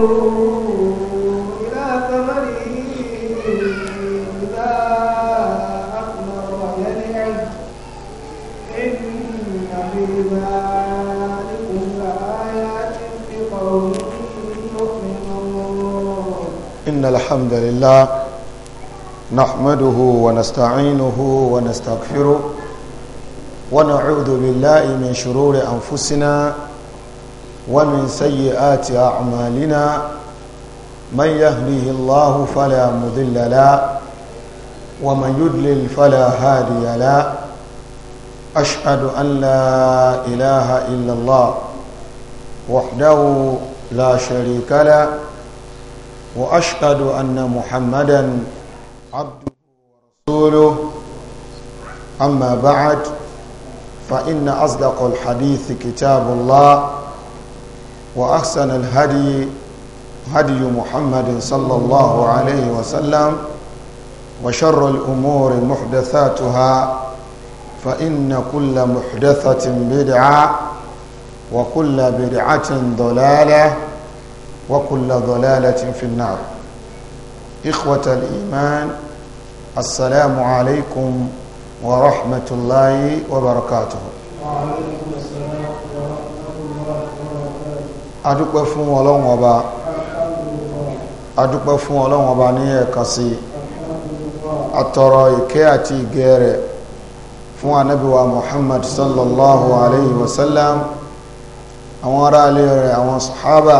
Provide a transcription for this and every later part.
إلى ثمره إذا إن في إن الحمد لله نحمده ونستعينه ونستغفره ونعوذ بالله من شرور أنفسنا ومن سيئات أعمالنا من يهده الله فلا مضل له ومن يدلل فلا هادي له أشهد أن لا إله إلا الله وحده لا شريك له وأشهد أن محمدا عبده ورسوله أما بعد فإن أصدق الحديث كتاب الله وأحسن الهدي هدي محمد صلى الله عليه وسلم وشر الأمور محدثاتها فإن كل محدثة بدعة وكل بدعة ضلالة وكل ضلالة في النار إخوة الإيمان السلام عليكم ورحمة الله وبركاته وعليكم السلام adúpẹ́ fún ọlọ́run ọba adúpẹ́ fún ọlọ́run ọba ní ẹ̀kan sí àtọ̀rọ̀ ìkẹ́ àti ìgẹ́ rẹ̀ fún anábíwa muhammad sallallahu alayhi wa sallam àwọn ará ilé rẹ̀ àwọn sàhábà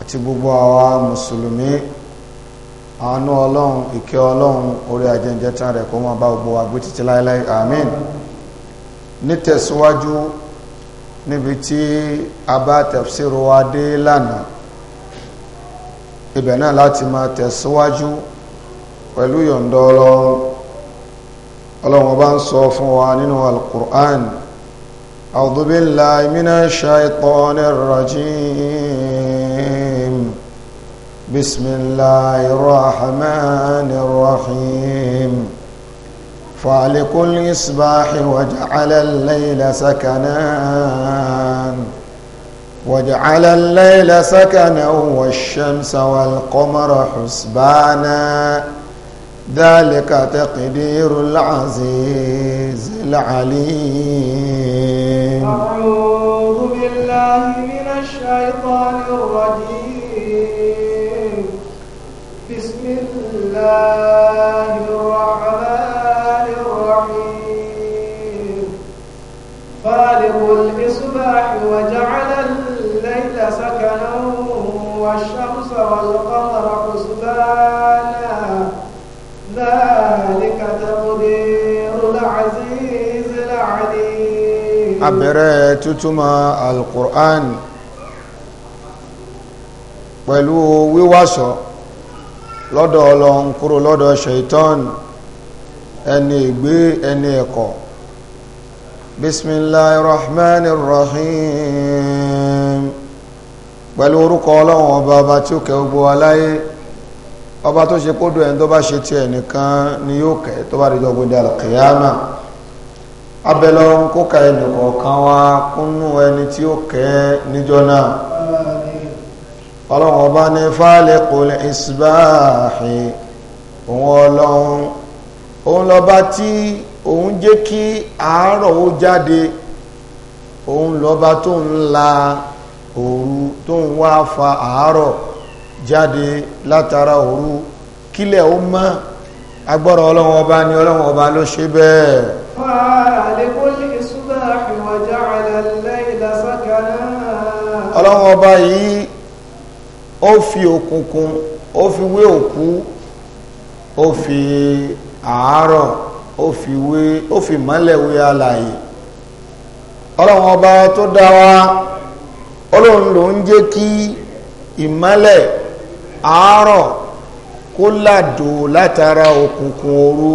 àti gbogbo àwa mùsùlùmí àánú ọlọ́run ìkẹ́ ọlọ́run orí ajẹ́jẹ́ tán rẹ̀ kó máa bá gbogbo àgbé títí láíláí nítẹ̀síwájú níbi tí a bá tafsir wa dé lánàá ibẹ̀ náà láti máa tẹ̀síwájú pẹ̀lú yọ̀ǹda ọlọ́run ọlọ́run bá ń sọ fún wa nínú al-Qur'an a'udhu billahi minash shaitanir rajim bismillahir rahmanir rahim. فالق الإصباح وجعل الليل سكنا وجعل الليل سكنا والشمس والقمر حسبانا ذلك تقدير العزيز العليم أعوذ بالله من الشيطان الرجيم بسم الله الرحمن فالق الإصباح وجعل الليل سكنا والشمس والقمر حسبانا ذلك تقدير العزيز العليم أبرة تتمى القرآن pẹ̀lú wíwáṣọ lọ́dọ̀ ọlọ́run kúrò lọ́dọ̀ ṣaitan ẹni ìgbé ẹni ẹ̀kọ́ بسم الله الرحمن الرحيم pẹ̀lú ọlọ́run ọba ọba tí ó kẹ́ gbogbo aláyé ọba tó ṣe ẹni tó bá nìkan ni yóò kẹ́ tó bá dìjọ gbòdì alkiyama abẹ́lọ ń kóka ẹnì kọ̀ọ̀kan kúnnú ẹni tí ó kẹ́ ọba ní òun ọlọ́run òun òun jẹ́ kí àárọ̀ ó jáde òun lọ́ba tó ń la òru tó ń wá fa àárọ̀ jáde látara òru kílẹ̀ ó mọ́ agbọ́rọ̀ ọlọ́wọ́n ọba ni ọlọ́wọ́n ọba ló ṣe bẹ́ẹ̀. ọlọ́wọ́n ọba yìí ó fi òkùnkùn ó fi wé òkú ó fi àárọ̀ ó fi wé ó fi mọ́lẹ̀ wé alààyè ọlọ́run ọba tó dá wa ọlọ́run ló ń jẹ́ kí ìmọ́lẹ̀ àárọ̀ kó làdò látara òkùnkùn òru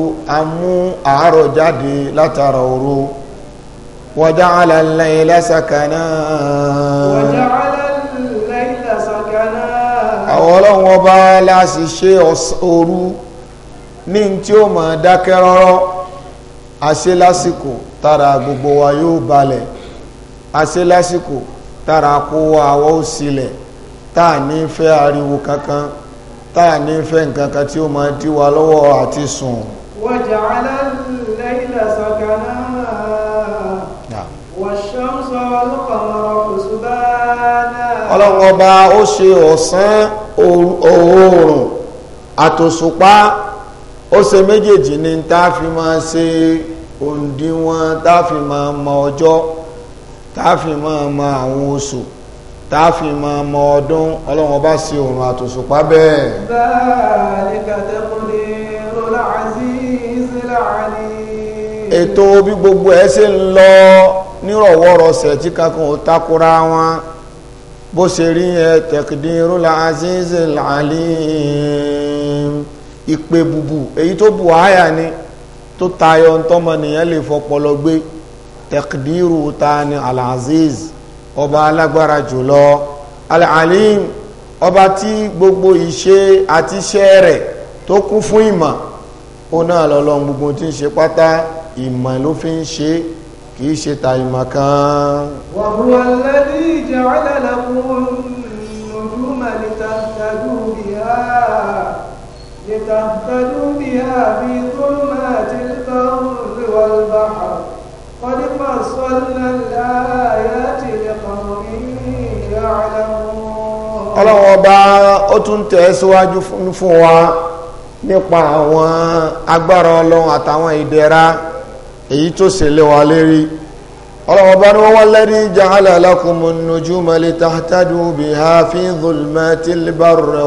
a àárọ̀ jáde látara òru وجعل الليل سكنا وجعل الليل سكنا àwọn ọlọ́run ọba la sì ṣe òru ní tí ó mọ̀ dákẹ́ rọ́rọ́ àṣẹ lásìkò tára gbogbo wa yóò balẹ̀ àṣẹ lásìkò tára kó wa àwọ̀ ó sílẹ̀ ní fẹ́ ariwo kankan táà ní fẹ́ nǹkan kan tí ó mọ̀ dí wa lọ́wọ́ àti sùn. waja'ala al-layla sakana wash ọlọ́run ọba ó ṣe ọ̀sán ó ṣe méjèèjì ni tá a fi máa ṣe òǹdíwọ̀n tá a fi máa mọ ọjọ́ tá a fi máa mọ àwọn oṣù tá a fi máa mọ ọdún ọlọ́run bá ṣe òrùn àtòṣùpá bẹ́ẹ̀. dhalika taqdirul azizil alim. ètò bí gbogbo ẹ ṣe ń lọ nírọ̀wọ́rọsẹ̀ tí kankan ò takora wọn bó ṣe rí ẹ taqdirul azizil alim ìpè bùbù èyí tó bù áyà ni tó tayọ ntọ́mọnìyàn lè fọpọlọ gbé tẹkidiru ta alaziz ọba alágbára jùlọ alalim ọba tí gbogbo ìṣe àti iṣẹ́ rẹ̀ tó kún fún ìmọ̀ ó náà lọ́lọ́run gbogbo tí ń ṣe pátá ìmọ̀ ló fi ń ṣe kì í ṣe ta ìmọ̀ kan. wa huwa alladhi ja'ala lakum لتهتدوا بها في ظلمات البر والبحر قد فصلنا الآيات لقوم يعلمون ọlọ́run ọba ó tún tẹ̀síwájú fún wa nípa àwọn agbára ọlọ́run àtàwọn ìdẹ̀ra èyí tó ṣe lé wa lérí ọlọ́run ọba ni wọ́n wá lẹ́rí ja'ala lakumun nujuma litahtadu biha fi dhulmatil barri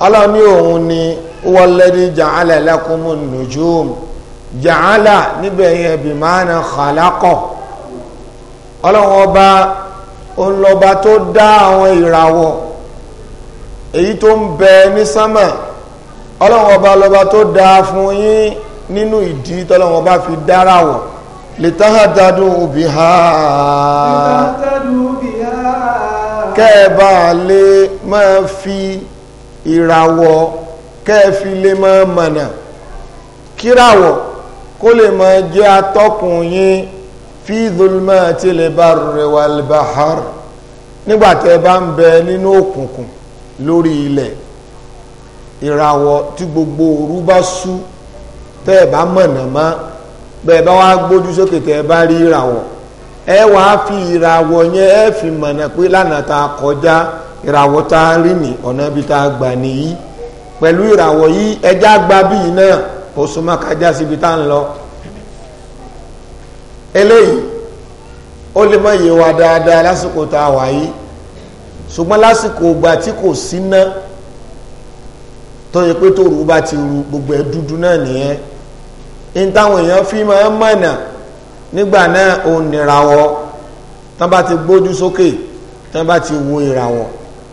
aláàní òun ni wọ́lẹ́dí jàálà lakumu nùjúm jàálà níbẹ̀ yẹn bí máa na khalaqọ̀ ọlọ́wọ́n ọba olọba tó dá àwọn ìràwọ̀ èyí tó ń bẹ ní sánmà ọlọ́wọ́n ọba lọba tó dá fún yín nínú ìdí tọ́lọ́wọ́n ọba fi dáràwọ̀ lè táhàdádùn òbí ha kẹ́ẹ̀bà lè máa fi ìràwọ̀ kẹfì lè máa mọ̀nà kíràwọ̀ kó lè máa jẹ́ atọ́kùn yín fi dhulmatil barri wal bahr nígbàtẹ́ bá ń bẹ nínú òkùnkùn lórí ilẹ̀ ìràwọ̀ tí gbogbo òru bá sú tẹ́ bá mọ̀nà mọ́ bẹ́ẹ̀ bá wá gbójú sókè tẹ́ bá rí ìràwọ̀ ẹ wàá fi ìràwọ̀ yẹn ẹ fi mọ̀nà pé lánàá ta ìràwọ̀ tá a rí ní ọ̀nà ibi tá a gbà nìyí pẹ̀lú ìràwọ̀ yìí ẹja gba bíi náà ó súnmọ́ kájá síbi tá à ń lọ eléyìí ó lè mọ iye wa dáadáa lásìkò tá a wà yìí ṣùgbọ́n lásìkò ìgbà tí kò sí ná tó yẹ pé tóru bá ti ru gbogbo ẹ̀ dúdú náà nìyẹn ní táwọn èèyàn fi máa ń mọ̀nà nígbà náà òun nìràwọ̀ tán bá ti gbójú sókè tán bá ti wo ìràwọ̀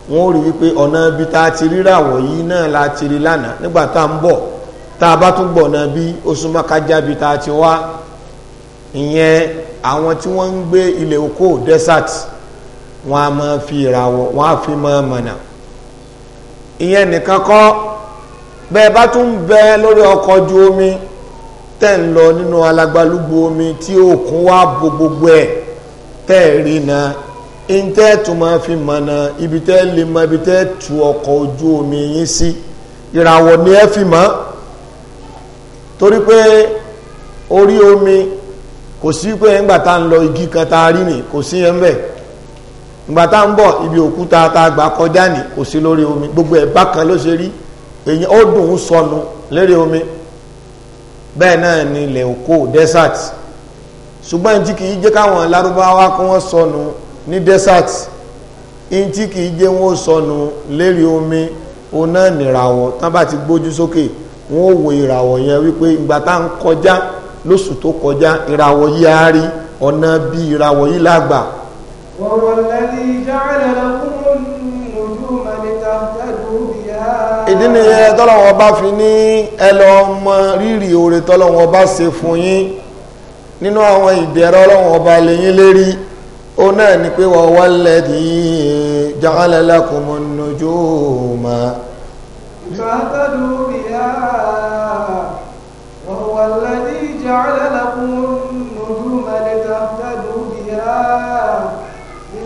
wọn ò rí wípé ọ̀nà ibi tá a ti ríràwọ̀ yìí náà la ti rí lánàá nígbà tá a ń bọ̀ tá a bá tún gbọ̀ náà bí oṣù mọ́kájá ibi tá a ti wá ìyẹn àwọn tí wọ́n ń gbé ilẹ̀ oko desert wọn a máa fi ìràwọ̀ wọn a fi máa mọ̀nà ìyẹn nìkan kọ́ bẹ́ẹ̀ bá tún bẹ lórí ọkọ̀ ojú omi tẹ́ ń lọ nínú alágbálúgbú omi tí òkun wá bo gbogbo ẹ̀ tẹ́ rí náà ntẹ́ tó máa fi mọ̀nà ibi tẹ́ lè mọ ibi tẹ́ tu ọkọ̀ ojú omi yín sí ìràwọ̀ ni ẹ fi mọ̀ torí pé orí omi kò sí pé ńgbà tá ń lọ igi kan tá a rí nì kò sí yẹn ńgbà tá ń bọ̀ ibi òkúta tá a gbà kọjá nì kò sí lórí omi gbogbo ẹ̀ bákan ló ṣe rí èyí ó dùn ún sọnù lérí omi bẹ́ẹ̀ náà ni ilẹ̀ òkú desert ṣùgbọ́n tí kì í jẹ́ káwọn lárúbáwá kí wọ́n sọnù. So ní desert in tí kìí jẹ́ wọ́n sọnù lérí omi oná nìràwọ̀ tán bá ti gbójú sókè wọ́n wo ìràwọ̀ yẹn wípé ìgbà tá ń kọjá lóṣù tó kọjá ìràwọ̀ yìí á rí ọ̀nà bí ìràwọ̀ yìí lágbà. ìdí nìyẹn tọ́lọ́wọ́ bá fi ní ẹlọ ọmọ rírì oore tọ́lọ́wọ́ bá ṣe fún yín nínú àwọn ìdẹ̀rọ ọlọ́wọ́ ọba lẹ́yìn lérí ó náà ni pé wọ́n wá lẹ́dí jàálẹ́lákùnmọ́ nojú ma fàtàdù bí á wọ́n wá lẹ́dí jàálẹ́lákùnmọ́ nojú ma lè tàbtàdù bí á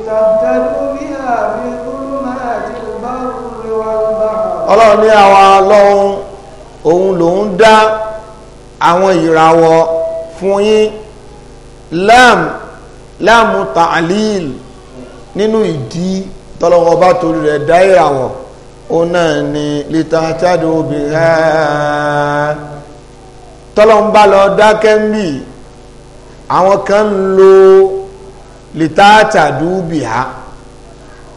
tàbtàdù bí á bí ọlọ́run ní àwa lọ́hun òun lòun dá àwọn ìràwọ̀ fún yín láàmù láàmú ta'lil nínú ìdí tọ́lọ́wọ́ bá torí rẹ̀ dá ìràwọ̀ ó náà ni lítàtàdé obìnrin tọ́lọ́wọ́ lọ dákẹ́ ń bì àwọn kan ń lo lítàtàdé obìnrin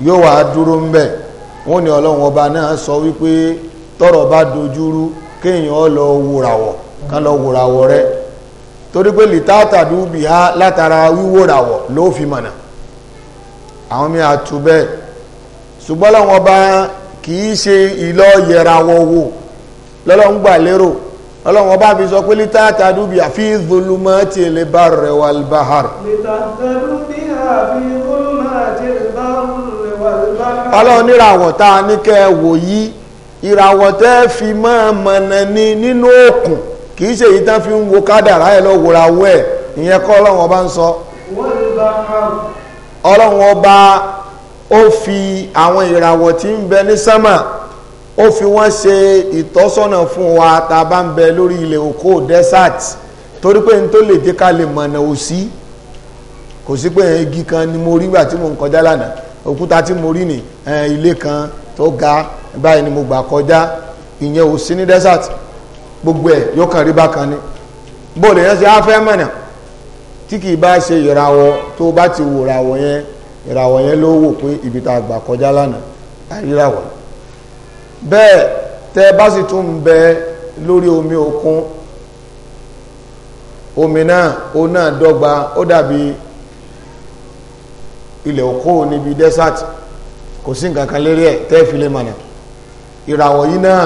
yóò wá dúró ń bẹ̀ wọ́n ní ọlọ́run ọba náà sọ wípé tọ́rọ̀ bá dojúrú kéèyàn lọ wòràwọ̀ kán lọ wòràwọ̀ rẹ̀ torí pé lìtàtà dúbì á látara wíwò ràwọ̀ ló fi mọ̀nà àwọn mi àtú bẹ́ẹ̀ ṣùgbọ́n làwọn ọba kì í ṣe ìlọ yẹra wọn wò lọ́lọ́run lérò ọlọ́run ọba fi sọ pé lítà tàdú bí fi ìzolúmọ́ ti lè bá rẹ̀ wà lùbáhàr. lítà tàdú bí àfi tá a ní kẹ́ wò yí ìràwọ̀ tẹ́ fi máa mọ̀nà ni nínú òkun kì í ṣe èyí tán fi ń wo kádàrá ẹ̀ lọ wòrà wọ́ ẹ̀ ìyẹn kọ́ ọlọ́run ọba ń sọ ọlọ́run ọba ó fi àwọn ìràwọ̀ tí ń bẹ ní sámà ó fi wọ́n ṣe ìtọ́sọ́nà fún wa tá a bá ń bẹ lórí ilẹ̀ òkó desert torí pé n tó lè jẹ́ ká lè mọ̀nà ò sí kò sí pé igi kan ni mo rí gbà tí mo ń kọjá lánàá òkúta tí mo rí ní ilé kan tó ga báyìí ni mo gbà kọjá ìyẹn ò ní desert gbogbo ẹ̀ yóò kàn rí bákan ni bóòlù yẹn ṣe á fẹ́ mọ̀nà tí kì í bá ṣe ìràwọ̀ tó bá ti wò ìràwọ̀ yẹn ìràwọ̀ yẹn ló wò pé ibi tá a gbà kọjá lánàá àríràwọ̀ bẹ́ẹ̀ tẹ́ bá sì tún ń bẹ lórí omi òkun omi náà ó náà dọ́gba ó dàbí ilẹ̀ òkú níbi desert kò sí nǹkan kan lérí ẹ̀ tẹ́ fi lè mọ̀nà ìràwọ̀ yìí náà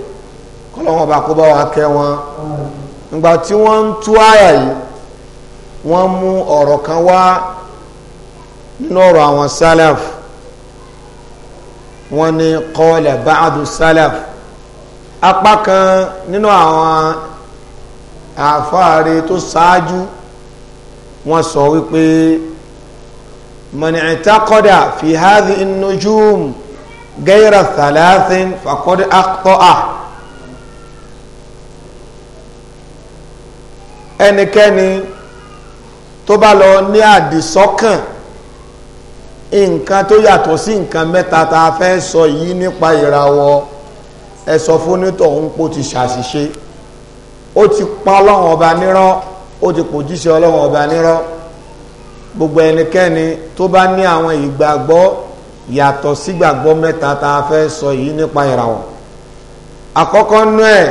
kọ́lọ́wọ́n bá kó bá wa kẹ́ wọn ìgbà tí wọ́n ń tú àyà yìí wọ́n mú ọ̀rọ̀ kan wá nínú ọ̀rọ̀ àwọn salaf wọ́n ní qala ba'du salaf apá kan nínú àwọn àfáàrí tó ṣáájú wọ́n sọ wípé man i'taqada fi hadhihi an-nujum ghayra thalathin faqad akhta'a ẹnikẹ́ni tó bá lọ ní àdìsọ́kàn nǹkan tó yàtọ̀ sí nǹkan mẹ́ta tá a fẹ́ sọ yìí nípa ìràwọ̀ ẹ sọ fún nítọ̀hún pò ti ṣàṣìṣe ó ti pa ọlọ́run ọba nírọ́ ó ti pòjíṣẹ́ ọlọ́run ọba nírọ́ gbogbo ẹnikẹ́ni tó bá ní àwọn ìgbàgbọ́ yàtọ̀ sígbàgbọ́ mẹ́ta tá fẹ́ sọ yìí nípa ìràwọ̀ àkọ́kọ́ nú ẹ̀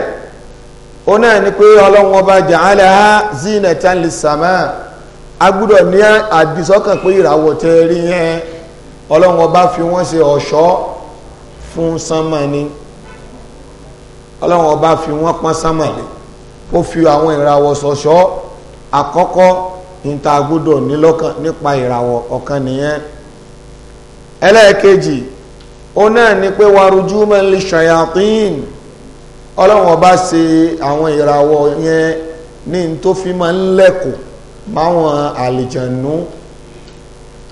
ó ni pé ọlọ́run ọba ja'alaha zinatan lissamaa a gbúdọ̀ ní àdìsọ́kàn pé ìràwọ̀ tẹ rí yẹn ọlọ́run ọba fi wọ́n ṣe ọ̀ṣọ́ fún sánmà ọba fi wọ́n pọ́n sánmà fi àwọn ìràwọ̀ ṣọ̀ṣọ́ àkọ́kọ́ níta gbúdọ̀ nílọ́kàn nípa ìràwọ̀ ọ̀kan nìyẹn ẹlẹ́ẹ̀kejì ni pe wàrújú mẹ́lì ọlọ́run ọba ṣe àwọn ìràwọ̀ yẹn ní tó fi máa ń lẹ́kọ̀ọ́ máwọn àlìjànú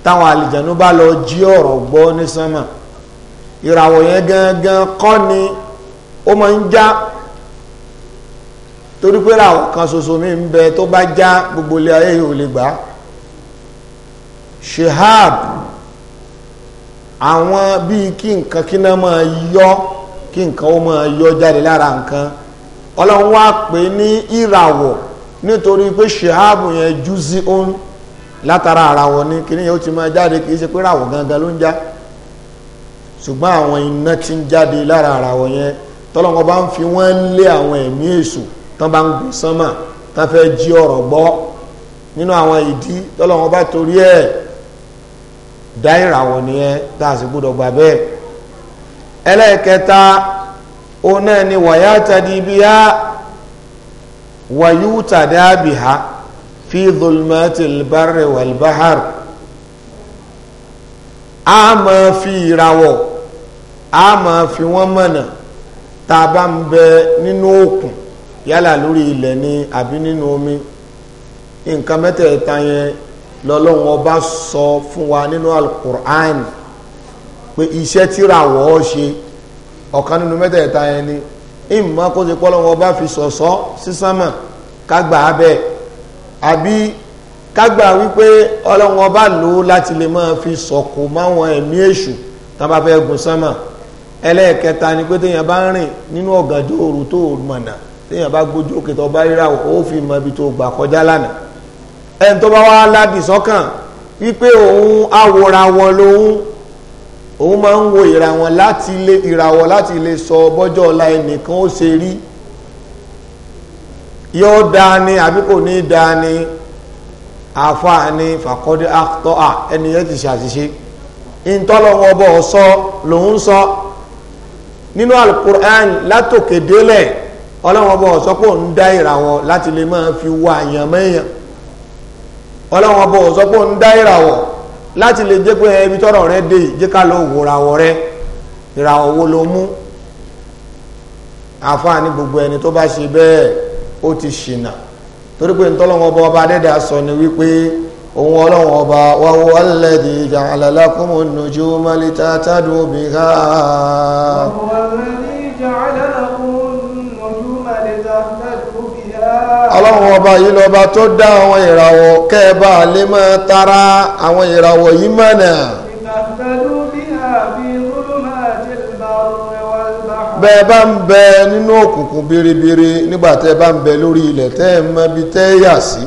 táwọn àlìjànú bá lọ jí ọ̀rọ̀ gbọ́ ní sánmà ìràwọ̀ yẹn gangan kọ́ ni ó máa ń já torí pé ràwọ̀ kan ṣoṣo mi ń bẹ tó bá já gbogbo ilé ayé yìí ò lè gbà á shehab àwọn bíi kí nǹkan kí náà máa yọ kí nǹkan ó máa yọ jáde lára nǹkan ọlọ́run wá pè ní ìràwọ̀ nítorí pé ṣèhábù yẹn jú sí òun látara àràwọ̀ ni kí nìyẹn ó ti máa jáde kì í ṣe pé ràwọ̀ gangan ló ń já ṣùgbọ́n àwọn iná ti ń jáde lára àràwọ̀ yẹn tọ́lọ́wọ́n bá ń fi wọ́n lé àwọn ẹ̀mí èṣù tán bá ń gbé sánmà tán fẹ́ jí ọ̀rọ̀ gbọ́ nínú àwọn ìdí tọ́lọ́wọ́n bá torí ẹ̀ dá ìràwọ̀ nìyẹn tá a sì gbọ́dọ̀ gbà bẹ́ẹ̀ ẹlẹ́ẹ̀kẹta òun náà ni wàyá tàdí bí á wàyú tàdá bì á fi dhulmati albarri walbahar a máa fi ìràwọ̀ a máa fi wọ́n mọ̀nà tá a bá ń bẹ nínú òkun yálà lórí ilẹ̀ ni àbí nínú omi nǹkan mẹ́tẹ̀ẹ̀ta yẹn lọ́lọ́run ọba sọ fún wa nínú alukur'an pé iṣẹ́ tíra wọ́ ṣe ọ̀kan nínú mẹ́tẹ̀ẹ̀ta yẹn ni ìmọ̀ kó ti pọ́ lọ́wọ́ bá fi sọ̀sọ́ sí sánmà kágbà abẹ́ àbí kágbà wípé ọlọ́wọ́ bá lò ó láti lè máa fi sọ̀kò máwọn ẹ̀mí èṣù tá bá fẹ́ gun sánmà ẹlẹ́ẹ̀kẹta ni pé téèyàn bá ń rìn nínú ọ̀gànjọ́ òru tó mọ̀nà téèyàn bá gbójú òkè tó bá ríra ó fi mọ ibi tó gbà kọjá lánàá ẹni tó bá wá ládìí sọ́kàn wípé òun awòràwọ̀ lòun òun máa ń wo ìràwọ̀ láti lè ìràwọ̀ láti lè sọ bọ́jọ́ ọ̀la ẹnìkan ó ṣe rí yóò dáa ni àbí kò ní dáa ni àfáà ni fàkọ́dé àtọ́ à ẹnìyẹn ti ṣàṣìṣe ìtọ́lọ́wọ́ bọ̀ sọ lòun sọ nínú alukur'an látòkè délẹ̀ ọlọ́wọ́ bọ̀ sọ pé òun dá ìràwọ̀ láti lè máa fi wá àyànmẹ́yàn ọlọ́wọ́ bọ̀ sọ pé òun dá ìràwọ̀ láti lè jẹ́ pé ẹbí tọ́rọ̀ rẹ dé jẹ́ ká lọ wò ràwọ̀ rẹ ìràwọ̀ wo ló mú àfáà ní gbogbo ẹni tó bá ṣe bẹ́ẹ̀ ó ti ṣìnà torí pé ntọ́lọ́wọ́ ọba ọba dẹ́dà sọ ni wípé òun ọlọ́wọ́ ọba wa huwa alladhi ja'ala lakumun nujuma litahtadu biha. wa huwa alladhi ọlọ́run ọba yìí lọ́ba tó dá àwọn ìràwọ̀ kẹ́ẹ̀bá lè máa tara àwọn ìràwọ̀ yìí mọ̀nà. bẹ́ẹ̀ bá ń bẹ nínú òkùnkùn biribiri nígbà tẹ́ bá ń bẹ lórí ilẹ̀ tẹ́ ẹ mọ ibi tẹ́ yà sí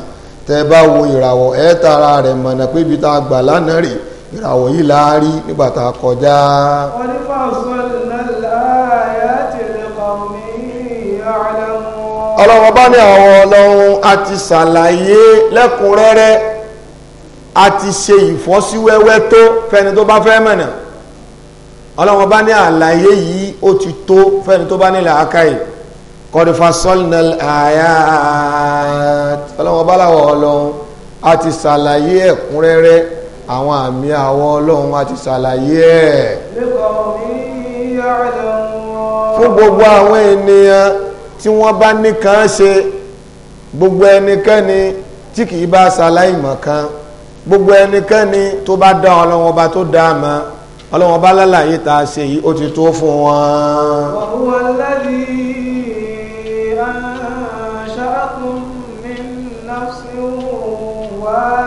tẹ́ bá wo ìràwọ̀ ẹ tara rẹ̀ mọ̀nà pé ibi tá a gbà lánàá rè ìràwọ̀ yìí la nígbà tá a kọjá. wọ́n ní fáwọn sọ́ọ́ ọlọ́run bá ní àwọn ọlọ́run a ti ṣàlàyé lẹ́kùnrẹ́rẹ́ a ti ṣe ìfọ́síwẹ́wẹ́ tó fẹ́ni tó bá fẹ́ mọ̀nà ọlọ́run bá ní àlàyé yìí ó ti tó fẹ́ni tó bá nílẹ̀ akáyì kọ́dífà sọ́lìnàl àyàt ọlọ́run bá láwọ̀ ọlọ́run a ti ṣàlàyé ẹ̀kúnrẹ́rẹ́ àwọn àmì àwọ̀ ọlọ́run a ti ṣàlàyé ẹ̀ fún gbogbo àwọn ènìyàn tí wọ́n bá nìkan ṣe gbogbo ẹnikẹ́ni tí kìí bá ṣaláì mọ̀ kan gbogbo ẹnikẹ́ni tó bá dá ọlọ́wọ́n bá tó dá mọ́ ọlọ́wọ́n bá lálàyé tá ṣe yìí ó ti tó fún wọn. wàhùwà lẹ́bi àṣà kún mi náà sí wàá.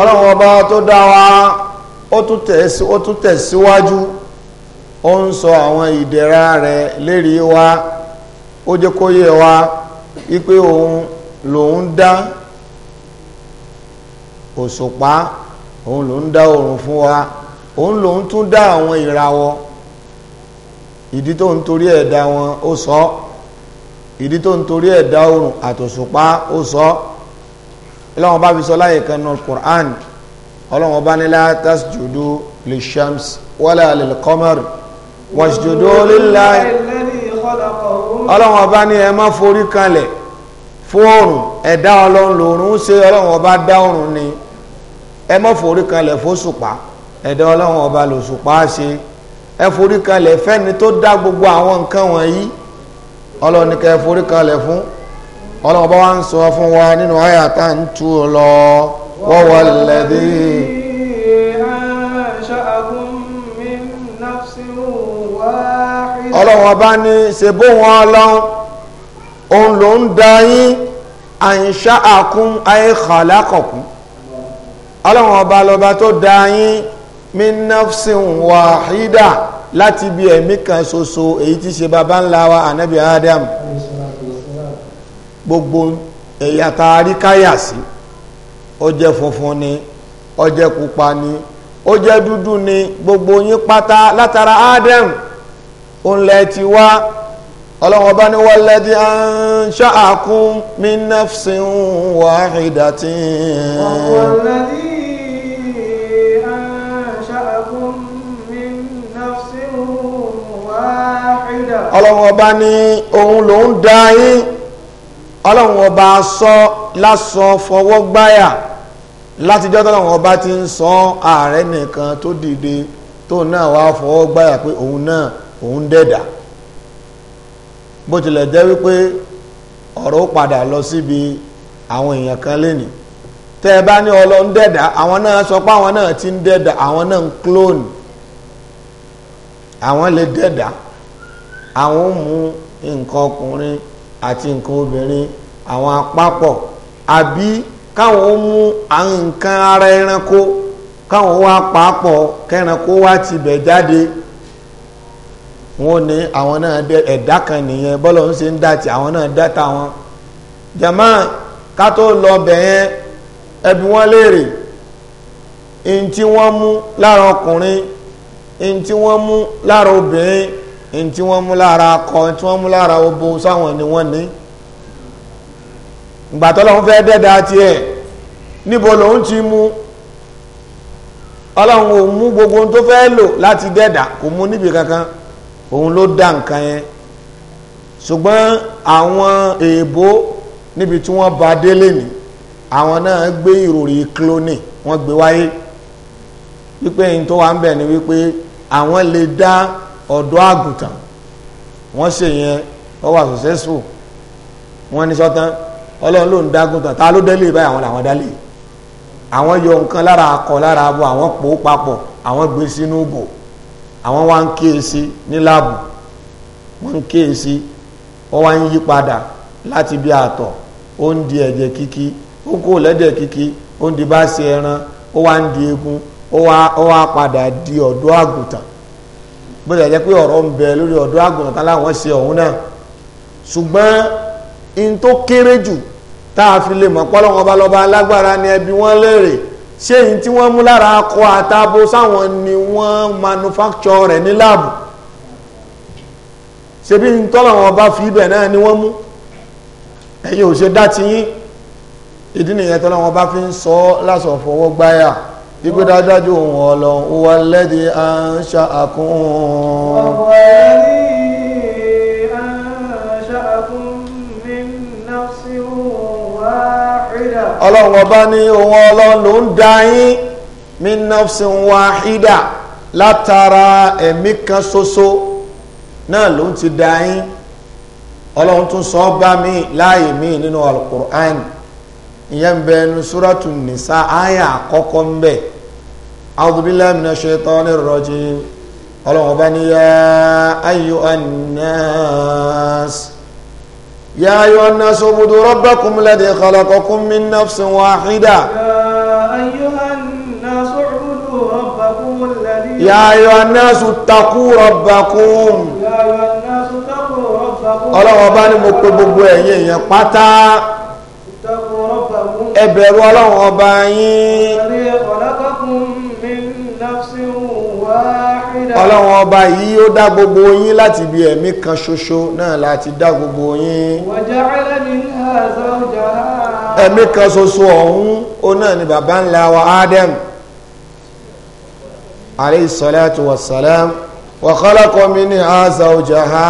ọlọ́run ọba tó dá wa ó tún tẹ̀síwájú ó ń sọ àwọn ìdẹ̀ra rẹ̀ lérí wa ó jẹ́ kó yé wa wípé òun lòun dá òṣùpá òun lòun dá oòrùn fún wa òun lòun tún dá àwọn ìràwọ̀ ìdí tó ń torí ẹ̀dá wọn ó sọ ìdí tó ń torí ẹ̀dá oòrùn àtòṣùpá ó sọ ọ́ ìlànà ọba bisọ láyé kan nù Qur'an ọlọ́run ọba ní la tasjudu lè shams wala lil qamar wasjudu lillahi ọlọ́run ọba ní ẹ má forí kalẹ̀ fóòrùn ẹ̀dá ọlọ́run lòrùn ṣe ọlọ́run ọba dá ọ̀run ni ẹ má forí kalẹ̀ fóṣùpá ẹ̀dá ọlọ́run ọba lòṣùpá ṣe ẹ forí kalẹ̀ fẹ́ni tó dá gbogbo àwọn nǹkan wọ̀nyí ọlọ́run forí kalẹ̀ fún ọlọ́run bá wá ń sọ fún wa nínú àyà tá ń tú ọ lọ wọ́wọ́ lẹ́dí. ọlọ́run ọba ní ṣe bó wọn ọlọ́run òun ló ń da yín àyìnṣá àkún àyíkàlákọ̀kún ọlọ́run ọba lọ́ba tó da yín min wàhídà láti bí ẹ̀mí kan ṣoṣo èyí tí ṣe baba ńlá wa ànábì Adam. Mm -hmm gbogbo ẹ̀yà tá a rí káyà sí ó jẹ́ funfun ni ó jẹ́ pupa ni ó jẹ́ dúdú ni gbogbo yín pátá látara Adam òǹlẹ̀ ti wá ọlọ́wọ́n bá ní walladhi ansha'akum min nafsin wahidatin. walladhi ansha'akum min nafsin wahidatin. ọlọ́wọ́n bá ní òun lòún dá yín ọlọ́run ọba sọ lásọ fọwọ́ gbáyà látijọ́ tọ́lọ́run ọba ti ń sọ ààrẹ nìkan tó dìde tó náà wá fọwọ́ gbáyà pé òun náà òun dẹ̀dà bó tilẹ̀ jẹ́ wípé ọ̀rọ̀ ó padà lọ síbi àwọn èèyàn kan lénìí tẹ́ ẹ bá ní ọlọ́run dẹ̀dà àwọn náà sọ pé àwọn náà ti ń dẹ̀dà àwọn náà ń clone àwọn lè dẹ̀dà àwọn ó mú nǹkan ọkùnrin àti nǹkan obìnrin àwọn àpapọ̀ àbí káwọn ó mú àwọn nǹkan ara ẹranko káwọn wá papọ̀ kẹranko wá tibẹ̀ jáde wọn ní àwọn náà ẹ̀dá kan nìyẹn bọ́lọ̀ ń ṣe ń dá ti àwọn náà dá táwọn jama ká tó lọ bẹ̀ yẹn ẹbí wọn léèrè ní tí wọ́n mú lára ọkùnrin ní tí wọ́n mú lára obìnrin ntí wọ́n mú lára akọ ntí wọ́n mú lára obo sáwọn ni wọ́n ní gbàtọ́ lọ́hún fẹ́ dẹ́dá tiẹ̀ níbo lòun ti mú ọlọ́run ò mú gbogbo ohun tó fẹ́ lò láti dẹ́dá kò mú níbi kankan òun ló dá nǹkan yẹn ṣùgbọ́n àwọn èèbó níbi tí wọ́n ba délé ni àwọn náà gbé ìròrí cloney wọ́n gbé wáyé wípé yìí ń bẹ̀ ni wípé àwọn lè dá ọ̀dọ́ àgùntàn wọ́n ṣe yẹn wọ́n wà successful wọ́n ní sọ́tán ọlọ́run ló ń dágùntàn ta ló délé báyìí àwọn làwọn dálé àwọn yọ nǹkan lára akọ lára abo àwọn pò ó papọ̀ àwọn gbé sínú bò àwọn wá ń kíyèsí ní láàbù wọ́n ń kíyèsí wọ́n wá ń yí padà láti bí àtọ̀ ó ń di ẹ̀jẹ̀ kíkí ó kó lẹ́dẹ̀ kíkí ó ń di bá ṣe ẹran ó wá ń di eegun ó wá padà di ọ̀dọ́ àgùntàn bó dẹ̀ jẹ́ pé ọ̀rọ̀ ń bẹ lórí ọ̀dọ́ àgùntàn láwọn ṣe ọ̀hún náà ṣùgbọ́n in tó kéré jù tá a fi lè mọ̀ pọ́lọ́wọ́n bá lọ́ba alágbára ni ẹbí wọ́n léèrè ṣé èyí tí wọ́n mú lára akọ àtabo sáwọn ni wọ́n manufacture rẹ̀ ní láàbù ṣebí ń tọ́lọ̀wọ́n bá fi ibẹ̀ náà ni wọ́n mú ẹ̀yin ò ṣe dá ti yín ìdí nìyẹn tọ́lọ̀wọ́n bá fi ń sọ lásọ̀fọwọ́ gbáyà ibi dájájú òun ọlọ́run ó wà lẹ́dí à ń ṣa àkún ọlọ́run ọba ní òun ọlọ́run ló ń dá yín min nafsin wahida látara ẹ̀mí kan ṣoṣo náà ló ń ti dá yín ọlọ́run tún sọ bá mi láàyè mi nínú alukur'an ìyẹn bẹ́ẹ̀ ní súrátù nìsa áyà àkọ́kọ́ ń bẹ́ẹ̀ أعوذ بالله من الشيطان الرجيم اللهم بني يا أيها الناس يا أيها الناس اعبدوا ربكم الذي خلقكم من نفس واحدة يا أيها الناس اعبدوا ربكم الذي يا أيها الناس اتقوا ربكم يا أيها الناس اتقوا ربكم اللهم بني مكتب بوين يقطع اتقوا ربكم ẹ bẹ̀rù Ọlọ́run ọba yín wahida ọlọ́run ọba yìí ó dá gbogbo yín láti ibi ẹ̀mí kan ṣoṣo náà láti dá gbogbo yín wa ja'ala minha zawjaha ẹ̀mí kan ṣoṣo ọ̀hún ó náà ni bàbá ńlá wa Adam alayhi salatu wa salam wa khalaqa minha zawjaha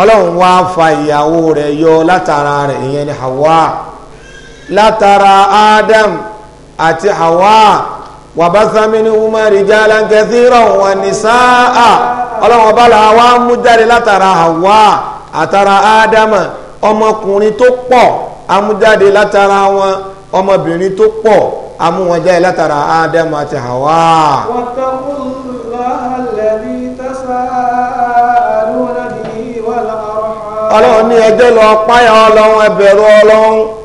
ọlọ́run wá fa ìyàwó rẹ̀ yọ látara rẹ̀ ìyẹn ni Hawa látara Adam àti Hawa وبث منهما رجالا كثيرا ونساء ọlọ́wọ́n bá la wá mú jáde látara Hawa àtara Ádámà ọmọkùnrin tó pọ̀ amújáde látara wọn ọmọbìnrin tó pọ̀ amúwọ̀njáde látara Ádámà àti Hawa. واتقوا الله الذي ní ẹjẹ́ lọ páyà ọlọ́run ẹbẹ̀rù ọlọ́run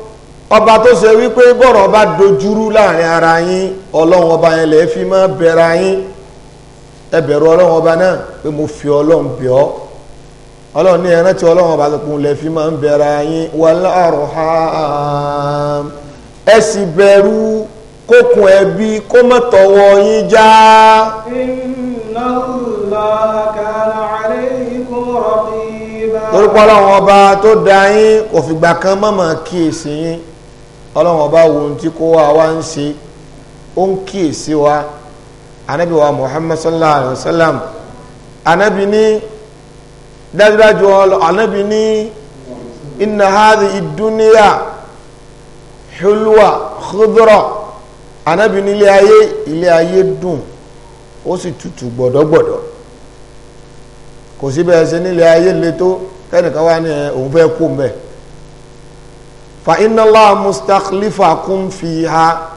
ọba tó ṣe wípé bọ́rọ̀ bá dojúrú láàrin ara yín ọlọ́run ọba yẹn lè fi máa bẹ̀rẹ̀ yín ẹ bẹ̀rù ọlọ́run ọba náà pé mo fi ọlọ́run bẹ̀ ọ́ ọlọ́run ní ẹran tí ọlọ́run ọba lòpin lè fi máa bẹ̀rẹ̀ yín wal arham ẹ sì bẹ̀rù kókun ẹbí kó má tọwọ́ yín já. inna Allaha kana alaykum raqiba. torí pé ọlọ́run ọba tó dá yín kò fìgbà kan mọ̀mọ́ kíyèsí yín ọlọ́run ọba wo ti kó wa wá ń ṣe ó ń kíyèsí wa anabi wa muhammad sallallahu alayhi wa sallam anabi ní dájúdájú anabi ní inna hadhihi dunya hulwa khudra anabi ní ilé ayé ilé ayé dùn ó sì tutù gbọ̀dọ̀gbọ̀dọ̀ kò síbẹ̀ ṣe nílé ayé le tó kẹ́nìkan wá ní òun fẹ́ kó mbẹ́ fa inna Allah mustakhlifakum fiha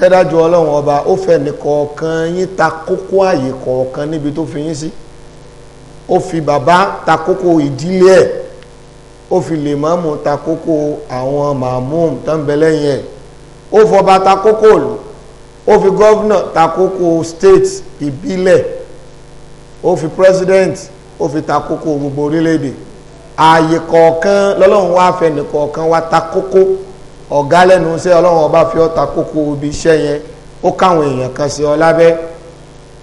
dẹ́dájú ọlọ́run ọba ó fẹ́ nìkọ̀ọ̀kan yín ta kókó àyè kọ̀ọ̀kan níbi tó fi yín sí ó fi bàbá ta kókó ìdílé ẹ̀ ó fi lè mọ́mù ta kókó àwọn màmúùm tó ń ó fọba ta kókó òlù ó fi gọ́vnà ta kókó state ìbílẹ̀ ó fi president ó fi ta kókó gbogbo orílẹ̀-èdè ààyè kọ̀ọ̀kan lọ́lọ́run wá fẹ́ nìkọ̀ọ̀kan wá ta kókó ọ̀gá lẹ́nu iṣẹ́ ọlọ́run ọba fi ọ́ ta kókó ibi iṣẹ́ yẹn ó káwọn èèyàn kan sí ọ lábẹ́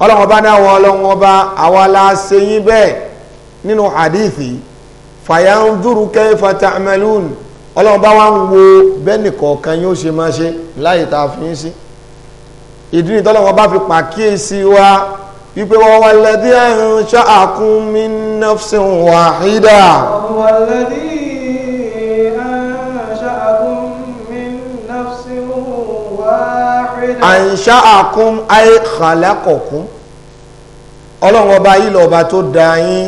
ọlọ́run ọba náà ọlọ́run ọba àwa la ṣe yín bẹ́ẹ̀ nínú ọlọ́run wa ń wo bẹ́ẹ̀nì kọ̀ọ̀kan yóò ṣe máa ṣe láyè tá a fi ń ìdí nìtọ́lọ́run ọba pàkíyèsí wa. wípé wọ́n wà lẹ́dí ẹ̀rùn ṣáàkún min nafsin wàhídà àìṣáàkún àìkàlákọ̀kún ọlọ́run ọba yìí lọ́ba tó dá yín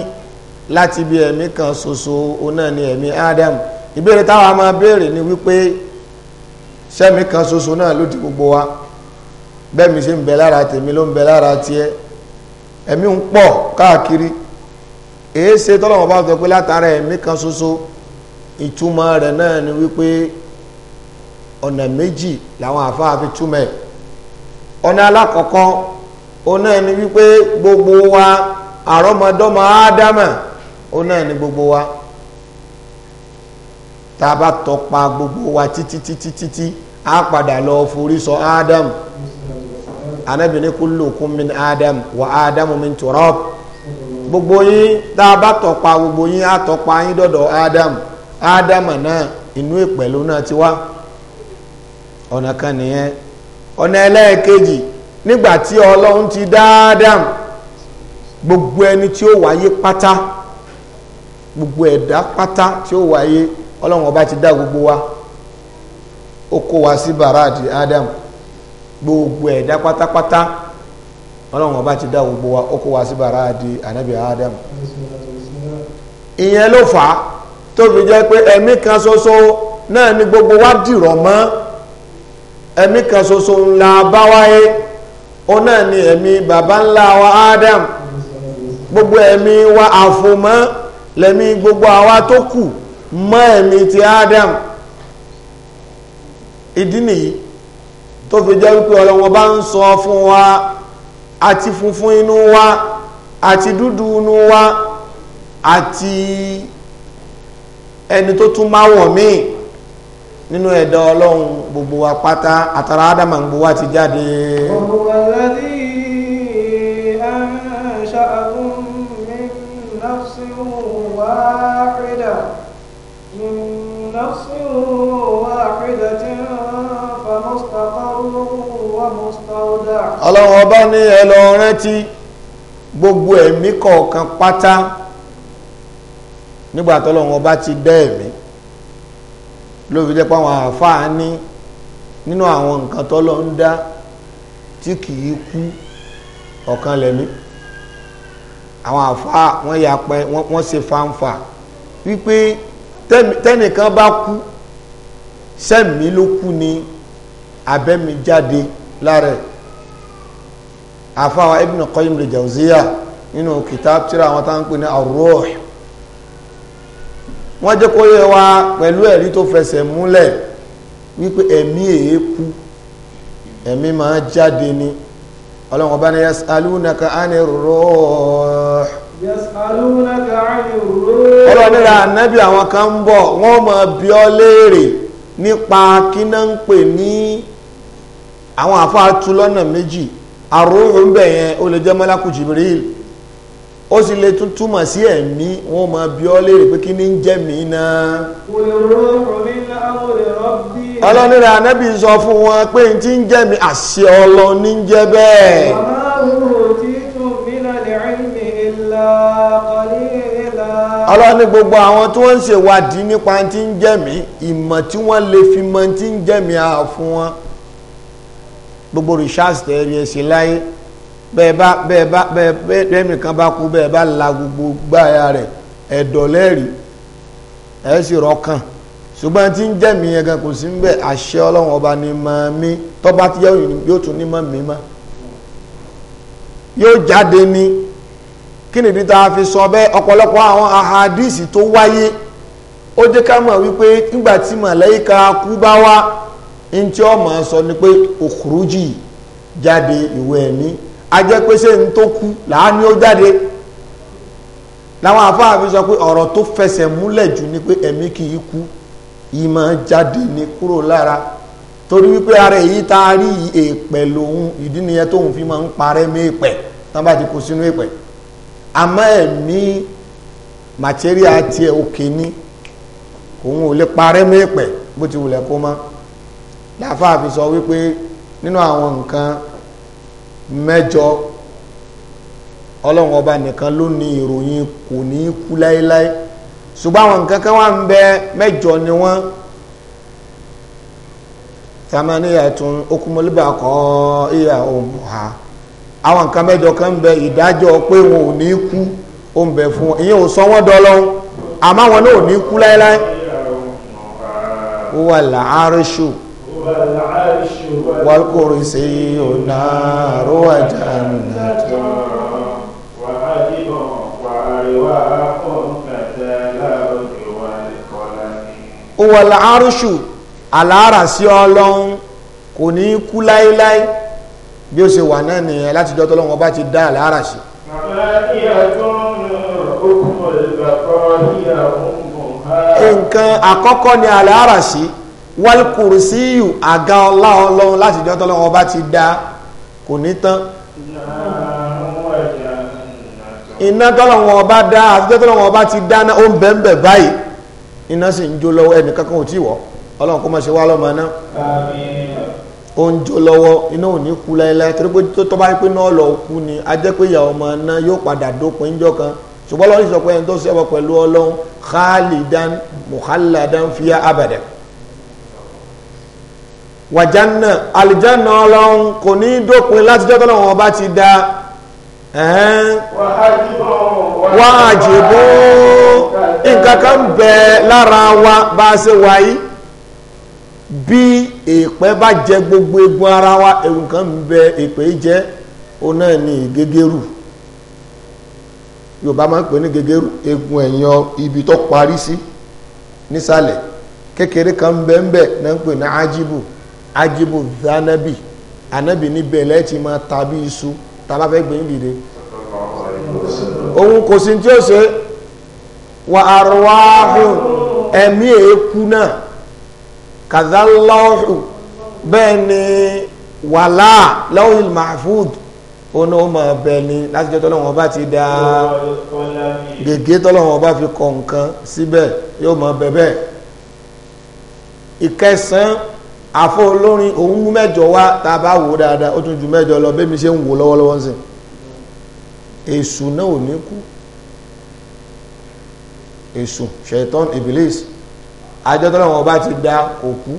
láti bí ẹ̀mí kan ṣoṣo oná ni ẹ̀mí Adam ìbéèrè táwa máa béèrè ni wípé sẹ́mi kan ṣoṣo náà ló ti gbogbo wa bẹ́ẹ̀ mi ń bẹ lára tèmi ló ń bẹ lára tiẹ̀ ẹ̀mí ń pọ̀ káàkiri èé ṣe tọ́lọ́wọ́n bá sọ pé látara ẹ̀mí kan ṣoṣo ìtumọ̀ rẹ̀ náà ni wípé ọ̀nà méjì làwọn àfáà fi túmọ̀ ẹ̀ ọ̀nà alákọ̀ọ́kọ́ ọ̀nà ni wípé gbogbo wa àrọ́mọdọ́mọ ádámà ọ̀nà ni gbogbo wa tá a bá tọpa gbogbo wa títí títí títí á padà lọ forí sọ ádámù anabi ní kullukum min adam wa adamu min turab gbogbo yín tá a bá tọpa gbogbo yín á tọpa yín dọ̀dọ̀ adam adam náà inú ìpẹ̀lú náà ti wá ọ̀nà kan nìyẹn ọ̀nà ẹlẹ́ẹ̀kejì nígbà tí ọlọ́run ti dá adam gbogbo ẹni tí ó wáyé pátá gbogbo ẹ̀dá pátá tí ó wáyé ọlọ́run ọba ti dá gbogbo wa ó kó wa sí bàrá àti adam gbogbo ẹ̀dá pátápátá ọlọ́run ọba ti dá gbogbo wa ó kó wa sí bàrá di ànábì adam ìyẹn ló fà á tó fi jẹ́ pé ẹ̀mí kan ṣoṣo náà ni gbogbo wa dìrọ̀ mọ́ ẹ̀mí kan ṣoṣo ńlá bá wáyé ó náà ni ẹ̀mí bàbá ńlá wa adam gbogbo ẹ̀mí wa àfòmọ́ lẹ́mí gbogbo àwa tó kù mọ́ ẹ̀mí ti adam ìdí nìyí tó fi jẹ́ wípé ọlọ́wọ́n bá ń sọ fún wa àti funfun inú wa àti dúdú inú wa àti ẹni tó tún máa wọ̀ míì nínú ẹ̀dá ọlọ́run gbogbo wa àtàrà ádámà ń gbowó àti jáde. من نفس واحدة ọlọ́run ọba ní ẹlọ rántí gbogbo ẹ̀mí kọ̀ọ̀kan pátá nígbà tọ́lọ́run ọba ti dẹ́ ẹ̀mí ló fi jẹ́ pé àwọn àáfàá ní nínú àwọn nǹkan tọ́lọ́run dá tí kìí kú ọ̀kan lẹ̀mí àwọn àáfàá wọ́n ya pẹ́ wọ́n ṣe fáńfà wípé tẹ́nìkan bá kú sẹ́mi ló kú ni abẹ́mi jáde lára ẹ̀ àfáwà ibn qayyim al-jawziya nínú kitab tíra àwọn tá ń pè ní ar-ruh wọ́n jẹ́ kó yé wa pẹ̀lú ẹ̀rí tó fẹsẹ̀ múlẹ̀ wípé ẹ̀mí èékú ẹ̀mí máa jáde ni ọlọ́run bá ní yasalunaka ani ruh yasalunaka ani ruh ọlọ́run nílà ànábì àwọn kan bọ̀ wọ́n máa bi ọ́ léèrè nípa kí náà ń pè ní àwọn àfáà tú lọ́nà méjì àrùn ń bẹ̀ yẹn ó lè jẹ́ mọ́lákù Jibril ó sì lè tún túmọ̀ sí ẹ̀mí wọn máa bi ọ́ léèrè pé kí ni ń jẹ́ mí náà. ọlọ́nira anábì sọ fún wọn pé n ti ń jẹ́ mi àṣẹ ọlọ́run ní ń jẹ́ bẹ́ẹ̀. ọlọ́ni gbogbo àwọn tí wọ́n ń ṣèwádìí nípa ti ń jẹ́ mi ìmọ̀ tí wọ́n lè fi mọ̀ ti ń jẹ́ mi àá fún wọn gbogbo rìṣáàsì tẹ́ rí ẹsẹ̀ láyé bẹ́ẹ̀ bá bẹ́ẹ̀ bá bẹ́ẹ̀ bẹ́ẹ̀ nìkan bá kú bẹ́ẹ̀ bá la gbogbo gbáya rẹ̀ ẹ̀dọ̀ lẹ́rìí ẹ̀ sì rọ́kàn ṣùgbọ́n tí ń jẹ́mi yẹn gan kò sí ń bẹ̀ àṣẹ ọlọ́run ọba ni mọ̀ mí tọ́ba tí yóò tún ní mọ̀ mí mọ́ yóò jáde ní kí nìdí tá a fi sọ bẹ́ẹ̀ ọ̀pọ̀lọpọ̀ àwọn ahadíìsì tó wáyé ó jẹ́ ká mọ̀ wípé nígbà tí màláíkà kú bá wá n tí ọ máa sọ ni pé òkúrújì jáde ìwé ẹ̀mí ajẹ́pẹ́sẹ́ ń tó kú láàánú ó jáde láwọn afáàmì sọ pé ọ̀rọ̀ tó fẹsẹ̀ múlẹ̀ jù ni pé ẹ̀mí kì í kú jáde kúrò lára torí wípé ara èyí tá a rí èèpẹ̀ lòun ìdí nìyẹn tóun fi máa ń parẹ́ mé èèpẹ̀ tán bá ti kó sínú èèpẹ̀ àmọ́ ẹ̀mí màtíríà tiẹ̀ òkè òun ò lè láfáà fi sọ wípé nínú àwọn nǹkan mẹ́jọ ọlọ́run ọba nìkan ló ní ìròyìn kò ní kú láéláé ṣùgbọ́n àwọn nǹkan kan wà ń bẹ mẹ́jọ ni wọ́n tamaniyatun okumoliba kọ́ ìyá òmù ha àwọn nǹkan mẹ́jọ kan ń bẹ ìdájọ́ pé wọn ò ní kú ó ń bẹ fún wọn ìyẹn ò sọ wọ́n dọ́lọ́hún àmọ́ wọn náà ò ní kú láéláé ó wà láàárẹ̀ ṣùgbọ́n والكرسي النار وجنة وعجب وأرواح كتلوك والقلم هو العرش alárasí ọlọ́run kò ní kú láíláí bí ó ṣe wà náà nìyẹn láti jọ́ tọ́lọ́run ọba ti dá alárasí. nǹkan àkọ́kọ́ ni alárasí wal kursiyu àga ọlá ọlọ́run láti jọ́ tọ́lọ́run ọba ti dá kò ní tán iná tọ́lọ́run ọba dá àtijọ́ tọ́lọ́run ọba ti dáná ó ń bẹ̀ẹ̀bẹ̀ báyìí iná sì ń jó lọ́wọ́ ẹnìkan kan ò tí wọ̀ ọlọ́run kó má ṣe wá lọ́mọ náà ó ń jó lọ́wọ́ iná ò ní kú láéláé torí pé tó bá pé náà lọ kú ni a jẹ́ pé ìyàwó ọmọ náà yóò padà dópin jọ kan ṣùgbọ́n lọ́rùn sọ ẹni tó ṣẹbọ pẹ̀lú ọlọ́run khalidan muhalladan fiya abada wàjánà alìjánà ọlọ́run kò ní dópin láti jọ́ tọ́lọ́run bá ti da wàájìbó nǹkan ń bẹ lára wa bá a ṣe wáyé bí èèpẹ̀ bá jẹ gbogbo egun ara wa ewu kan bẹ jẹ́ ó náà ní gẹ́gẹ́rù yorùbá máa ń pè ní gẹ́gẹ́rù egun ẹ̀yàn ibi tó parí sí nísàlẹ̀ kékeré kan náà ń pè ní ajibu zanabi anabi níbẹ̀ lẹ́ẹ̀tì máa tàbí iṣu tàbá fẹ́ gbẹ̀yìn dìde òun kò sí tí ó ṣe wà àrùwáhùn ẹ̀mí èékú náà kàdálọ́hù bẹ́ẹ̀ ni wàlá lọ́wọ́ mahfud òun ó máa bẹ ni láti jẹ́ tọ́lọ́wọ́n bá ti da gègé tọ́lọ́wọ́n bá fi kọ̀ nǹkan síbẹ̀ yóò máa bẹ bẹ́ẹ̀ ìkẹsàn-án àfọ olórin òun mú mẹ́jọ wá tá a bá wò dáadáa ó tún ju mẹ́jọ lọ bẹ́ẹ̀ mi ṣe ń wò lọ́wọ́lọ́wọ́ ń sìn èṣù náà ò ní kú èṣù ṣẹ̀tọ́n ibilis ajọ́tọ́lọ́wọ́n ọba ti da kò kú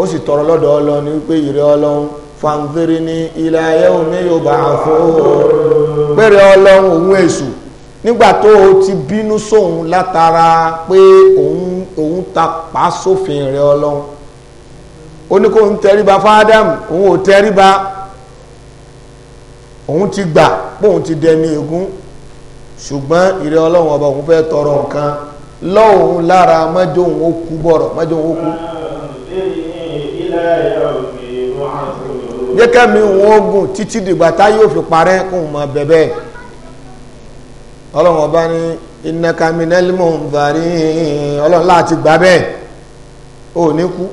ó sì tọrọ lọ́dọ̀ ọlọ́run wípé ìrẹ́ ọlọ́run fàǹfẹ́rẹ́ ní ilẹ̀ ayé òní yóò bá a pẹ̀rẹ̀ ọlọ́run òun èṣù nígbà tó o ti bínú sóhun látara pé òun òun ta pa sófin rẹ ọlọ́run ó ní kó ń tẹríba fáádámù òun ò tẹríba òun ti gbà pé òun ti dẹni ègún ṣùgbọ́n ìrẹ ọlọ́run ọba òun fẹ́ tọrọ nǹkan lọ́hùn lára mọ́jọ́ òun ó kú bọ̀rọ̀ mọ́jọ́ òun ó kú jẹ́kẹ́mi òun ó gùn títí dìgbà tá yóò fi parẹ́ kóun mọ bẹ̀bẹ̀ ọlọ́run ọba ní innaka minal munzarin ọlọ́run láti gbà bẹ́ẹ̀ ò ní kú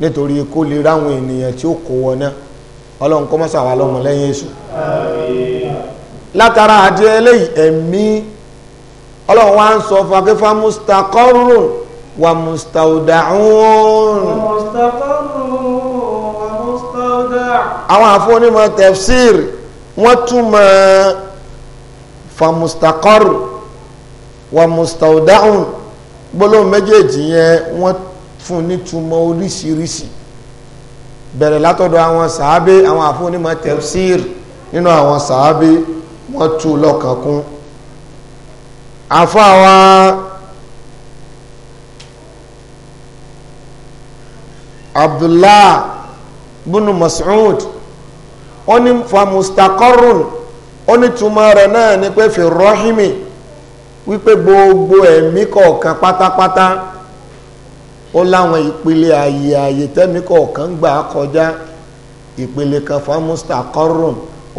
nítorí kó lè ráwọn ènìyàn tí ó kó wọn náà ọlọ́run kọ́ mọ́sà wà lọ́mọ lẹ́yìn èṣù látara àdí eléyìí ẹ̀mí ọlọ́run wá ń sọ fàkífà mustaqarrun wa mustaudaun àwọn àfọ́nímọ̀ tafsir wọ́n túmọ̀ famustaqar wa mustaudaun gbólóhùn méjèèjì yẹn wọ́n fún nítumọ̀ oríṣiríṣi bẹ̀rẹ̀ látọ̀dọ̀ àwọn sàábé àwọn àfúnimọ̀ tafsir nínú àwọn sàábé wọ́n tú lọ́kàn kún àfáwa abdullah bunu mas'ud ó ní ó ní túmọ̀ rẹ̀ náà ni pé fi rọ́hìmì wípé gbogbo ẹ̀mí kọ̀ọ̀kan pátápátá ó láwọn ìpele ààyè ààyè tẹ́mí kọ̀ọ̀kan gbà kọjá ìpele kan fún mustaqarrun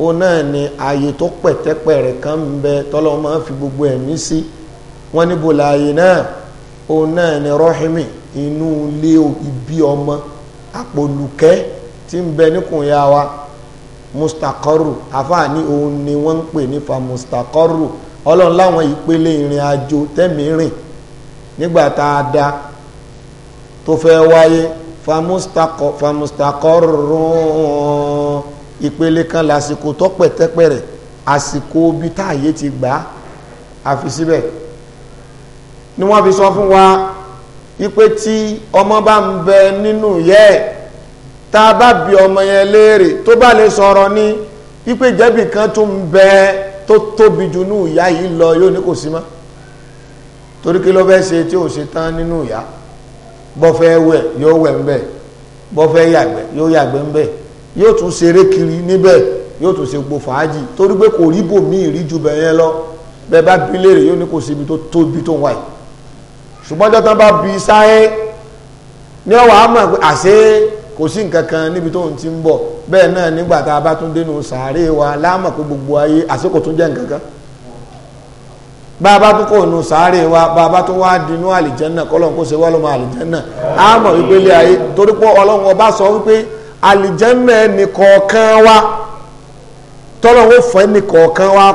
ó náà ni ààyè tó pẹ̀tẹ́pẹ̀rẹ̀ kan ń bẹ tọ́lọ́ máa ń fi gbogbo ẹ̀mí sí wọ́n níbo láàyè náà ó náà ni rọ́hìmì inú ilé ibi ọmọ àpòlùkẹ́ tí ń bẹ níkùnyà wa. mustaqarru àfààní òun ni wọ́n ń pè nípa mustaqarru ọlọ́run láwọn ìpele ìrìn àjò tẹ́mi rìn nígbà tá a da tó fẹ́ wáyé famustaqarru ìpele kan lásìkò tó pẹ̀tẹ́pẹ̀rẹ̀ àsìkò bí táàyè ti gbà á fi síbẹ̀ ni wọ́n fi sọ fún wa wípé tí ọmọ bá ń bẹ nínú yẹ́ ẹ̀ tá a bá bi ọmọ yẹn léèrè tó bá lè sọ̀rọ̀ ní wípé jẹ́bì kan tó ń bẹ tó tóbi jù nú ìyá yìí lọ yóò ní kò sí mọ́ torí kí ló fẹ́ ṣe tí ò ṣe tán nínú ìyá bọ́ fẹ́ wẹ̀ yóò wẹ̀ ń bẹ̀ yàgbẹ́ yóò yàgbẹ́ ń yóò tún ṣeré kiri níbẹ̀ yóò tún ṣe gbò fàájì torí pé kò rí bòmíì rí ju bẹ̀yẹn lọ bẹ́ẹ̀ bá bi léèrè yóò ní kò síbi tó tóbi tó wà yìí ṣùgbọ́n jọ́tàn bá bi sáyé ní ọ̀wà mọ̀ pé àṣẹ kò sí nǹkan kan níbi tó ti ń bọ̀ bẹ́ẹ̀ náà nígbà tá a bá tún dénú sàárè wa gbogbo ayé àsìkò tún jẹ́ nǹkan kan bá a bá tún kò wa bá a bá tún wá dinú àlìjẹ́nà kọ́lọ́n kó ṣe wá lọ́mọ àlìjẹ́nà á mọ̀ wípé ilé ayé torí pé ọlọ́run ọba sọ wípé àlìjẹ́nà wa tọ́lọ́run ó wa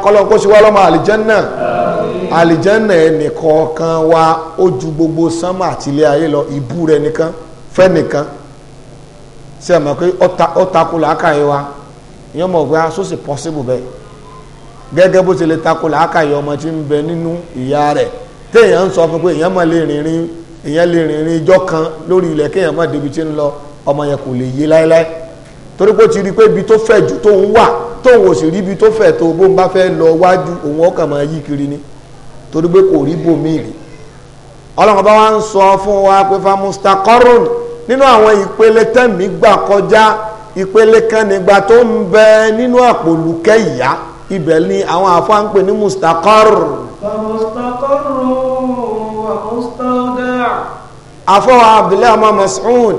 kọ́lọ́n gbogbo sánmà ayé lọ ìbú nìkan ṣe mọ̀ pé aka takò làákàyè wa ìyẹn mọ̀ sì possible bẹ́ẹ̀ gẹ́gẹ́ bó ṣe lè takò làákàyè ọmọ tí ń bẹ nínú ìyá rẹ̀ téèyàn ń sọ fún pé èèyàn mọ̀ lè rìnrìn èèyàn lè rìnrìn ijọ́ kan lórí ilẹ̀ kéèyàn mọ̀ débi tí ń lọ ọmọ yẹn kò lè yé láéláé torí pé ó ti rí i pé ibi tó fẹ̀ jù tóun wà tóun ò sì rí ibi tó fẹ̀ tó bó kiri ni torí pé kò rí bòmíì rí ọlọ́run bá wá ń nínú àwọn ìpele tẹ́mi gbà kọjá ìpele kan nígbà tó ń bẹ nínú àpòlùkẹ́ ìyá ibẹ̀ ni àwọn àfáà ń pè ní mustaqar. mustaqar wa mustawda. àfọwọ́ abdullahi ọmọ mas'ud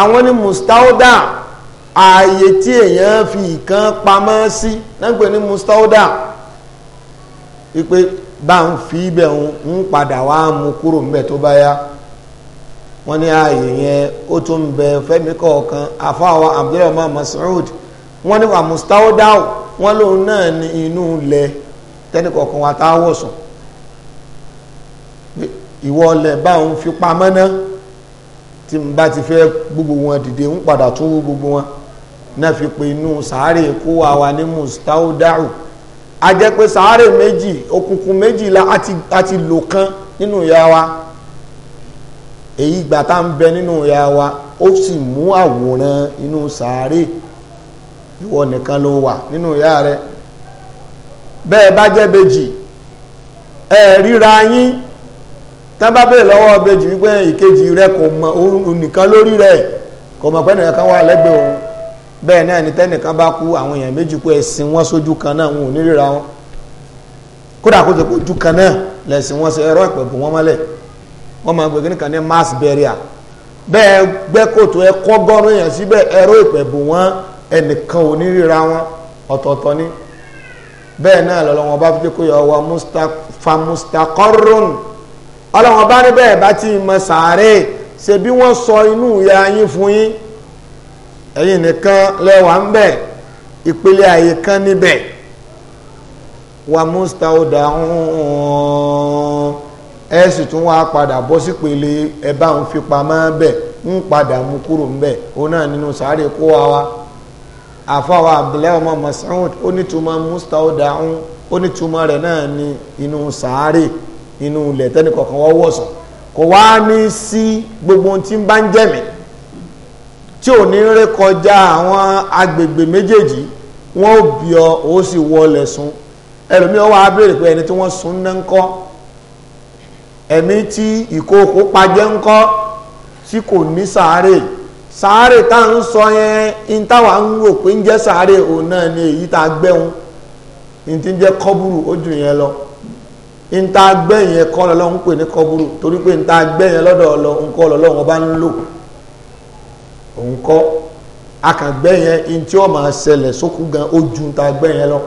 àwọn ni mustawda ààyè tí èèyàn fi ìkan pamọ́ sí náà ń pè ní mustawda ìpè bá ń fi ibẹ̀ ń padà wá mú kúrò ń bẹ̀ tó bá yá wọ́n ní ààyè yẹn ó tún ń bẹ fẹ́mi kọ̀ọ̀kan àfáwà abdulrahman masoud wọ́n ní wà mustaudaw wọ́n lòun náà ní inú lẹ̀ tẹ́nìkọ̀ọ̀kan wa tá a wọ̀ sùn ìwọ lẹ̀ báwọn fi pamọ́ náà tí n bá ti fẹ́ gbogbo wọn dìde ń padà tún wú gbogbo wọn náà fi pe inú sàárè kó wa wa ní mustaudaw a jẹ́ pé sàárè méjì òkùnkùn méjìlá àti lò kan nínú ìyá wa. èyí gbà tá ń bẹ nínú ìyá wa ó sì mú àwòrán inú sàárè ìwọ nìkan ló wà nínú ìyá rẹ bẹ́ẹ̀ bá jẹ́ bejì ẹ ríra yín tá bá bèèrè lọ́wọ́ bejì wípé ìkejì rẹ kò mọ nìkan lórí rẹ kò mọ̀ pé nìkan wà lẹ́gbẹ̀ẹ́ òun bẹ́ẹ̀ náà ni tẹ́nìkan bá kú àwọn èèyàn méjì kú ẹ̀sìn wọn sójú kan náà wọn ò ní ríra wọn kódà wọ́n máa ń gbẹ̀gẹ́ nìkan ní mass burial bẹ́ẹ̀ gbẹ́kòtò ẹ kọ́gọ́rùn èèyàn síbẹ̀ ẹ̀rọ ìpẹ̀bù wọn ẹnìkan ò ní ríra wọn ọ̀tọ̀ọ̀tọ̀ ni bẹ́ẹ̀ náà lọ́lọ́wọ́n bá fi jẹ́ kó yọ wa famustaqarrun ọlọ́wọ́n bá ní bẹ́ẹ̀ bá ti mọ sàárè ṣe bí wọ́n sọ inú ìyá yín fún yín ẹ̀yin nìkan lẹ́wàá ń bẹ̀ ìpele àyè kan níbẹ̀ wa mustaudaun ẹ sì tún wá padà bọ́ sípele ẹ bá ń fi pamọ́ bẹ́ẹ̀ ń padà mú kúrò ń bẹ́ẹ̀ òun náà nínú sáré kó wa wa àfáwà abdullahi ọmọ Mas'ud onítùmọ̀ mustaudaun onítùmọ̀ rẹ̀ náà ní inú sáré inú ilẹ̀ tẹ́nìkọ̀kan wọ́n wọ̀sàn kò wá ní sí gbogbo ohun tí ń bá ń jẹ̀mí tí ò ní rékọjá àwọn agbègbè méjèèjì wọn ò bí ọ ó sì wọlé sun ẹlòmíràn wà á béèrè pé ẹni tí wọ́n sun náà ń kọ́ ẹ̀mí tí ìkókó pajẹ́ ń kọ́ tí kò ní sàárè sàárè tá ń sọ yẹn in táwa ń rò pé ń jẹ́ sàárè òun náà ni èyí tá a gbẹ́hun in ti ń jẹ́ kọ́búrú ó jù yẹn lọ in tá a gbẹ́ yẹn kọ́ lọ́lọ́ ń pè ní kọ́búrú torí pé in tá a gbẹ́ yẹn lọ́dọ̀ ọlọ ń kọ́ lọ́lọ́ wọn bá ń lò òun kọ́ akàgbẹ́ yẹn in tí ó máa ṣẹlẹ̀ sókú gan ó ju tá gbẹ́ yẹn lọ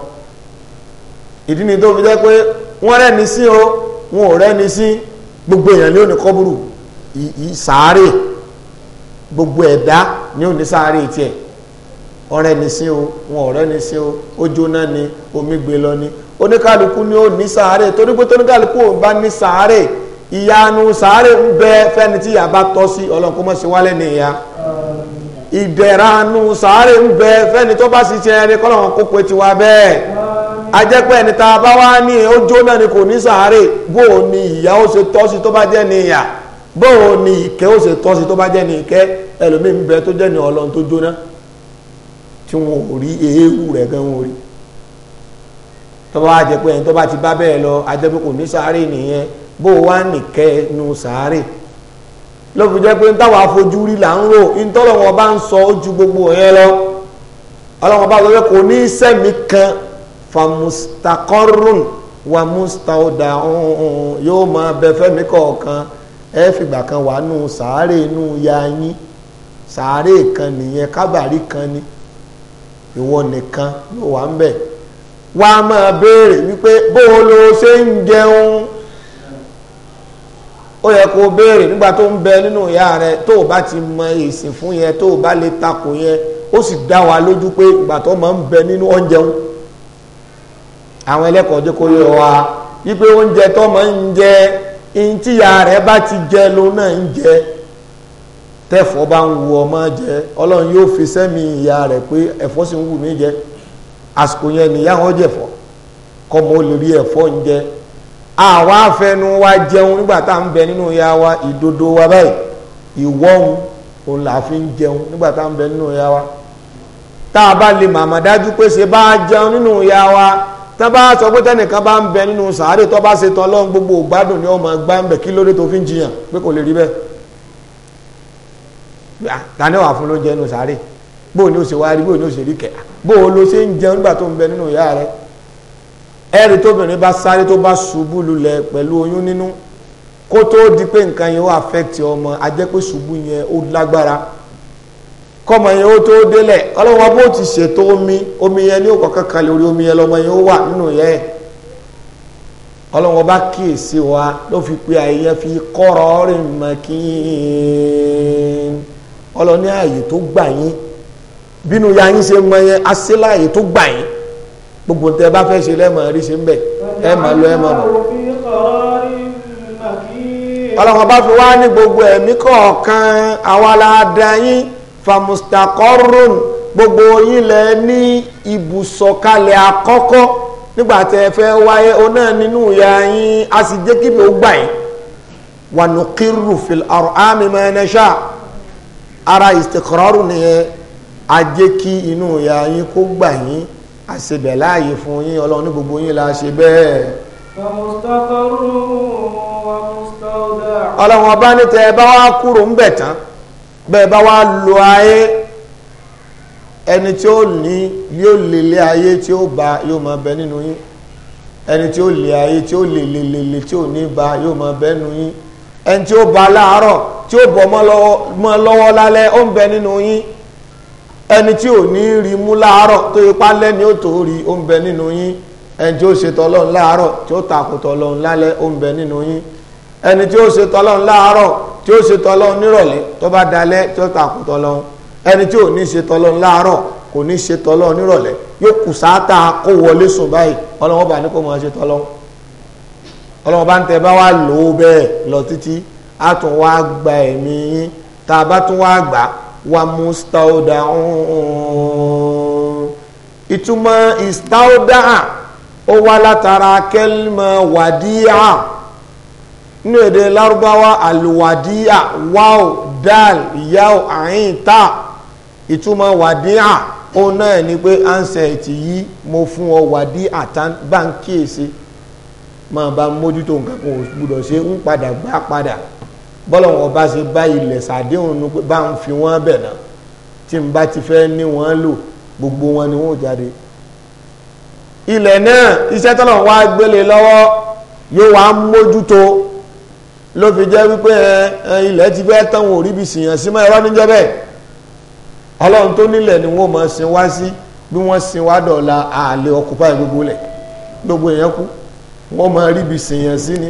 ìdí ni tó fi jẹ́ pé wọ́n rẹ́ni sí o wọn ò rẹ́ni sí gbogbo èèyàn ni ó ní kọ́búrú sàárè gbogbo ẹ̀dá ni ó ní sàárè tiẹ̀ ọ̀rẹ́ ni sí o wọn ọ̀rẹ́ ni sí o ó jóná ni omi gbé lọ ni oníkálukú ni ó ní sàárè torí pé tóníkálukú ò bá ní sàárè ìyanu sàárè ń bẹ fẹ́ni tí ìyà bá tọ́ sí ọlọ́run kó má ṣe wálẹ̀ ní ìyà ìdẹ̀ranu sàárè ń bẹ fẹ́ni tó bá sì ṣe ẹni kọ́lọ́run kó pe tiwa bẹ́ẹ̀ ajẹ́pẹ́ ẹni tá a bá wá ní ọjọ́ náà ni kò ní sàárè bó o ní ìyà ó ṣe tọ́ sí tó bá jẹ́ ní ìyà bó o ní ìkẹ́ ó ṣe tọ́ sí tó bá jẹ́ ní ìkẹ́ ẹlòmíì ń bẹ tó jẹ́ ní ọlọ́run tó jóná tí wọn ò rí eéwù rẹ̀ gan wọn ò rí tó bá ajẹ́pẹ́ ẹni tó bá ti bá bẹ́ẹ̀ lọ ajẹ́pẹ́ kò ní sàárè nìyẹn bó o wá nìkẹ́ nu sàárè lọ́pọ̀ jẹ́ pé ń táwọn rí là ń rò ń bá ń sọ ojú gbogbo yẹn lọ ọlọ́wọ́n bá sọ pé kò ní sẹ́mi kan famustakorun wa mustaudaun yóò máa bẹ fẹ́mi kọ̀ọ̀kan ẹ fìgbà kan wà nù sàárè nù ya yín sàárè kan nìyẹn kábàárì kan ni ìwọ nìkan ló wà ń bẹ wá máa béèrè wípé bó o lo ṣe ń jẹun ó yẹ kó o béèrè nígbà tó ń bẹ nínú ìyá rẹ tó o bá ti mọ èsì fún yẹn tó o bá lè takò yẹn ó sì dá wa lójú pé ìgbà tó máa ń bẹ nínú oúnjẹun àwọn ẹlẹ́kọ̀ọ́ jẹ́ kó yé wa wípé oúnjẹ tọ́mọ ń jẹ ìntìyà rẹ̀ bá ti jẹ ló náà ń jẹ tẹ́fọ́ bá ń wu ọmọ jẹ ọlọ́run yóò fi sẹ́mi ìyá rẹ̀ pé ẹ̀fọ́ sì ń wù mí jẹ àsìkò yẹn nìyá wọn jẹ̀fọ́ kọ́mọ ó lè rí ẹ̀fọ́ ń jẹ àwa afẹnu nígbà tá à ń bẹ nínú ìdodo wa báyìí ìwọ́hun òun là fi ń nígbà tá à nínú wa tá a bá tán bá sọ pé tẹnìkan bá ń bẹ nínú sàárè tó bá ṣe tán lọ́n gbogbo ògbádùn ni wọ́n máa gbá ń bẹ̀ kí lóde tó fi ń jiyàn pé kò lè rí bẹ́ẹ̀ tani wà fún ló jẹ́ nínú sàárè bóò ni ó ṣe wá rí bóò ni ó ṣe rí kẹ̀ bóò ló ṣe ń jẹun nígbà tó ń bẹ nínú ìyá rẹ ẹ̀rí tóbìnrin bá sáré tó bá ṣubú lulẹ̀ pẹ̀lú oyún nínú kó tó di pé nǹkan yẹn ó affect ọmọ a jẹ́ pé ṣubú yẹn ó lágbára kọ́mọ yẹn ó tó délẹ̀ ọlọ́wọ́ bó ti ṣètò omi omi yẹn ní òkọ̀ kankan lórí omi yẹn lọ́mọ yẹn ó wà nínú yẹn ọlọ́wọ́ bá kíyèsí wa ló fi pe àyè fi kọ́rọ̀ rìn mọ́ kí ọlọ́ní àyè tó gbà yín bínú ya yín ṣe mọ yẹn asílá àyè tó gbà yín gbogbo tẹ bá fẹ́ ṣe lẹ́mọ̀ rí ṣe ń bẹ̀ ẹ mà lọ ẹ mà bọ̀ ọlọ́wọ́ bá fi wá ní gbogbo ẹ̀mí kọ̀ọ̀kan àwa la dá yín famustaqarrun gbogbo yín lẹ ní ibùsọ̀kalẹ̀ àkọ́kọ́ nígbà tẹ fẹ́ wáyé o náà nínú ìyá yín a sì jẹ́ kíbi ó gbà yín wa nuqirru fil arhami ma nasha ara istiqraru nìyẹn a jẹ́ kí inú ìyá yín kó gbà yín a ṣe bẹ̀ láàyè fún yín ọlọ́run ní gbogbo yín la ṣe bẹ́ẹ̀. famustaqarrun wa mustawda. ọlọ́run ọba ní tẹ ẹ bá wá kúrò ń bẹ̀ tán bẹ́ẹ̀ bá wá lo ayé ẹni tí ó ní yóò lè lé ayé tí ó bá yóò máa bẹ nínú yín ẹni tí ó lè ayé tí ó lè lè lè lè tí ò ní bá yóò máa bẹ nínú yín ẹni tí ó bá láàárọ̀ tí ó bọ̀ mọ́ lọ́wọ́ lálẹ́ ó ń bẹ nínú yín ẹni tí ò ní rí mú láàárọ̀ tó ipá lẹ́ni ó tó rí ó ń bẹ nínú yín ẹni tí ó ṣe tọ́lọ́run láàárọ̀ tí ó takò tọ́lọ́run lálẹ́ ó ń bẹ nínú yín ẹni tí ó ṣe tọ́lọ́run láàárọ̀ tí ó ṣe tọ́lọ́run nírọ̀lẹ́ tó bá dalẹ́ tí ó takò tọ́lọ́run ẹni tí ò ní ṣe tọ́lọ́run láàárọ̀ kò ní ṣe tọ́lọ́run nírọ̀lẹ́ yóò kù sáátà kó wọlé sùn báyìí ọlọ́wọ́n bá ní kó máa ṣe tọ́lọ́run ọlọ́wọ́n bá ń tẹ bá wà lò ó bẹ́ẹ̀ lọ títí a tún wá gba ẹ̀mí yín tá a bá tún wá gbà wà mú stauda ìtumọ̀ ìstauda ó wá látara kẹ́límọ̀ wàdíà nínú èdè lárúbáwá àlùwàdíà wáò dáàl ìyáò àyìn tá ìtumọ̀ wàdíà ó náà ni pé ansẹ̀tì yìí mo fún ọ wàdíà tán bá ń kíyèsí máa bá mójútó nǹkan kan ò gbúdọ̀ ṣe ń padà gbá padà bọ́lọ̀wọ̀n bá ṣe bá ilẹ̀ sàdéhùn nu pé bá ń fi wọ́n bẹ̀ náà tí n bá ti fẹ́ ní wọ́n lò gbogbo wọn ni wọ́n jáde ilẹ̀ náà iṣẹ́ tọ́lọ̀ wá gbélé lọ́wọ́ yóò wá mójútó ló fi jẹ́ wípé ilẹ̀ ti fẹ́ tán wọn ò ríbi sìyàn sí mọ́ ẹ̀rọ níjẹ́ bẹ́ẹ̀ ọlọ́run tó nílẹ̀ ni wọ́n mọ̀ sin wá sí bí wọ́n sin wá dọ̀la àlè ọkùpá gbogbo lẹ̀ gbogbo èèyàn kú wọ́n mọ̀ ríbi sìyàn sí ni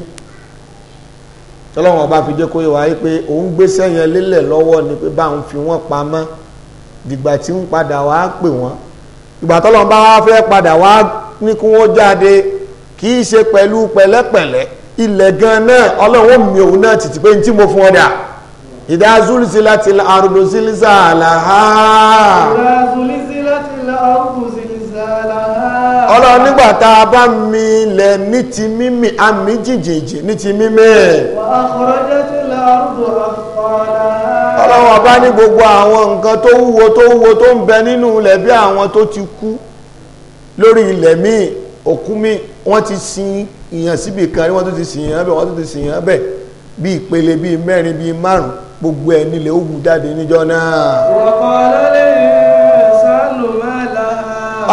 tọ́lọ́wọ́n ọba fi jẹ́ kó yẹ wáyé pé òun gbéṣẹ́ yẹn lélẹ̀ lọ́wọ́ ni pé báwọn fi wọ́n pamọ́ dìgbà tí ń padà wá pè wọ́n ìgbà tọ́lọ́wọ́n bá wá fẹ́ padà wá ní kí wọ́n jáde kì í ṣe pẹ̀lú pẹ̀lẹ́pẹ̀lẹ́ ilẹ̀ gan náà ọlọ́run mi òun náà títí pé tí mo fún ọdà ìdá zúlísí láti àrùdó sílísà àlàhà ọlọ́run nígbà tá a bá mi ilẹ̀ ní ti mímì àmì jìjìjì ní ti mímì ọlọ́run ọba ní gbogbo àwọn nǹkan tó wúwo tó wúwo tó ń bẹ nínú ilẹ̀ bí àwọn tó ti kú lórí ilẹ̀ míì òkú mi wọ́n ti sin ìyàn síbi kan rí wọ́n tún ti sin ìyàn bẹ́ẹ̀ wọ́n tún ti sin ìyàn bẹ́ẹ̀ bí ìpele bí mẹ́rin bí márùn gbogbo ẹ̀ nílẹ̀ ó wù jáde níjọ́ náà.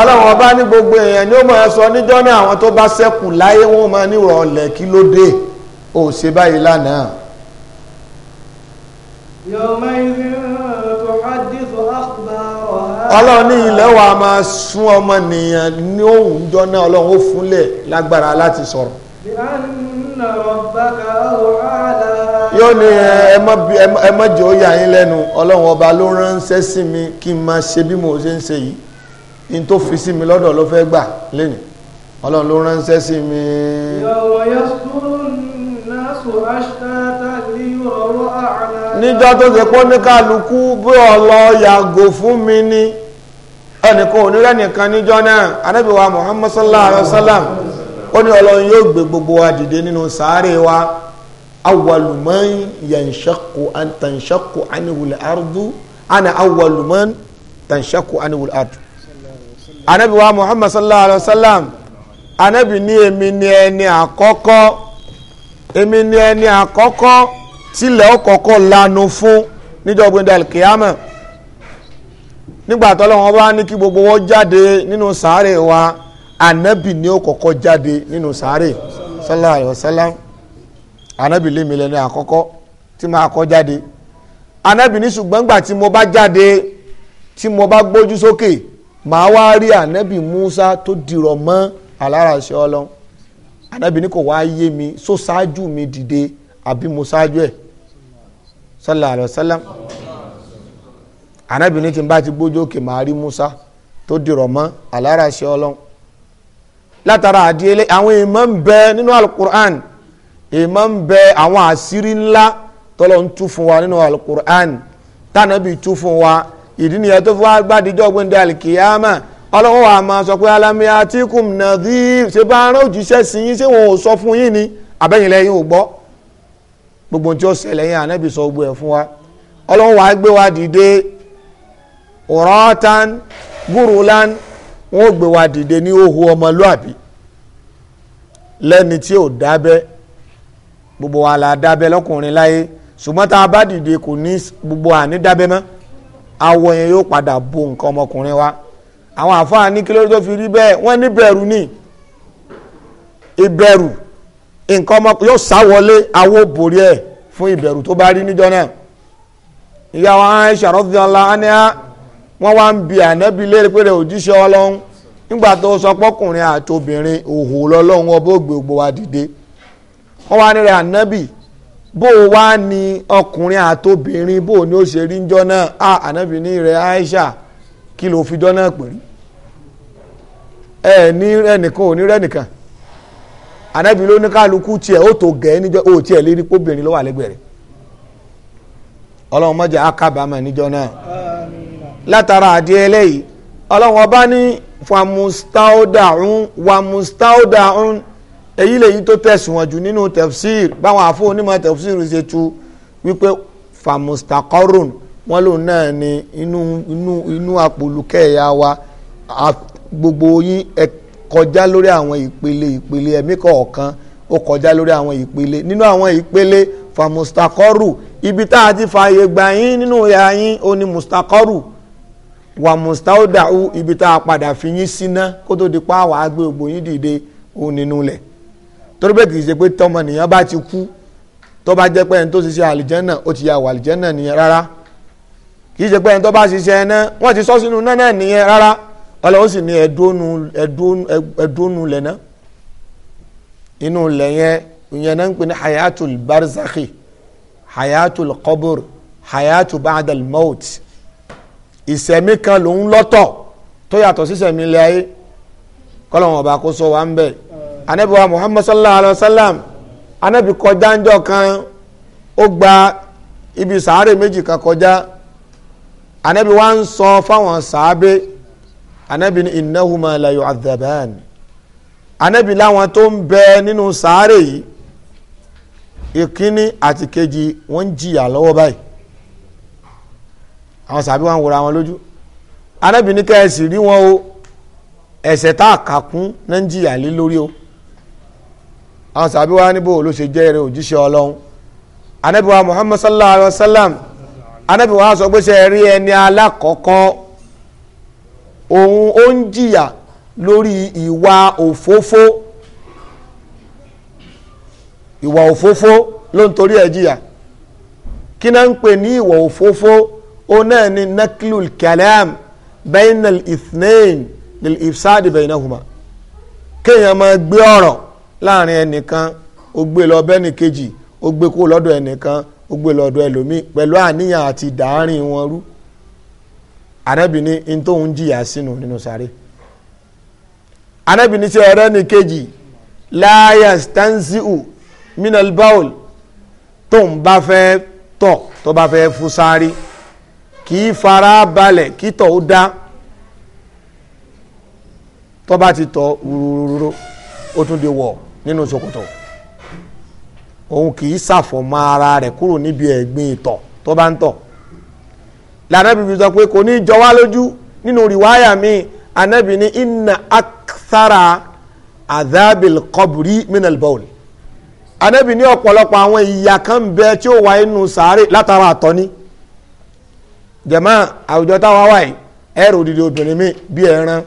ọlọ́run ọba ní gbogbo èèyàn ni ó máa sọ níjọ́ náà àwọn tó bá ṣẹ́kù láyé wọ́n máa ní ìrọ̀lẹ́ kí ló dé ó ṣe báyìí lánàá. yọ̀ọ́ máa ń rí ọlọ́run ní ilẹ̀ wa máa sún ọmọ nìyàn ní òun jọ náà ọlọ́run ó fúnlẹ̀ lágbára láti sọ̀rọ̀ yóò ní ẹ má jẹ́ ó yà yín lẹ́nu ọlọ́run ọba ló ránṣẹ́ sí mi kí n máa ṣe bí mo ṣe ń ṣe yìí in tó fi sí mi lọ́dọ̀ ló fẹ́ gbà lẹ́nu ọlọ́run ló ránṣẹ́ sí mi. níjọ́ tó ṣe pọ́n ní kálukú bí ọlọ́ yàgò fún mi ni ẹnìkan onírẹ́ nìkan níjọ́ náà anábì wa muhammad sallallahu alayhi wa sallam ó ní ọlọ́run yóò gbé gbogbo wa dìde nínú sàárè wa awwaluman yanṣaku tanṣaku anihul ardu ana awwaluman tanṣaku anihul ardu anábì wa muhammad sallallahu alayhi wa sallam anábì ní èmi ni ẹni àkọ́kọ́ èmi ni ẹni àkọ́kọ́ tilẹ̀ ọkọ̀ọ̀kọ̀ lanu fún níjọ́ gbẹ̀dẹ̀ alikiyama nígbà tọ́lọ́wọ́n bá ní kí gbogbo wọn jáde nínú sàárè wa ànábì ni ó kọ́kọ́ jáde nínú sàárè sallallahu alaihi wasallam ànábì lémi lẹ́nu àkọ́kọ́ tí máa kọ́ jáde ànábì ní ṣùgbọ́n nígbà tí mo bá jáde tí mo bá gbójú sókè màá wá rí ànábì Musa tó dìrọ̀ mọ́ aláràṣẹ ọlọ́run ànábì ní kò wá yé mi só ṣáájú mi dìde àbí mo ṣáájú ẹ̀ sallallahu alaihi wasallam anabi ní tí n bá ti gbójú òkè máa musa tó dìrọ̀ mọ́ aláràṣẹ ọlọ́run látara àdíyelé àwọn èèmọ̀ ń bẹ nínú alukur'an èèmọ̀ ń bẹ àwọn àṣírí ńlá tọ́lọ̀ ń tú fún wa nínú alukur'an tànàbí tú fún wa ìdí nìyẹn tó fún wa gbàdíjọ́ gbẹ̀ndẹ̀ alikiyama ọlọ́wọ́ wa máa sọ pé alami atikum nadhir ṣe bá rán òjíṣẹ́ sí yín ṣé wọn ò sọ fún yín ni abẹ́yìnlẹ̀ yín ò gbọ́ gbogbo tí ó ṣẹlẹ̀ yín ànábì sọ gbogbo ẹ̀ fún wa ọlọ́wọ́ wa gbé wa dìde ọ̀rọ̀tàn gúrúlán wọn ò gbé wa dìde ní òhu ọmọlúàbí lẹ́ni tí ò dábẹ́ gbogbo wa la dábẹ́ lọ́kùnrin láyé ṣùgbọ́n tá a bá dìde kò ní gbogbo àní dábẹ́ mọ́ awọ yẹn yóò padà bo nǹkan ọmọkùnrin wa àwọn àfáà ní kílódé tó fi rí bẹ́ẹ̀ wọ́n ní bẹ̀rù ní ìbẹ̀rù nǹkan ọmọ yóò sáwọlé awọ borí ẹ̀ fún ìbẹ̀rù tó bá rí níjọ náà ìyá wa Aisha radhiyallahu anha wọ́n wá ń bi ànábì léèrè pé òjíṣẹ́ ọlọ́run nígbà tó sọ pọ́kùnrin àti obìnrin òhò lọ́lọ́run ọba ògbè ògbò wa dìde wọ́n wá nílẹ̀ bó o wá ní ọkùnrin àti bó o ní ó ṣe rí ń náà a ní rẹ̀ Aisha kí ló fi jọ náà pè ẹ ní ẹnìkan ò ní ló ní kálukú tiẹ̀ ó tó látara àdìẹ eléyìí ọlọ́run ọba ní famustaudaun wamustaudaun èyí lèyí tó tẹ̀sùwọ̀n jù nínú tafsir báwọn àfọ onímọ̀ tafsir ṣe tu wípé famustaqarrun wọn lòun náà ní inú inú inú àpòlùkẹ́ wa gbogbo yín ẹ kọjá lórí àwọn ìpele ìpele ẹ̀mí kọ̀ọ̀kan ó kọjá lórí àwọn ìpele nínú àwọn ìpele famustaqarru ibi tá a ti fààyè gbà yín nínú ìyá yín ó ní mustaqarru wà mustaudahu ibi tá a padà fi yín síná kó tó di pa àwọn agbé ògbó yín dìde òun nínú lẹ̀ torí bẹ́ẹ̀ kì í ṣe pé tọmọnìyàn bá ti kú tó bá jẹ́ pé ẹni tó ṣiṣẹ́ àlìjẹ́nà ó ti ya wà àlìjẹ́nà nìyẹn rárá kì í ṣe pé ẹni tó bá ṣiṣẹ́ ẹná wọ́n ti sọ sínú náà nìyẹn rárá ọlọ́run sì ní ẹ̀dónú lẹ̀ inú lẹ̀ ìyẹn náà ń pè ní hayatul barzakhi hayatul qabr hayatu ba'dal maut ìsẹ̀mí kan lòun lọ́tọ̀ tó yàtọ̀ sísẹ̀mí ilé ayé kọ́lọ́wọ́n ọba kó sọ wa ń bẹ̀. anabi wa muhammad sallallahu alayhi wa sallam anabi kọjá ńjọ́ kan ó gba ibi sàárè méjì kan kọjá anabi wa ń sọ fáwọn sàábé anabi ni innahuma la yu'adhaban anabi láwọn tó ń bẹ nínú sàárè yìí ìkíní àti kejì wọ́n ń jìyà lọ́wọ́ báyìí àwọn sàbí wọn wòra wọn lójú anábì ní rí wọn o ẹ̀ṣẹ̀ tá a kà kún náà ń jìyà lé lórí o àwọn sàbí wọn níbo ló ṣe jẹ́ eré wa sallallahu alayhi wa sallam sọ pé ṣe rí ẹni alákọ̀ọ́kọ́ òun ó ń jìyà lórí ìwà òfófó ìwà òfófó ló ń torí ẹ̀ jìyà kí náà òun náà ni naklul kalam bayna al-ithnayn lil ifsad baynahuma kéèyàn máa gbé ọ̀rọ̀ láàrin ẹnìkan ó gbé lọ bẹ́ẹ̀ni kejì ó gbé kó lọ́dọ̀ ẹnìkan ó gbé lọ́dọ̀ ẹlòmíì pẹ̀lú àníyàn àti dàárín wọn rú arábìnrin ní tóun jìyà sínú nínú sáré arábìnrin tí ọ̀rẹ́ ni kejì láyà stansiu minal baul tóun bá fẹ́ tọ̀ tó bá fẹ́ fún sáré kì í fara balẹ̀ kítọ̀ ó dá tó bá ti tọ̀ wúrúwúrú ó tún di wọ̀ nínú ṣòkòtò òun kì í ṣàfọ̀mọ́ ara rẹ̀ kúrò níbi ẹ̀gbin ìtọ̀ tó bá ń tọ̀ lànàbí fi sọ pé kò ní jọ wá lójú nínú rìwáyà mi ànábì ní inna akthara azabil qabri minal bawl ànábì ní ọ̀pọ̀lọpọ̀ àwọn ìyà kan bẹ tí ó wà inú sàárè látara àtọ̀ ni jẹ̀mọ́ àwùjọ táwa wà yìí ẹ̀rù òdìdí obìnrin mi bí ẹran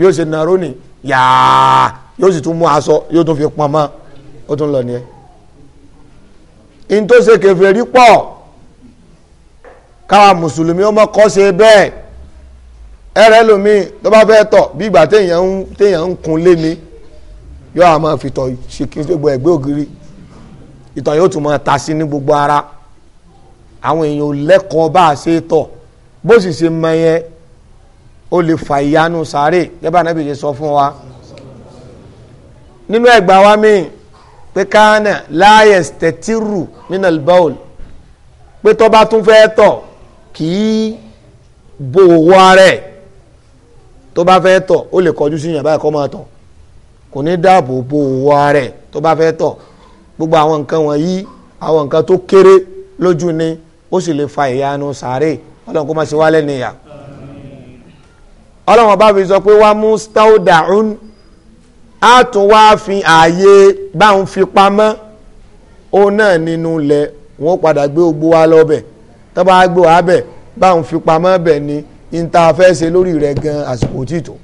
yóò ṣe nàró ni yàá yóò sì tún mú aṣọ yóò tún fi pọn mọ́ ó tún lọ nìyẹn. in tó ṣe kèfèrí pọ̀ káwa mùsùlùmí ó mọ́ kọ́ ṣe bẹ́ẹ̀ ẹ̀rẹ́ lomi tó bá fẹ́ tọ̀ bí ìgbà téèyàn ń kun lé ni yóò àmọ́ fìtọ̀ ṣe kí gbogbo ẹ̀gbẹ́ ògiri ìtọ̀ yóò tún mọ́ ta sí ní gbogbo ara àwọn èèyàn ò lẹ́kọ̀ọ́ bá a ṣe tọ̀ bó sì ṣe mọ yẹn ó lè fa ìyanu sáré gẹ́gẹ́ anábì ṣe sọ fún wa nínú ẹgbàá wa míì pé káánà láàyè stẹtírù nínú albaul pé tó bá tún fẹ́ tọ̀ kì í bo òwò ara ẹ̀ fẹ́ tọ̀ ó lè kọjú sí yàn báyìí máa tọ̀ kò ní dáàbò bo òwò ara ẹ̀ fẹ́ tọ̀ gbogbo àwọn nǹkan wọ̀nyí àwọn nǹkan tó kéré lójú ni ó sì lè fa ìyanu sàárè ọlọ́run kó má ṣe wá lẹ́nu ìyà ọlọ́run bá fi sọ pé wá mú staudaun á tún wá fi ààyè bá ń fi pamọ́ òun náà nínú ilẹ̀ wọn padà gbé ogbó wa lọ́bẹ̀ tó bá wa bẹ̀ bá fi pamọ́ bẹ̀ ni níta fẹ́ ṣe lórí rẹ̀ gan àsìkò títò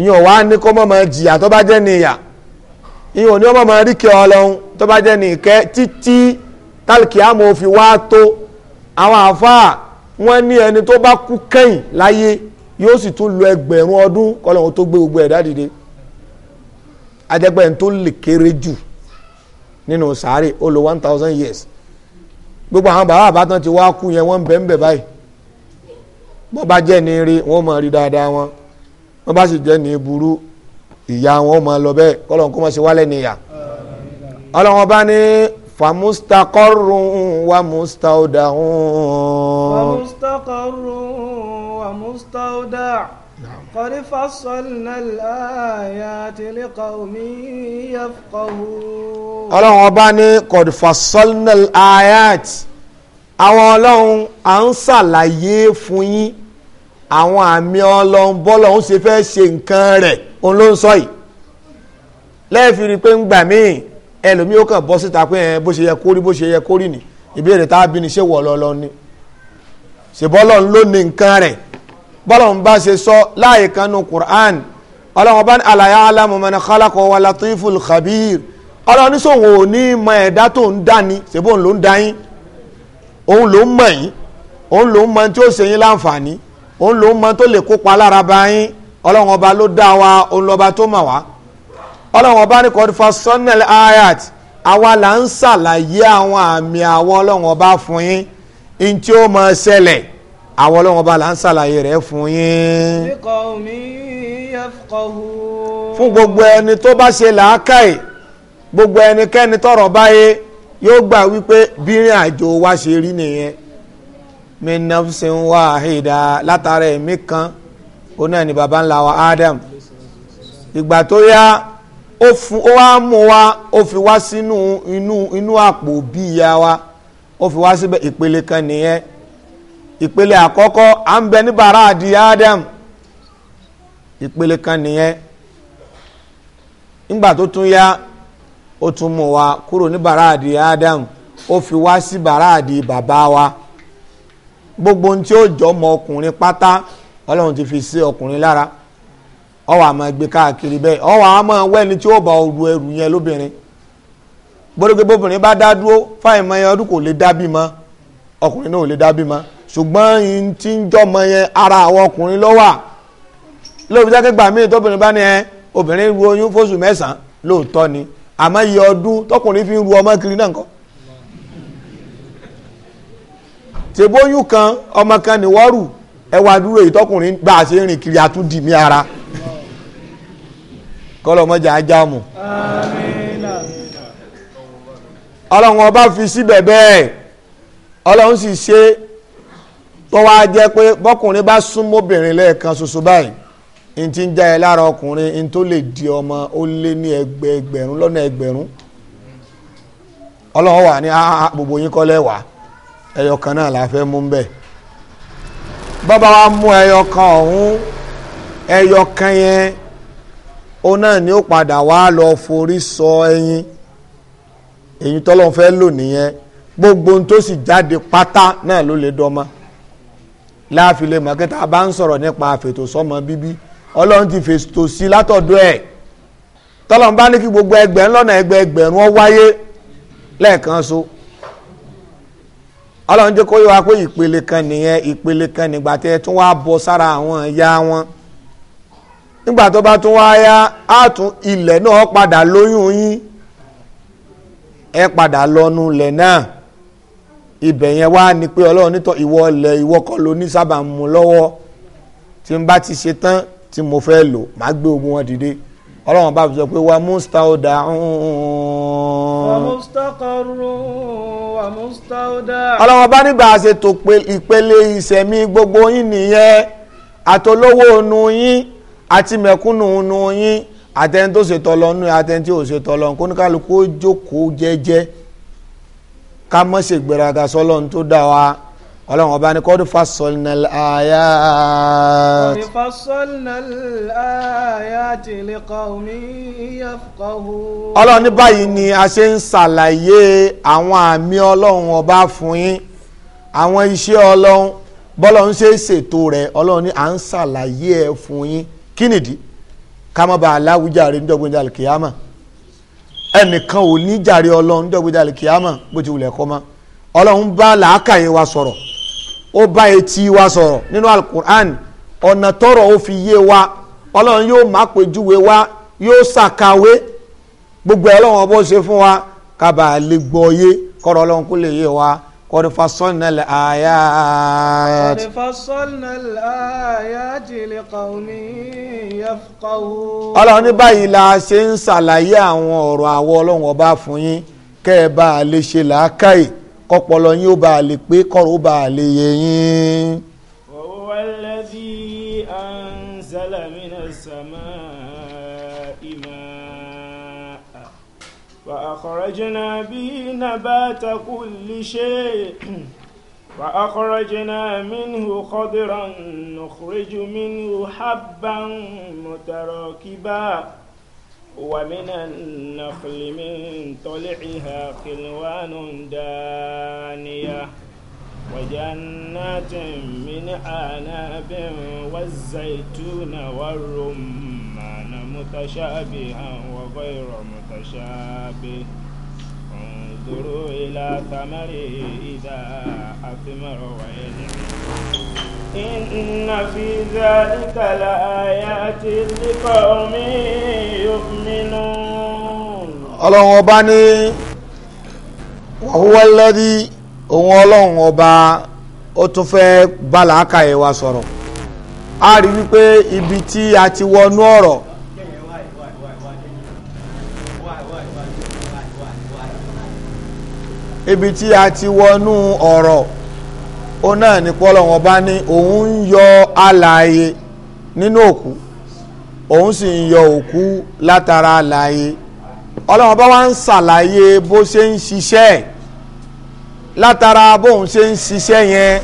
ìyẹn wàá ní kó mọ̀mọ́ jìyà tó bá jẹ́ ní ìyà ìyẹn ò ní ọmọ mọ̀ rí kí ọlọ́run tó bá jẹ́ ní títí tálkì àmọ́ fi wá tó àwọn àáfàá wọ́n ní ẹni tó bá kú kẹ́yìn láyé yóò sì tún lo ẹgbẹ̀rún ọdún kọlọ́hún tó gbé gbogbo ẹ̀dá dìde ajẹ́pẹ́ ń tó lè kéré jù nínú sàárè ó lo one thousand years gbogbo àwọn bàbá àbátan ti wá kú yẹn wọ́n ń bẹ̀ ń bẹ̀ báyìí bó bá jẹ́ ní rí wọ́n máa rí dáadáa wọn wọ́n bá sì jẹ́ ní burú ìyá wọn máa lọ bẹ́ẹ̀ kọlọ́hún kó má ṣe wálẹ̀ níyà ọlọ́wọ́n bá ní فمستقر ومستودع فمستقر ومستودع قد فصلنا الآيات لقوم يفقهون ọlọ́run ọba ní قد فصلنا الآيات àwọn ọlọ́run à ń ṣàlàyé fún yín àwọn àmì ọlọ́run bọ́lọ́run ṣe fẹ́ ṣe nǹkan rẹ̀ òun ló ń sọ yìí lẹ́ẹ̀fì rí i pé ń gbà míì ẹlòmíì ó kàn bọ́ síta pé ẹ bó ṣe yẹ kórì bó ṣe yẹ kórì ni ìbéèrè tá a bí ni ṣé wọ̀ lọ́lọ́ ni ṣèbọ́ lọ́n ló ní nǹkan rẹ̀ bọ́lọ̀n bá ṣe sọ láàyè kanú Qur'an ọlọ́run bá ní àlàyé alámọ̀mọ́ni khalaqa wa latiful khabir ọlọ́run ní sòwò ní mọ ẹ̀dá tó ń dá ni ṣèbó òun ló ń dá yín òun ló ń mọ̀ yín òun ló ń mọ tí ó ṣe yín láǹfààní òun ló ń mọ tó lè kópa lára bá yín ọlọ́run ọba ló dá wa òun lọ́ba tó mọ̀ wá ọlọ́run ọba ní kọ́dí fasọ́nẹ̀lì ayat àwa là ń ṣàlàyé àwọn àmì àwọn ọlọ́run ọba fún yín in tí ó máa ṣẹlẹ̀ àwọn ọlọ́run ọba là ń ṣàlàyé rẹ̀ fún yín. fún gbogbo ẹni tó bá ṣe làákàyè gbogbo ẹnikẹ́ni tọ́rọ̀ báyé yóò gbà wípé bírin àjò wa ṣe rí nìyẹn min nafsin wahida látara ẹ̀mí kan ó náà ni baba ńlá wa Adam ìgbà tó yá. ó fún ó wá mú wa ó fi wá sínú inú inú àpò bí ìyá wa ó fi wá síbẹ̀ ìpele kan nìyẹn ìpele àkọ́kọ́ à ń bẹ ní bàrá àdì Adam ìpele kan nìyẹn nígbà tó tún yá ó tún mú wa kúrò ní bàrá àdì Adam ó fi wá sí bàrá àdì bàbá wa gbogbo ohun tí ó jọ mọ́ ọkùnrin pátá Ọlọ́run ti fi sí ọkùnrin lára ọwọ́ ma gbé káàkiri bẹ́ẹ̀ ọwọ́ àmọ́ ni tí ó bá oru ẹrù yẹn lóbìnrin gbọ́dọ̀gbẹ́ bóbìnrin bá dá dúró mọ́ yẹn ọdún kò lè dábì bímọ ọkùnrin náà ò lè dábì ṣùgbọ́n yìí ara àwọn ọkùnrin ló wà tóbìnrin bá ní ẹ obìnrin ni àmọ́ iye ọdún tọkùnrin fi ń ru ọmọ kiri náà kọ́ tèbóyún kan ọmọ kan a ṣe ń rìn kọ́lọ̀ mọ́jà ajá mu. ọlọ́run ọba fi síbẹ̀ bẹ́ẹ̀ ọlọ́run sì ṣe tó wáá jẹ́ pé bọ́kùnrin bá súnmọ́ lẹ́ẹ̀kan ṣoṣo báyìí n ti ń já ẹ lára ọkùnrin n tó lè di ọmọ ó lé ní ẹgbẹ ẹgbẹ̀rún lọ́nà ẹgbẹ̀rún ọlọ́run wà ní gbogbo yín kọ́ lẹ́wà ẹyọ kan náà la fẹ́ mú bẹ́ẹ̀ bàbá wa mú ẹyọ kan ọ̀hún ẹyọ kan yẹn ó náà ni ó padà wá lọ forí sọ ẹyin èyí tọ́lọ́n fẹ́ lò nìyẹn gbogbo ohun tó sì jáde pátá náà ló lè dọ́mọ láàfin lè a bá ń sọ̀rọ̀ nípa àfètò sọ́mọ bíbí ọlọ́run ti fètò sí látọ̀dọ̀ ẹ̀ tọ́lọ́n bá ní kí gbogbo ẹgbẹ̀rún lọ́nà ẹgbẹ̀ẹgbẹ̀rún ó wáyé lẹ́ẹ̀kan so ọlọ́run jẹ́ kó yọ wá pé ìpele kan nìyẹn ìpele kan nígbà tẹ́ ẹ tún wá bọ́ sára àwọn ìyá wọn. nígbà tó bá tún wá yá á tún ilẹ̀ náà padà lóyún yín ẹ padà lọ́nu ilẹ̀ náà ibẹ̀ yẹn wá ni pé ọlọ́run nítọ́ ìwọ ilẹ̀ ìwọ kọ́ ló ní sábà ń mu lọ́wọ́ tí n bá ti ṣe tán tí mo fẹ́ lò máa gbé ogun wọn dìde ọlọ́run bá fi sọ pé wa mustauda ọlọ́run bá nígbà ṣètò ìpele ìṣẹ̀mí gbogbo yín nìyẹn àtolówó ònu yín àti mẹ̀kúnnù nu yín àtẹni tó ṣètò ọlọ́nu àtẹni tí ò ṣètò ọlọ́nu kó ní kálukú ó jókòó jẹ́jẹ́ ká mọ́ ṣe gbéraga sọ́lọ́run tó dá wa ọlọ́run ọba ní kọ́dún fasolnal aya. kọ́dún fasolnal aya ti lè kọ́ omi yafqahu. ọlọ́run ní báyìí ni a ṣe ń ṣàlàyé àwọn àmì ọlọ́run ọba fún yín àwọn iṣẹ́ ọlọ́run bọ́lọ́run ṣe ṣètò rẹ̀ ọlọ́run ní à ń ṣàlàyé ẹ̀ fún yín kí di? ká má bàa láwùjáre níjọ́gbẹ́jà àlùkìyàmà ẹnìkan ò ní jàre ọlọ́run níjọ́gbẹ́jà àlùkìyàmà bó ti wulẹ̀ kọ́ mọ́ ọlọ́run bá wa sọ̀rọ̀ o bá etí wa sọ̀rọ̀ nínú alukur'an wa yóò má wa yóò ṣàkàwé gbogbo fún wa wa. قد فصلنا الآيات قد فصلنا الآيات لقوم يفقهون ọlọ́run ní báyìí la ṣe ń ṣàlàyé àwọn ọ̀rọ̀ àwọ ọlọ́run ọba fún yín kẹ́ ẹ bá a lè ṣe làákàyè kọ́pọ̀lọ́ yín ó bá a lè pé kọ́rọ̀ ó bá a lè yé yín. وهو الذي فأخرجنا به نبات كل شيء فأخرجنا منه خضرا نخرج منه حبا متراكبا ومن النخل من طلعها خلوان دانية وجنات من أعناب والزيتون والرمان معنى متشابها وغير متشابه انظروا إلى ثمره إذا أثمر وينعم إن في ذلك لآيات لقوم يؤمنون ọlọ́run ọba وهو الذي lẹ́rí òun ọlọ́run ọba ó tún fẹ́ bá làákàyè wa sọ̀rọ̀ a rí wípé ibi tí a ti wọnú ọ̀rọ̀ ibi tí a ti wọnú ọ̀rọ̀ ó náà ní pọ́lọ́wọ́n bá ní òun ń yọ alààyè nínú òkú òun sì ń yọ òkú látara alààyè ọlọ́wọ́n bá wá ń ṣàlàyé bó ṣe ń ṣiṣẹ́ látara bóun ṣe ń ṣiṣẹ́ yẹn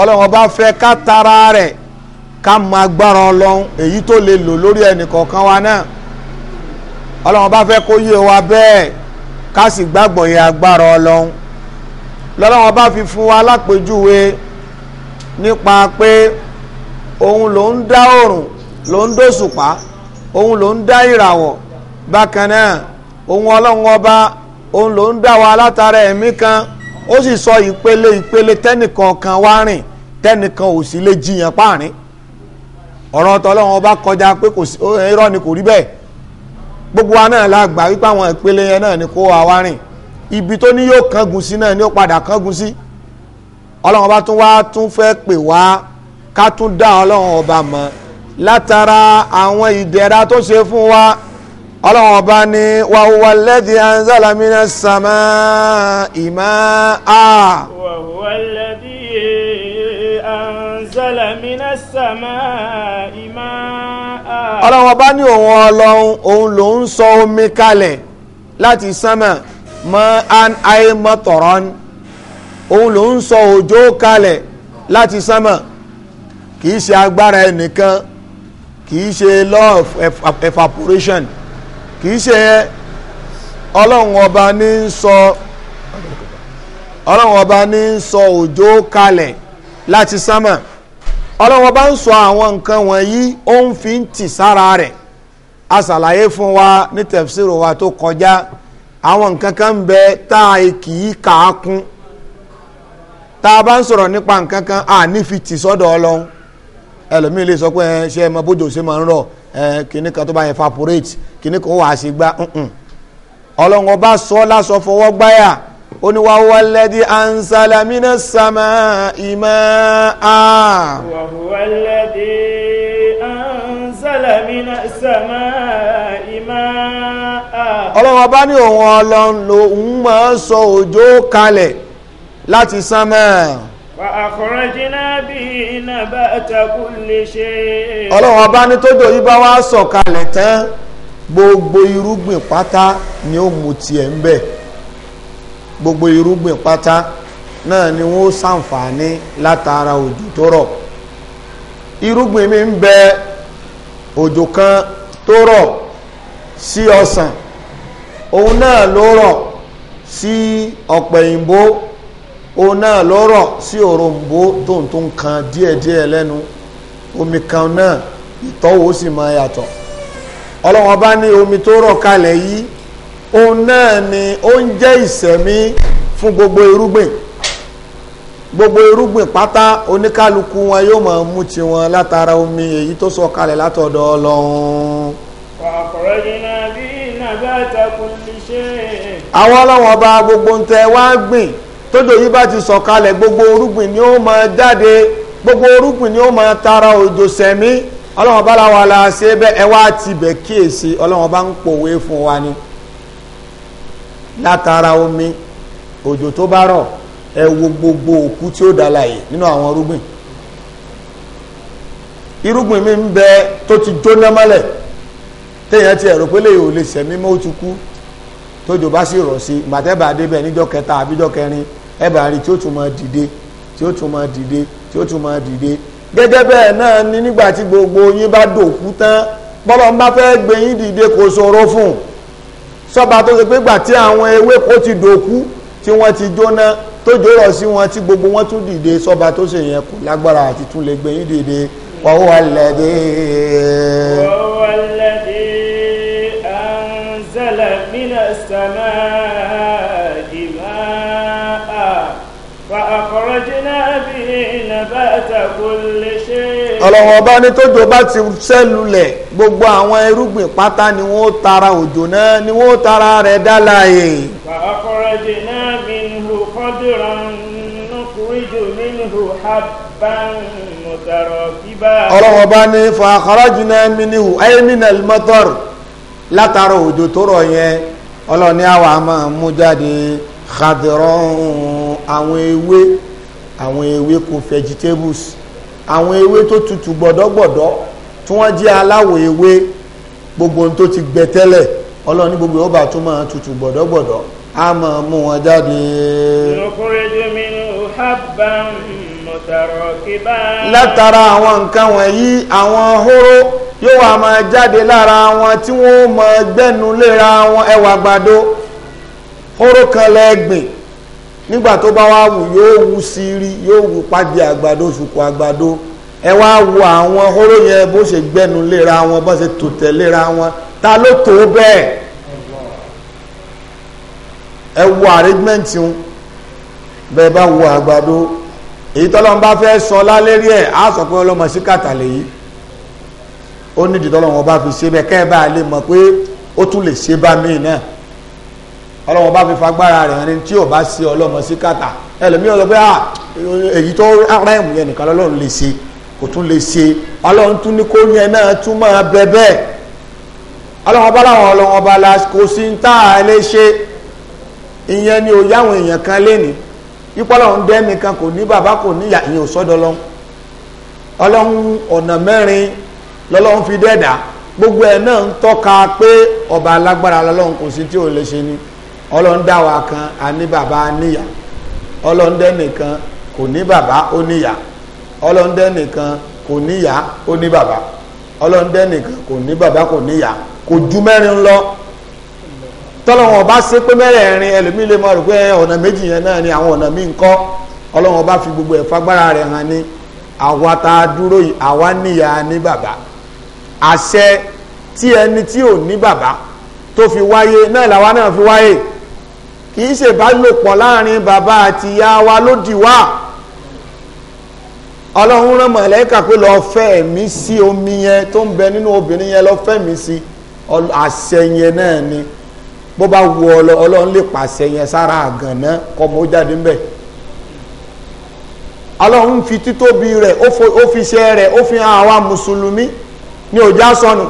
ọlọ́wọ́n bá fẹ́ ká tara rẹ̀ ká mọ agbára ọlọ́run èyí tó lè lò lórí ẹnì kọ̀ọ̀kan wa náà ọlọ́run bá fẹ́ kó yé wa bẹ́ẹ̀ ká sì gbàgbọ́ yẹ agbára ọlọ́run lọ́lọ́run bá fi fún wa lápèjúwe nípa pé òun ló ń dá òrùn ló ń dòṣùpá òun ló ń dá ìràwọ̀ bákan náà òun ọlọ́run ọba òun ló ń dá wa látara ẹ̀mí kan ó sì sọ ìpele ìpele tẹ́nìkan kan wá rìn tẹ́nìkan ò sì lè jiyàn páàrin ọ̀rọ̀ tọ́lọ́wọ́n ọba kọjá pé kò sí irọ́ ni kò rí bẹ́ẹ̀ gbogbo wa náà la gbà wípé àwọn ìpele yẹn náà ni kó wa wá rìn ibi tó ní yóò kángun sí náà ni ó padà kángun sí ọlọ́run ọba tún wá tún fẹ́ pè wá ká tún dá ọlọ́run ọba mọ̀ látara àwọn ìdẹ̀ra tó ṣe fún wa ọlọ́run ọba ni wa huwa alladhi anzala minas samaa'i ma'a. wa huwa alladhi ọlọ́run ọba ní òun ọlọ́run òun ló ń sọ omi kalẹ̀ láti sánmà mọ́ an ayé mọ́tọ̀rọ́ ni òun ló sọ òjò kalẹ̀ láti sánmà kìí ṣe agbára ẹnìkan kìí ṣe law of evaporation kìí ṣe yẹn ọlọ́run ọba ní ń sọ ọlọ́run ọba ní sọ òjò kalẹ̀ láti sánmà ọlọ́wọ́n bá ń sọ àwọn nǹkan wọ̀nyí ó ń fi ń tì sára rẹ̀ a ṣàlàyé fún wa ní tẹ̀fsíìrì wa tó kọjá àwọn nǹkan kan ń bẹ tá a kì í kà á kún tá a bá ń sọ̀rọ̀ nípa nǹkan kan a nífi tì sọ́dọ̀ ọlọ́run ẹlòmíì lè sọ pé ẹ ṣe ẹmọ bójú ṣe máa ń rọ ẹ kìnnì kan tó bá evaporate kìnnì kan ó wàá ṣe gbá ọlọ́run ọba sọ lásọ fọwọ́ gbáyà. ó ní wà wà lẹ́dí ansala mina sama ọlọ́wọ́ bá ní òun ọlọ́run máa sọ òjò kalẹ̀ láti sánmọ̀. wà ọlọ́wọ́ bá ní tójò yìí bá wá sọ̀kalẹ̀ tán gbogbo irúgbìn pátá ni ó mu tiẹ̀ ń gbogbo irúgbìn pátá náà ni wọ́n ṣàǹfààní látara òjò tó rọ̀ irúgbìn mi ń bẹ òjò kan tó rọ̀ sí ọsàn òun náà ló rọ̀ sí ọ̀pẹ̀yìnbó òun náà ló rọ̀ sí òròǹbó tó ń tó ń kan díẹ̀díẹ̀ lẹ́nu omi kan náà ìtọ́wò sì máa yàtọ̀ ọlọ́wọ́n bá ní omi tó rọ̀ kalẹ̀ yìí òun náà ni ó ń jẹ́ ìsẹ̀mí fún gbogbo irúgbìn gbogbo irúgbìn pátá oníkálukú wọn yóò máa mú ti wọn látara omi èyí tó sọ kalẹ̀ látọ̀dọ̀ ọlọ́run. àwọn ọba gbogbo ntẹ wá gbìn bá ti sọ gbogbo irúgbìn ni ó ma jáde gbogbo irúgbìn ni ó ma tara òjò sẹ̀mí ọlọ́run ọba la ṣe bẹ́ẹ̀ ẹ wá kíyèsí ọba ń pòwe ni. látara omi òjò tó bá rọ ẹ gbogbo òkú tí ó dàlàyé nínú àwọn irúgbìn irúgbìn mi ń bẹ tó ti jóná mọ́lẹ̀ téèyàn ti ẹ̀rọ pé lè ò lè sẹ̀mí mọ́ ó ti kú tójò bá sì rọ̀ sí màtẹ́bà débẹ̀ níjọ́ kẹta àbíjọ́ kẹrin ẹ̀bà rí tí ó tún dìde tí ó tún dìde tí ó gbogbo yín bá dòkú tán ń bá fẹ́ dìde kò fún sọba tó ṣe pé gbà tí àwọn ewéko ti dòkú tí wọ́n ti jóná tó jòrọ̀ sí wọn tí gbogbo wọn tún dìde sọba tó ṣe yẹn kò lágbára àti tún lè gbẹ̀yìn dìde wa huwa alladhi. wa huwa alladhi anzala minas samaa. ọlọ́wọ́n ọba ní tójò bá ti ṣẹ́lulẹ̀ gbogbo àwọn irúgbìn pátá ni wọ́n tara òjò náà ni wọ́n tara rẹ̀ dáláyè. fàákọ́rẹ́jì náà mi ń hu kọ́dùrà nùkúrìjù nínú habban mutarakiba. ọlọ́wọ́n ọba ní fàákọ́rẹ́jì náà mi ní hu ayémínà mọ́tọ́r látara òjò tó rọ̀ yẹn ọlọ́ni àwa máa mú jáde xadìrán àwọn ewé àwọn ewéko vegetables àwọn ewé tó tutù gbọ̀dọ́gbọ̀dọ́ tí wọ́n jẹ́ aláwọ̀ ewé gbogbo ohun tó ti gbẹ tẹ́lẹ̀ ọlọ́run ní gbogbo ọba tó máa tutù gbọ̀dọ́gbọ̀dọ́ a máa mú wọn jáde. látara àwọn nǹkan wọ̀nyí àwọn hóró yóò wá máa jáde lára wọn tí wọ́n máa gbẹ́nu léra wọn ẹwà àgbàdo hóró kan lẹ́gbìn nígbà tó bá wá wù yóò wù sírí yóò wù pàdé àgbàdo ṣùkú àgbàdo ẹ wá wo àwọn hóró yẹn bó ṣe gbẹnu léra wọn bó ṣe tò tẹ̀léra wọn ta ló tó bẹ́ẹ̀ ẹ wo arrangement wọn bẹ́ẹ̀ bá wo àgbàdo èyí tọ́lọ́n bá fẹ́ sọ lálérí ẹ̀ á sọ pé ọlọ́mọ sí kàtàlẹ̀ yìí ó nídìí tọ́lọ́n wọn bá fi ṣe bẹ́ẹ̀ kẹ́ ẹ bá lè mọ̀ pé ó tún lè ṣe bá míì náà ọlọ́wọ́n bá fi fagbára rẹ̀ ẹni tí ò bá sí ọlọ́mọ sí kàtà ẹlòmíràn sọ pé ah, èyí tó ráìmù yẹn nìkan lọ́lọ́run lè ṣe kò tún lè ṣe ọlọ́run tún ní kó yẹn náà tún máa bẹ bẹ́ẹ̀ ọlọ́wọ́n bá láwọn ọlọ́wọ́n bá la kò sí ń tà á lè ṣe ìyẹn ni ò yáwọn èèyàn kan léni ipò ọlọ́run dẹ́nìkan kò ní bàbá kò níyà ìyẹn sọ́dọ̀ lọ́n ọlọ́run ọ̀nà mẹ́rin lọ́lọ́run fi dẹ́dà gbogbo ẹ̀ náà ń tọ́ka pé ọba alágbára lọ́lọ́run kò sí tí ò lè ṣe ni ọlọ́ndà wa kan a ní bàbá níyà ọlọ́ndẹ nìkan kò ní bàbá ó níyà ọlọ́ndẹ nìkan kò níyà ó ní bàbá ọlọ́ndẹ nìkan kò ní bàbá kò níyà kò ju mẹ́rin lọ tọ́lọ́wọ́n bá ṣe pé mẹ́rẹ̀ẹ̀rin ẹlòmíì lè máa rò pé ọ̀nà méjì yẹn náà ni àwọn ọ̀nà míì ń kọ́ ọlọ́wọ́n bá fi gbogbo ẹ̀ fagbára rẹ̀ hàn ní àwa tá dúró yìí àwa níyà ní bàbá àṣẹ tí ẹni tí ò ní bàbá tó fi wáyé náà làwa náà fi wáyé kì í ṣe ìbálòpọ̀ láàrin bàbá àti ìyá wa ló dì wá ọlọ́run rán mọ̀lẹ́kà pé lọ fẹ́ mi sí omi yẹn tó ń bẹ nínú obìnrin yẹn lọ fẹ́ mi sí àṣẹ yẹn náà ni bó bá wù ọlọ́run lè pàṣẹ yẹn sára àgànná kọ́ mọ́ jáde ńbẹ̀ ọlọ́run fi títóbi rẹ̀ ó fi ṣe rẹ̀ ó fi hàn àwa mùsùlùmí ní òjá sọnù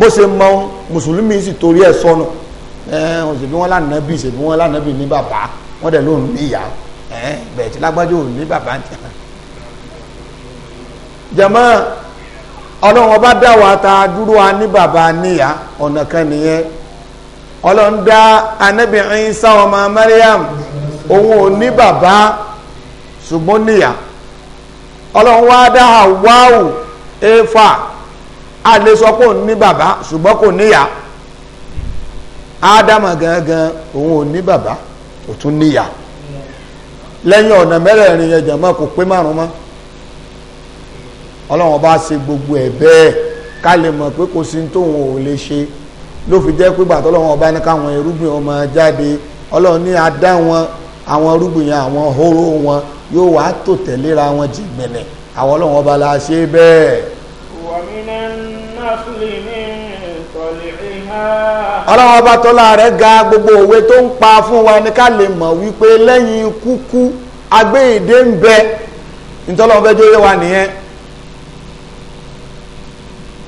bó ṣe mọ mùsùlùmí sì torí ẹ̀ sọnù. So ẹ wọn sì bí wọn lànà bí sì bí wọn lànà bí ní bàbá wọn dẹ ló ń ní ìyá ẹ bẹ́ẹ̀ tí lágbájọ ò ní bàbá jẹ. jàmọ́ ọlọ́run ọba dá wa ta dúró wa ní bàbá níyà ọ̀nà kan nìyẹn ọlọ́run dá Ànábì Ìsá ọmọ Maryam òun ò ní bàbá ṣùgbọ́n níyà ọlọ́run wá dá Háwáù Éfà àlesọ kò ní bàbá ṣùgbọ́n kò níyà ádámà gangan òun ò ní bàbá ò tún níyà lẹ́yìn ọ̀nà mẹ́rẹ̀ẹ̀rin yẹn jàmọ́ kò pé márùn mọ́ ọlọ́run bá ṣe gbogbo ẹ̀ bẹ́ẹ̀ ká lè mọ̀ pé kò sí tóun ò lè ṣe ló fi jẹ́ pé bàtọ́ ọlọ́run ọba ní káwọn irúgbìn ọmọ jáde ọlọ́run ní adá wọn àwọn irúgbìn yẹn àwọn hóró wọn yóò wá tò tẹ̀léra wọn jìgbìnlẹ̀ àwọn ọlọ́run ọba la ṣe bẹ́ẹ̀. wàmí náà ń náà fún mi ọlọ́run ọba tọ́lá rẹ̀ ga gbogbo òwe tó ń pa fún wa ní ká lè mọ̀ wípé lẹ́yìn kúkú agbéyìndé ń bẹ nítọ́lọ́run fẹ́ jóyè wa nìyẹn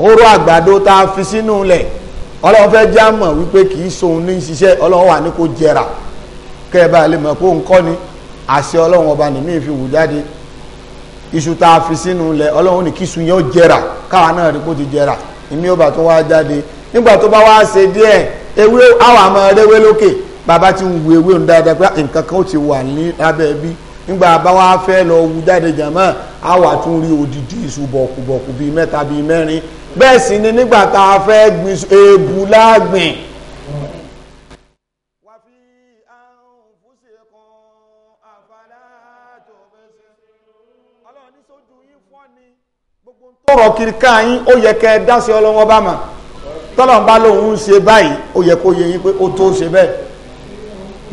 oró àgbàdo tá a fi sínú ilẹ̀ ọlọ́run fẹ́ já mọ̀ wípé kì í sohun ní ṣiṣẹ́ ọlọ́run wà ní kó jẹrà kẹ́ ẹ bá lè mọ̀ pé òun kọ́ ni àṣẹ ọlọ́run ọba nìmí fi wù jáde iṣu tá a fi sínú ilẹ̀ ọlọ́run ní kí iṣu yẹn ó jẹrà káwa náà rí kó ti jẹrà ìmí ọba tó wá jáde nígbà tó bá wá ṣe díẹ̀ ewé àwọn àmọ́ rẹ́wé lókè bàbá ti wù ewé òun dáadáa pé ah, nǹkan kan ó ti wà ní abẹ́ bí nígbà bá wá fẹ́ lọ wu jáde jàmọ́ àwọn àtún rí odidi iṣu bọ̀kùbọ̀kù bíi mẹ́ta bíi mẹ́rin bẹ́ẹ̀ sì ni nígbà tá a fẹ́ gbin èèbù láàgbìn tọrọ kiri káyín ó yẹ kẹ dá sí ọlọ́wọ́ bá mà tọ́lọ́n bá lóun ń ṣe báyìí ó yẹ kó yẹ yín pé ó tó ṣe bẹ́ẹ̀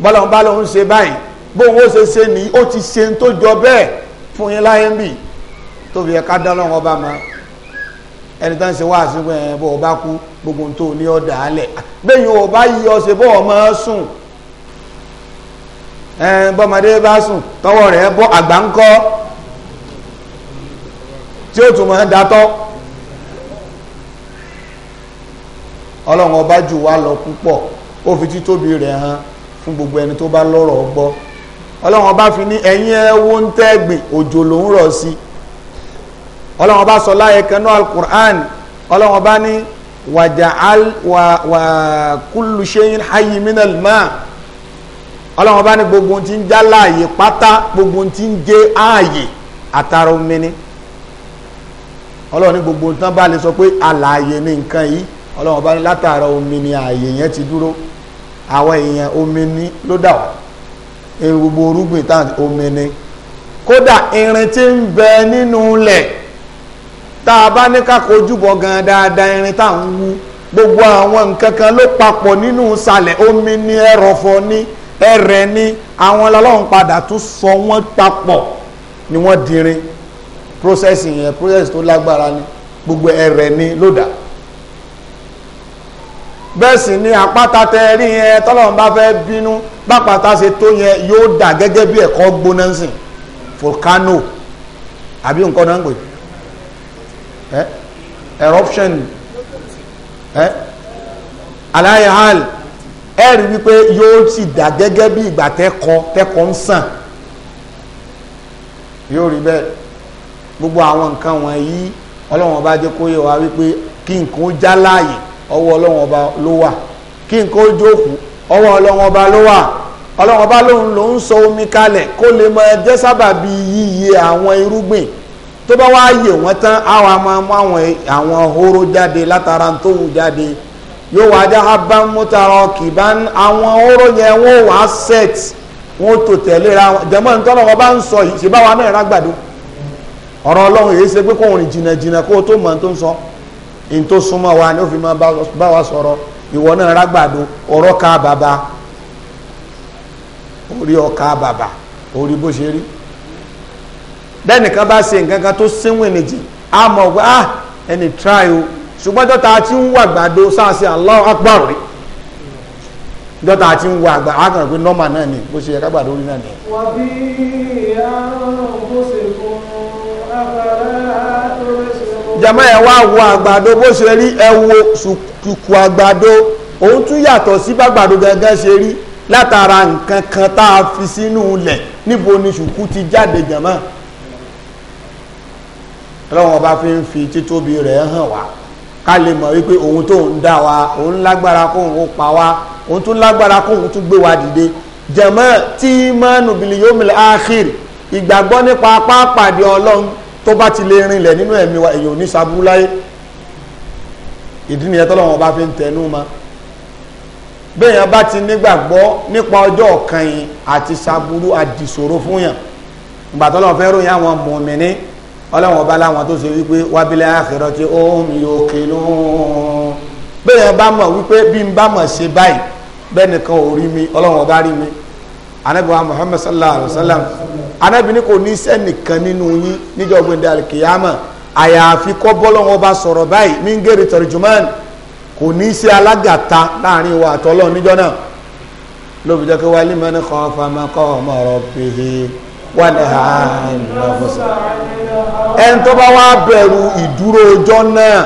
bọ́lọ́n bá lóun se báyìí bóun ó ṣe ṣe ní ó ti ṣe tó jọ bẹ́ẹ̀ fún yín láyé ń bì tó fi yẹ ká dán lọ́wọ́ bá ma ẹni tán ṣe wáàsí pé ẹ bọ́ ọ bá kú gbogbo tó ní ọ dà á lẹ̀ bẹ́ẹ̀ yóò bá yí ọ ṣe bọ́ ọ mọ́ sùn ẹ bọ́mọdé bá sùn tọwọ́ rẹ̀ bọ́ àgbà ńkọ́ tí ó tún mọ́ datọ́ ọlọ́run ọba jù wá lọ púpọ̀ ó fi títóbi rẹ̀ hàn fún gbogbo ẹni tó bá lọ́rọ̀ gbọ́ ọlọ́run ọba fi ní ẹ̀yin ẹwọ́ ń tẹ́gbìn òjò ló ń rọ̀ sí ọlọ́run ọba sọ láyé kanú alukur'an ọlọ́run ọba ní wàjà wà kúlù ṣẹ́yìn hayi minal ma ọlọ́run ọba ní gbogbo tí ń já láàyè pátá gbogbo tí ń jẹ́ ààyè àtàrà omi ni ọlọ́run ní gbogbo tán bá lè sọ pé àlàyé ní nǹkan yìí ọlọ́run bá ní látara omi ni ààyè yẹn ti dúró àwọn èèyàn omi ní ló dà wá gbogbo orúgbìn tán omi ni kódà irin tí ń bẹ nínú ilẹ̀ tá a bá ní ká kojú bọ̀ gan dáadáa irin tá à ń wú gbogbo àwọn nǹkan kan ló papọ̀ nínú ìsàlẹ̀ omi ni ẹrọ̀fọ̀ ni ẹrẹ̀ ni àwọn ọlọ́run padà tún sọ wọ́n papọ̀ ni wọ́n dirin process yẹn process tó lágbára ni gbogbo ẹrẹ̀ ni ló dà bẹ́ẹ̀ sì ni àpáta tẹ rí yẹn tọ́lọ́run bá fẹ́ bínú bápáta ṣe tó yẹn yóò dà gẹ́gẹ́ bí ẹ̀kọ́ gbóná ń sìn volcano àbí nǹkan náà ń pè ẹ́ eruption ẹ́ aláìhàn ẹ rí wípé yóò sì dà gẹ́gẹ́ bí ìgbà tẹ́kọ tẹ́kọ ń sàn yóò rí bẹ́ẹ̀ gbogbo àwọn nǹkan wọ̀nyí ọlọ́run bá jẹ́ kó yẹ wá wípé kí nǹkan ó já láàyè ọwọ́ ọlọ́wọ́n ọba ló wà kí nǹkan ó jókòó ọwọ́ ọlọ́wọ́n ọba ló wà ọlọ́wọ́n ọba lòun ló ń sọ omi kalẹ̀ kó lè mọ ẹjẹ́ sábà bí yíyẹ àwọn irúgbìn tó bá wá yè wọ́n tán àwọn máa mú àwọn àwọn hóró jáde látara tó wù jáde yóò wá já abá mútarọ kìbá àwọn hóró yẹn wọ́n wá set wọ́n tò tẹ̀léra jẹ́mọ́ nítorí bá ń sọ yìí ṣe rágbàdo ọ̀rọ̀ ọlọ́run èyí ṣe pé kò rìn jìnnà jìnnà kó o tó mọ̀ tó ń sọ. So in tó súnmọ́ wa ni ó fi máa bá wa sọ̀rọ̀ ìwọ náà rágbàdo ọ̀rọ̀ ká bàbá orí ọ̀ká bàbá orí bó ṣe rí dẹ́nìkan bá ṣe nǹkan kan tó sínwìn nìjì á ah ẹni try o ṣùgbọ́n dọ́ta ti ń wà gbàdo sáàsì Allahu Akbar rí dọ́ta ti ń wà gbàdo á kàn pé nọ́mà náà ni jama ẹ wá wo àgbàdo bó ṣe rí ẹ wo ṣùkùkù àgbàdo òun tún yàtọ̀ sí bàgbàdo gẹ́gẹ́ ṣe rí látara nǹkan kan tá a fi sínú ilẹ̀ níbo ni ṣùkú ti jáde jama ọlọ́run ọba fi ń fi títóbi rẹ̀ hàn wá ká lè mọ̀ wípé òun tó ń dá wa òun lágbára kóun ó pa wá òun tún lágbára kóun tún gbé wa dìde jama tí mọ́nù bìlì yóò mìlẹ̀ áàkìrì ìgbàgbọ́ nípa pápádé ọlọ́run tó bá ti lè rinlẹ̀ nínú ẹ̀mí wa èyàn ò ní saburú láyé ìdí nìyẹn tọ́lọ́wọ́n bá fi ń tẹnu ma béèyàn bá ti nígbàgbọ́ nípa ọjọ́ kan yìí àti saburú àdìsòro fún yàn ìgbà tọ́lọ́wọ́n fẹ́ ròyìn àwọn mọ̀mìnì ọlọ́wọ́n bá láwọn tó ṣe wípé wábílẹ̀ àkẹrọ tí ó mi ò kè lóhùn béèyàn bá mọ̀ wípé bí n bá mọ̀ ṣe báyìí bẹ́ẹ̀ nìkan ò rí mi ọlọ́wọ́n bá rí mi anábìwá Muhammad sallallahu alayhi wa sallam anábìíní kò ní sẹ́nìkan nínú yín níjọ́ gbẹ̀ndẹ̀ alikiyama àyàfi kọ́ bọ́lọ́wọ́ bá sọ̀rọ̀ báyìí mingeri tọ̀rìjùmọ́n kò ní sí alágàta láàrin wa àtọ́lọ́ níjọ́ náà lóbi jẹ́ kí wà ní mẹ́ni kan fama kọ́ ọmọ ọ̀rọ̀ pèhé wà ní ha ẹn tó bá wá bẹ̀rù ìdúró ọjọ́ náà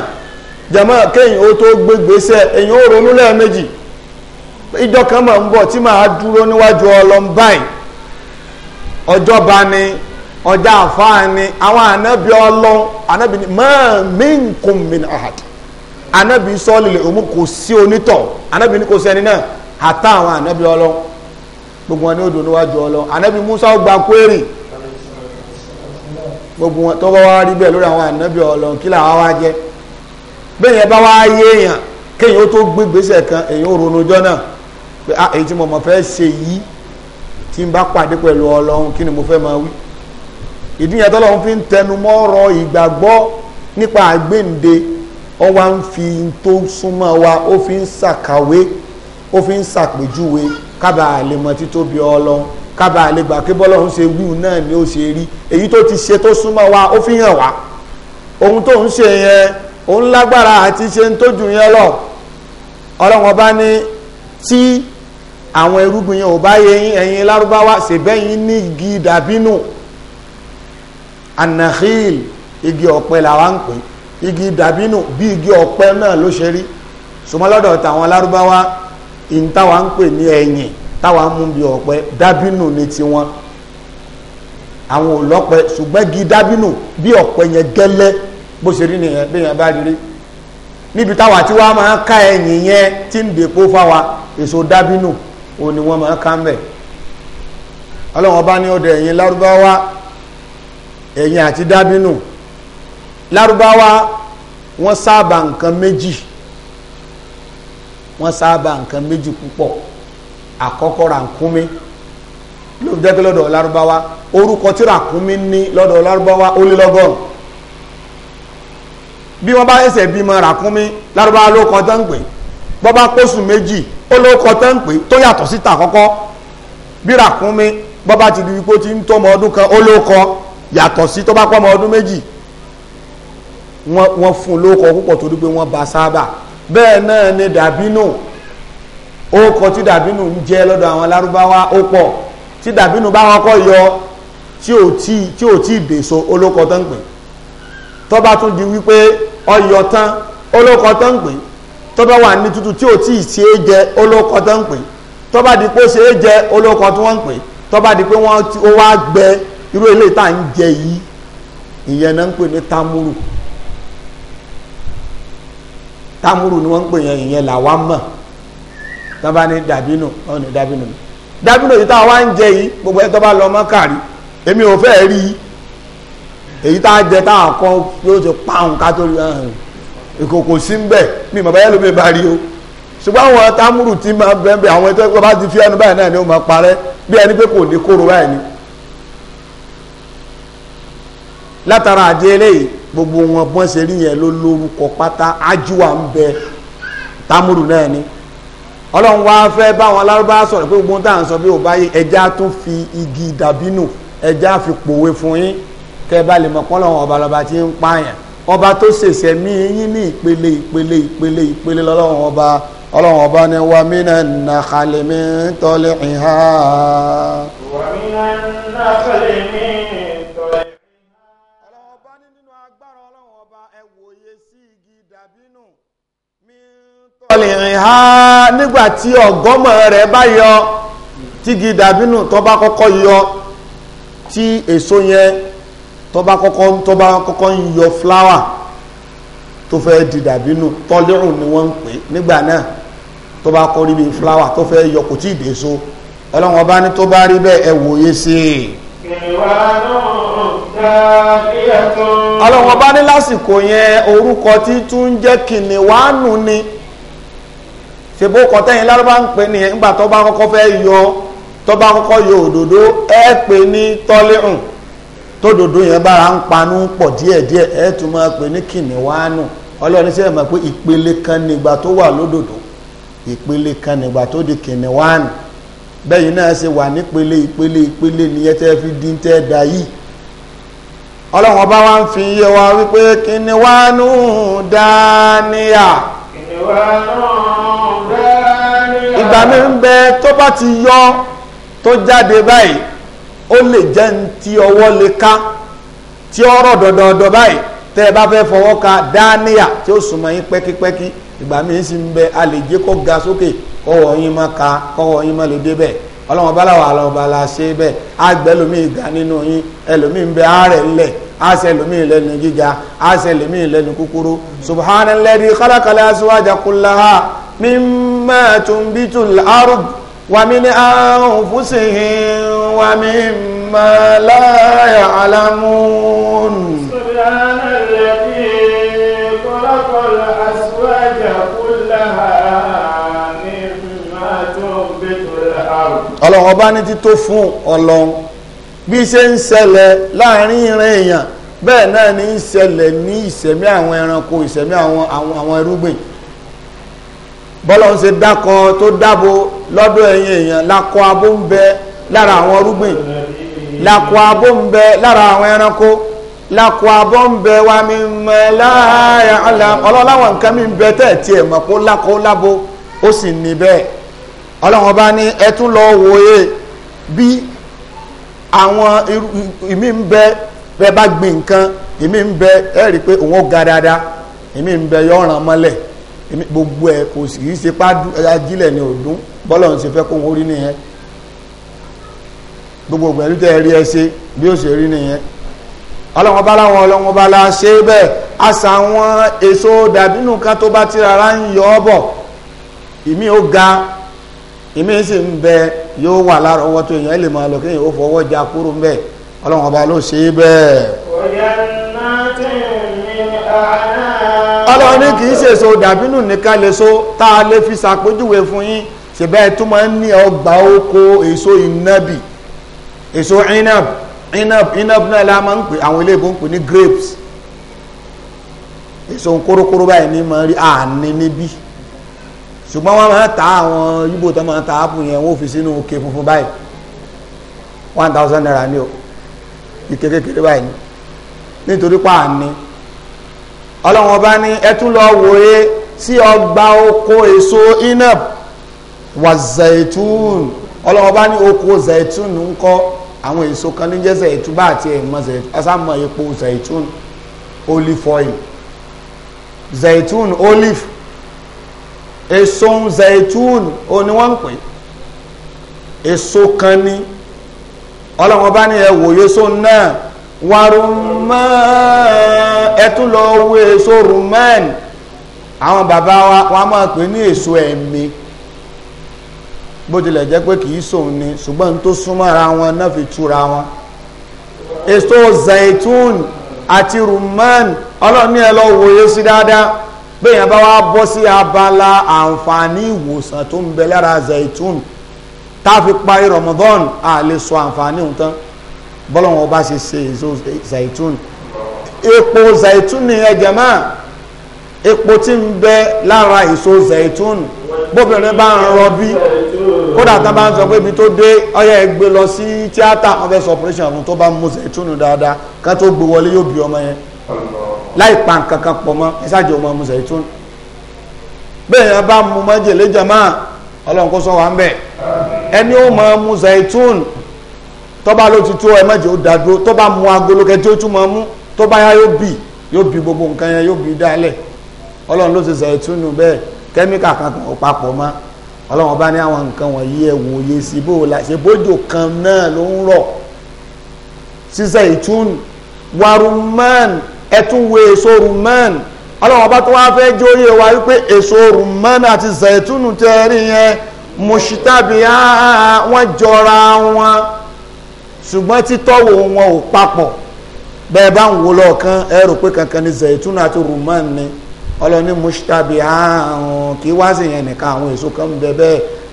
jẹ́mọ́ kéyìn ó tó gbégbèsẹ̀ èyàn ó ronú lẹ́ẹ̀mejì ìjọ kan máa ń bọ̀ tí màá dúró níwájú ọlọ́mbáyìí ọjọba ni ọjà àfáà àwọn ànábì ọlọ́run ànábì ni máa minkum min ahad ànábì o òun kò sí onitọ, anabi ni kò sẹ́ni náà àtà àwọn ànábì ọlọ. gbogbo wọn ni ó dùn níwájú ọlọ. Anabi Musa ó gba kwérì gbogbo wọn tó bá wá rí bẹ́ẹ̀ lórí àwọn kí làwọn wá yẹn bá wá yé èèyàn kéèyàn ó kan èèyàn ó ronú náà pé ah, èyí tí mo tí n bá pàdé pẹ̀lú ọlọ́run kí ni mo fẹ́ máa wí ìdíyẹn tọ́lọ́run fi ń tẹnu ọ̀rọ̀ ìgbàgbọ́ nípa àgbéǹde ó ń fi tó súnmọ́ wa ó fi ń ṣàkàwé ó fi ń ṣàpèjúwe kábà lè mọ títóbi ọlọ́run kábà lè gbà pé bọ́lọ́run ṣe wíwù náà ni ó ṣe rí èyí tó ti ṣe tó súnmọ́ wa ó fi hàn wá ohun tó ń ṣe yẹn òun lágbára àti ṣe ń tójú yẹn lọ ọlọ́run ọba ní tí àwọn irúgbìn yẹn ò bá yẹ yín ẹ̀yin lárúbáwá ṣèbẹ́yìn ní igi dàbínù anahil igi ọ̀pẹ làwa ń pè igi dàbínù bí igi ọ̀pẹ náà ló ṣe rí sọmọlọ́dọ̀ tàwọn lárúbáwá ìyìn táwa ń pè ní ẹ̀yìn táwa mú bí ọ̀pẹ dàbínù ní tiwọn àwọn olọ́pẹ ṣùgbọ́n igi dàbínù bí ọ̀pẹ yẹn gẹ́lẹ́ bó ṣe rí nìyẹn bí yẹn bá rí rí níbi táwa tí wàá máa ká ẹ̀yìn yẹn tí ń dèpó fáwa èso dàbínù o ni wọ́n máa ká ń bẹ̀ ọlọ́run ọba ní ọdọ ẹ̀yin lárúbáwá ẹ̀yin àti dábínù lárúbáwá wọ́n sábà nǹkan méjì wọ́n sábà nǹkan méjì púpọ̀ àkọ́kọ́ ràkúnmí ló fi jẹ́pẹ́ lọ́dọ̀ lárúbáwá orúkọ tí ràkúnmí ní lọ́dọ̀ lárúbáwá ó lé lọ́gọ́rùn bí wọ́n bá ẹsẹ̀ bímọ ràkúnmí lárúbáwá ló kọ́ tán pè é bọ́bá kóṣù méjì ó ló kọ tán pé tó yàtọ̀ síta kọ́kọ́ bírà kún mi bọ́bá ti di wípé ó ti ń tọ́mọ ọdún kan ó ló kọ yàtọ̀ sí tó bá pọ́mọ ọdún méjì wọ́n fún un ló kọ púpọ̀ torí pé wọ́n bá sábà bẹ́ẹ̀ náà ni dàbínù ó kọ tí dàbínù ń jẹ́ lọ́dọ̀ àwọn lárúbáwá ó pọ̀ tí dàbínù bá wọn kọ́ yọ tí ò tí tí ò tí dèso olókọ tán pè tó bá tún di wípé ọyọ tán olókọ tán pè tó bá wà ní tútù tí ò tí ì ṣe é jẹ olóko tó ń pè tó bá di pé ó ṣe é jẹ olóko tó ń pè tó bá di pé wọ́n ó wá gbẹ irú ilé tá à ń jẹ yìí ìyẹn náà ń pè ní tamuru tamuru ni wọ́n ń pè yẹn ìyẹn làwa mọ̀ tó bá ní dàbínù ọ̀ ní dàbínù dàbínù yìí tá a wá ń jẹ yìí gbogbo ẹ̀ tó bá lọ mọ́ kàrí èmi ò fẹ́ rí èyí tá a jẹ tá a kọ́ yóò ti pa òun ká tó rí ọ̀hún ìkòkò sí ń bẹ̀ mi bàbá yẹn lómi bá rí o ṣùgbọ́n àwọn támúrù tí máa bẹ́ẹ̀ àwọn ètò ẹ̀kọ́ bá ti fi ẹnu báyìí náà ni ó máa parẹ́ bí ẹni pé kò ní kóró báyìí ni látara àjẹ eléyìí gbogbo wọn bọ́n ṣe rí yẹn ló lórúkọ pátá ájúwà ń bẹ támúrù náà ni ọlọ́run wá fẹ́ báwọn alárúbá sọ̀rọ̀ pé gbogbo tá à ń sọ bí ò báyìí ẹja tún fi igi dàbínù ẹja fi pòwe fún yín kẹ́ bá lè mọ̀ pọ́n lọ́wọ́ ọba tó ṣẹ̀ṣẹ̀ mí yín ní ìpele ìpele ìpele ìpele lọ́lọ́run ọba ọlọ́run ọba ni wà mí náà nà kalẹ̀ mi ń tọ́lé ìhà. wà mí náà nà kalẹ̀ mi ń tọ́lé ìhà. ọlọ́run ọba ní nínú agbára ọlọ́run ọba ẹ wòye sí igi dàbínù mi ń tọ́lé ìhà nígbà tí ọ̀gọ́mọ̀ rẹ̀ bá yọ tígi dàbínù tó bá kọ́kọ́ yọ tí èso yẹn tó bá kọ́kọ́ tó bá kọ́kọ́ ń yọ fúláwà tó fẹ́ di dàbínú tọ́lẹ́rùn ni wọ́n ń pè nígbà náà tó bá kọ́ rí bíi fúláwà tó fẹ́ yọ kò tí ì dé so ọlọ́run ọba ní tó bá rí bẹ́ẹ̀ ẹ wòye sí i. ọlọ́run ọba ní lásìkò yẹn orúkọ tí tún ń jẹ́ kìnìwánù ni ṣèbó kọtẹ́yìn lárúbá ń pè nìyẹn nígbà tó bá fẹ́ yọ tó bá yọ òdòdó ẹ pè ní tọ́lẹ́rùn. tódodo yẹn bára ń panú pọ̀ díẹ̀díẹ̀ ẹ tún máa pè ní kìnìwánù ọlọ́run sì mọ̀ pé ìpele kan tó wà lódòdó ìpele kan nígbà tó di kìnìwánù bẹ́yìn náà ṣe wà nípele ìpele ìpele ni fi dín tẹ́ da yìí ọlọ́run ọba wa fi wa wípé ìgbà mi ń bẹ tó bá ti yọ tó jáde báyìí. ó lè jẹ́ ọwọ tí ọwọ́ lè ká tí ọ̀rọ̀ dọ̀dọ̀dọ̀ báyìí tẹ́ bá fẹ́ fọwọ́ ka tí ó yín pẹ́kípẹ́kí ìgbà míì bẹ a kó ga sókè kọ́wọ́ yín má ka kọ́wọ́ yín má lè dé bẹ́ẹ̀ ọlọ́wọ́n bá làwọn àlọ́ba la ṣe bẹ́ẹ̀ á gbẹ́ lómi nínú yín ń bẹ àárẹ̀ ńlẹ̀ á lómi ìlẹ́nu gíga á ومن أنفسهم ومما لا يعلمون سبحان الذي خلق الأزواج كلها مما تنبت الأرض ọlọ́run ọba ní tító fún ọlọ́run bí ṣe ń ṣẹlẹ̀ láàrin ìran èèyàn bẹ́ẹ̀ náà ní ń ṣẹlẹ̀ ní ìṣẹ̀mí àwọn ẹranko ìṣẹ̀mí àwọn irúgbìn bọ́lọ́run ṣe dákọ tó dábo lọ́dọ̀ ẹ̀yìn èèyàn lakọ abó ń bẹ lára àwọn rúgbìn lakọ abó ń bẹ lára àwọn ẹranko lakọ abó ń bẹ wa mi mọ láàyà ọlọ́láwọ̀ nǹkan mi ń bẹ tẹ̀ tiẹ̀ mọ̀ kó lakọ lábo ó sì ní bẹ́ẹ̀ ọlọ́wọ́n bá ní ẹ lọ wòye bí àwọn ìmí ń bẹ bẹ́ẹ̀ bá gbìn nǹkan ìmí ń bẹ ẹ rí i pé òun ó ga dáadáa ìmí ń bẹ yọ ọ̀ràn mọ́lẹ̀ gbogbo ẹ̀ kò sì í ṣe ajílẹ̀ ni ò dún bọ́lọ̀ ń ṣe fẹ́ kó wọn rí nìyẹn gbogbo pẹ̀lú tẹ́ rí ẹ ṣe bí ó ṣe rí nìyẹn ọlọ́wọ́n bá láwọn ọlọ́wọ́n bá la ṣe bẹ́ẹ̀ àṣà àwọn èso dàbínú kan tó bá ti rárá ń yọ ọ́ bọ̀ ìmí ó ga ìmí sì ń bẹ yóò wà lárọ̀ọ́wọ́tó èèyàn lè máa lọ kéèyàn ó fọwọ́ já kúrò ń bẹ̀ ọlọ́wọ́n bá ló ṣe bẹ́ẹ̀. ọlọ́run ní kì í ṣèso dàbínú nìkan lè so tá a lè fi ṣàpèjúwe fún yín ṣẹ̀bẹ́ ẹ̀ tó máa ń ní ọgbà oko èso ìnábì èso inab inab inab náà la máa ń pè àwọn iléèbó ń pè ní grapes èso kórókóró báyìí ní máa rí àní níbí ṣùgbọ́n wọ́n máa ta àwọn yíbo tó máa ta ápù yẹn wọ́n fi sínú òkè funfun báyìí one thousand naira ni o ike kékeré báyìí nítorí pa àní ọlọ́wọ́n bá ní ẹ tún lọ wòye sí ọgbà oko èso inab wà zaitun ọlọ́wọ́ bá ní oko zaitun ń kọ́ àwọn èso kan ní jẹ́ zaitun bá àti ẹ̀mọ zaitun asámọ epo zaitun olive oil zaitun olive èso zaitun ó ní wọ́n ń pè èso kan ní ọlọ́wọ́ bá ní ẹ̀wòye só náà warumman ẹtún lọ wo èso rumman àwọn bàbá wa wọn máa pè ní èso ẹ̀mí. E bó tilẹ̀ jẹ́ pé kìí sòun ni ṣùgbọ́n tó súnmọ́ra wọn náà fi túra wọn èso zaitun àti rumman ọlọ́ni ẹ lọ yé sí dáadáa bẹ́yàn bá wá bọ́ sí abala àǹfààní ìwòsàn tó ń bẹ lára zaitun tá a fi parí Ramadan a lè sọ àǹfààní òun tán bọ́lọ́wọ́n bá ṣe ṣe èso zaitun epo zaitun ni ẹ jẹ́ máa epo tí ń bẹ lára èso zaitun bóbìnrin bá ń rọbí kódà a bá ń sọ pé ibi tó dé ọyẹ ẹgbẹ́ lọ sí tíátà wọn fẹ́ sọ operation ọ̀run tó bá mú ṣe túnú dáadáa ká tó gbé wọlé yóò bí ọmọ yẹn láì pa nǹkan kan pọ̀ mọ́ ẹ ṣáàjì ọmọ mú ṣe túnú bẹ́ẹ̀ yẹn bá mú májèlé jàmá ọlọ́run kó sọ wà ń bẹ̀ ẹni ó mọ mú ṣe túnú tó bá ló ti tó ẹ mọ̀jẹ̀ ó dàdúró tó bá mú agolo kẹtí ó mọ mú tó bá yá yóò bì yóò bì gbogbo nǹkan yẹn yóò bì dálẹ̀ ọlọ́run ló ti ṣe ìtúnu bẹ́ẹ̀ kẹ́míkà kankan ò papọ̀ mọ́ ọlọ́run bá ní àwọn nǹkan wọ̀nyí ẹ wòye sí bó la ṣe bójú kan náà ló ń rọ̀ sísẹ ìtún warumán ẹtúnwé èso rumán ọlọ́run bá tó wá fẹ́ jóyè wa wípé èso rumán àti zaitunu tẹ́rí yẹn mùsítàbí wọ́n jọra wọn ṣùgbọ́n títọ́wò wọn ò papọ̀ bẹ́ẹ̀ bá ń wò lọ́ọ̀kan ẹ rò pé kankan ni zaitunu àti rumán ni. ọlọ́ni mushtabi àrùn kí wá sí yẹn nìkan àwọn èso kan ń bẹ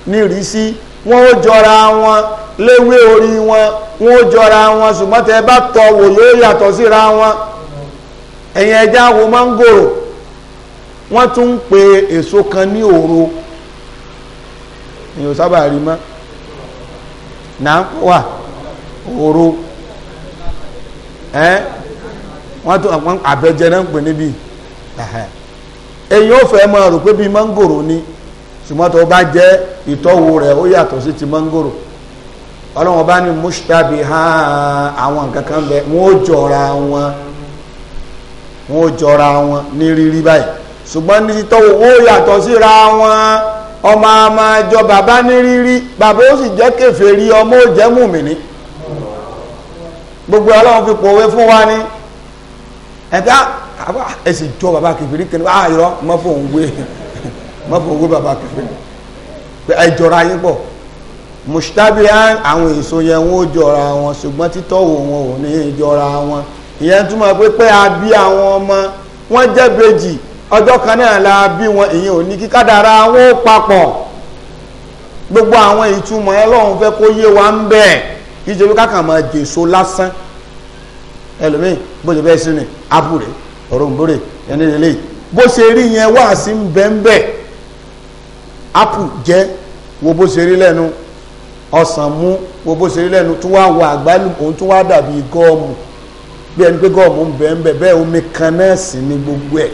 nírìísí wọn ó jọra wọn léwé orí wọn wọn ó jọra wọn ṣùgbọ́n tẹ bá tọ wò yóò yàtọ̀ síra wọn ẹ̀yìn ẹja wo mángòrò wọ́n tún ń pe èso kan ní èyàn sábà rí mọ́ náà ẹ̀yin ó fẹ́ máa rò pé bíi ni ṣùgbọ́n tó bá jẹ́ ìtọ́wò rẹ̀ ó yàtọ̀ sí ti mángòrò ọlọ́wọ́n bá ní mushtabi hàn àwọn nǹkan kan bẹ wọ́n ó jọra wọn wọ́n ó jọra wọn ní rírí báyìí ṣùgbọ́n ní títọ́wò ó yàtọ̀ síra wọn ọmọ àmà ọmọ ó jẹ́ mùmìnì gbogbo fi pòwe fún wa e si jọ Baba kẹfìrí kẹlẹ́ wà áyọ̀ má fò ń wé má fò ń wé bàbá kẹfìrí ẹ jọra yín pọ̀ mustabihan àwọn èso yẹn wọn jọra wọn ṣùgbọ́n títọ́wò wọn ò ní jọra wọn ìyẹn túmọ̀ pé pé a bí ọmọ wọn jẹ́ bèjì ọjọ́ kan náà la bí wọn ìyẹn ò ní kí kádàrá wọn gbogbo àwọn ìtumọ̀ ọlọ́run fẹ́ kó yé wa ń bẹ̀ kí jẹ́ pé máa jèso lásán ẹlòmíì bó ṣe bẹ́ẹ̀ sí ni apu rè òròǹbó rè ẹni rè léyìí bó ṣe rí yẹn wáàsí ń bẹ́ẹ̀ ń bẹ́ẹ̀ apu jẹ́ wo bó ṣe rí lẹ́nu ọsàn mú wo bó ṣe rí lẹ́nu tún wá wọ àgbálù òun tún wá dàbí gọ́ọ̀mù bí ẹni pé gọ́ọ̀mù ń bẹ̀ bẹ́ẹ̀ omi kan náà sì ni gbogbo ẹ̀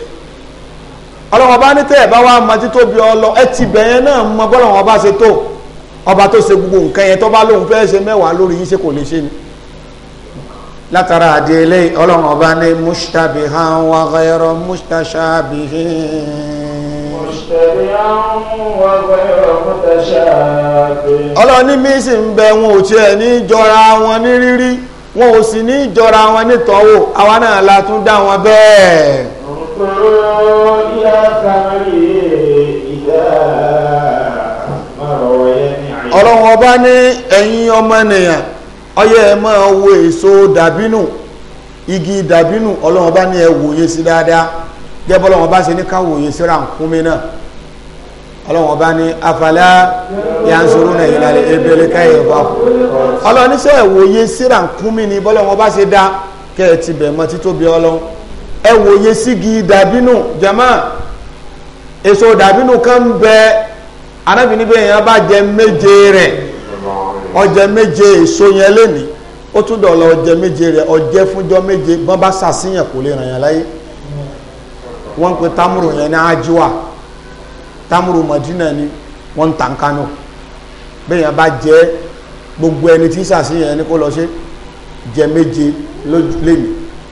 ọlọ́wọ́n bá ní tẹ́ ẹ̀ bá wá ma tító bí ọlọ ẹ ti bẹ̀ yẹn náà mọ bọ́lọ̀ bá ṣe tó ọba tó ṣe gbogbo nǹkan yẹn tó bá lóun fẹ́ ṣe mẹ́wàá lórí yín ṣe kò lè ṣe ni látara àdé eléyìí ọlọ́run ọba ní mushtabihan wa ghayra mustashabihin. mushtabihan wa ghayra mustashabihin. ọlọ́run ní mísì ń bẹ wọn ò tiẹ̀ ní jọra wọn ní rírí wọn ò sì ní jọra wọn nítọ́wò àwa náà la tún dá wọn bẹ́ẹ̀. òkúrò ìyá sáré ìdá márùn-ún ọyẹ àyè. ọlọ́run ọba ní ẹ̀yin ọmọ nìyàn ọyẹ́ ẹ máa wo èso dàbínù igi dàbínù ọlọ́run bá ní ẹ wòye sí dáadáa gẹ́gẹ́ bọ́lọ́run bá ṣe ní ká wòye sí ràkúnmí náà ọlọ́run bá ní afalá yansuru náà yìí lálẹ́ ebèrè káyọ̀ bá ọlọ́run níṣẹ́ wòye sí ràkúnmí ni bọ́lọ́run bá ṣe dá kẹ́ ẹ ti bẹ̀ mọ́ títóbi ọlọ́run ẹ wòye sígi dàbínù jama èso dàbínù kan bẹ anábìíní bẹ́ẹ̀ bá jẹ méje rẹ̀ ọjẹ méje èso yẹn lénìí ó tún dọ̀la ọjẹ méje rẹ ọjẹ fúnjọ méje bọ́n bá sàṣìyàn kò lè ràn yàn wọ́n ń pe támúrù yẹn ní ajiwa Madina ni wọ́n ń tàn kánò bẹ́ẹ̀ yẹn bá gbogbo ẹni tí sàṣìyàn ni kó lọ ṣe jẹ méje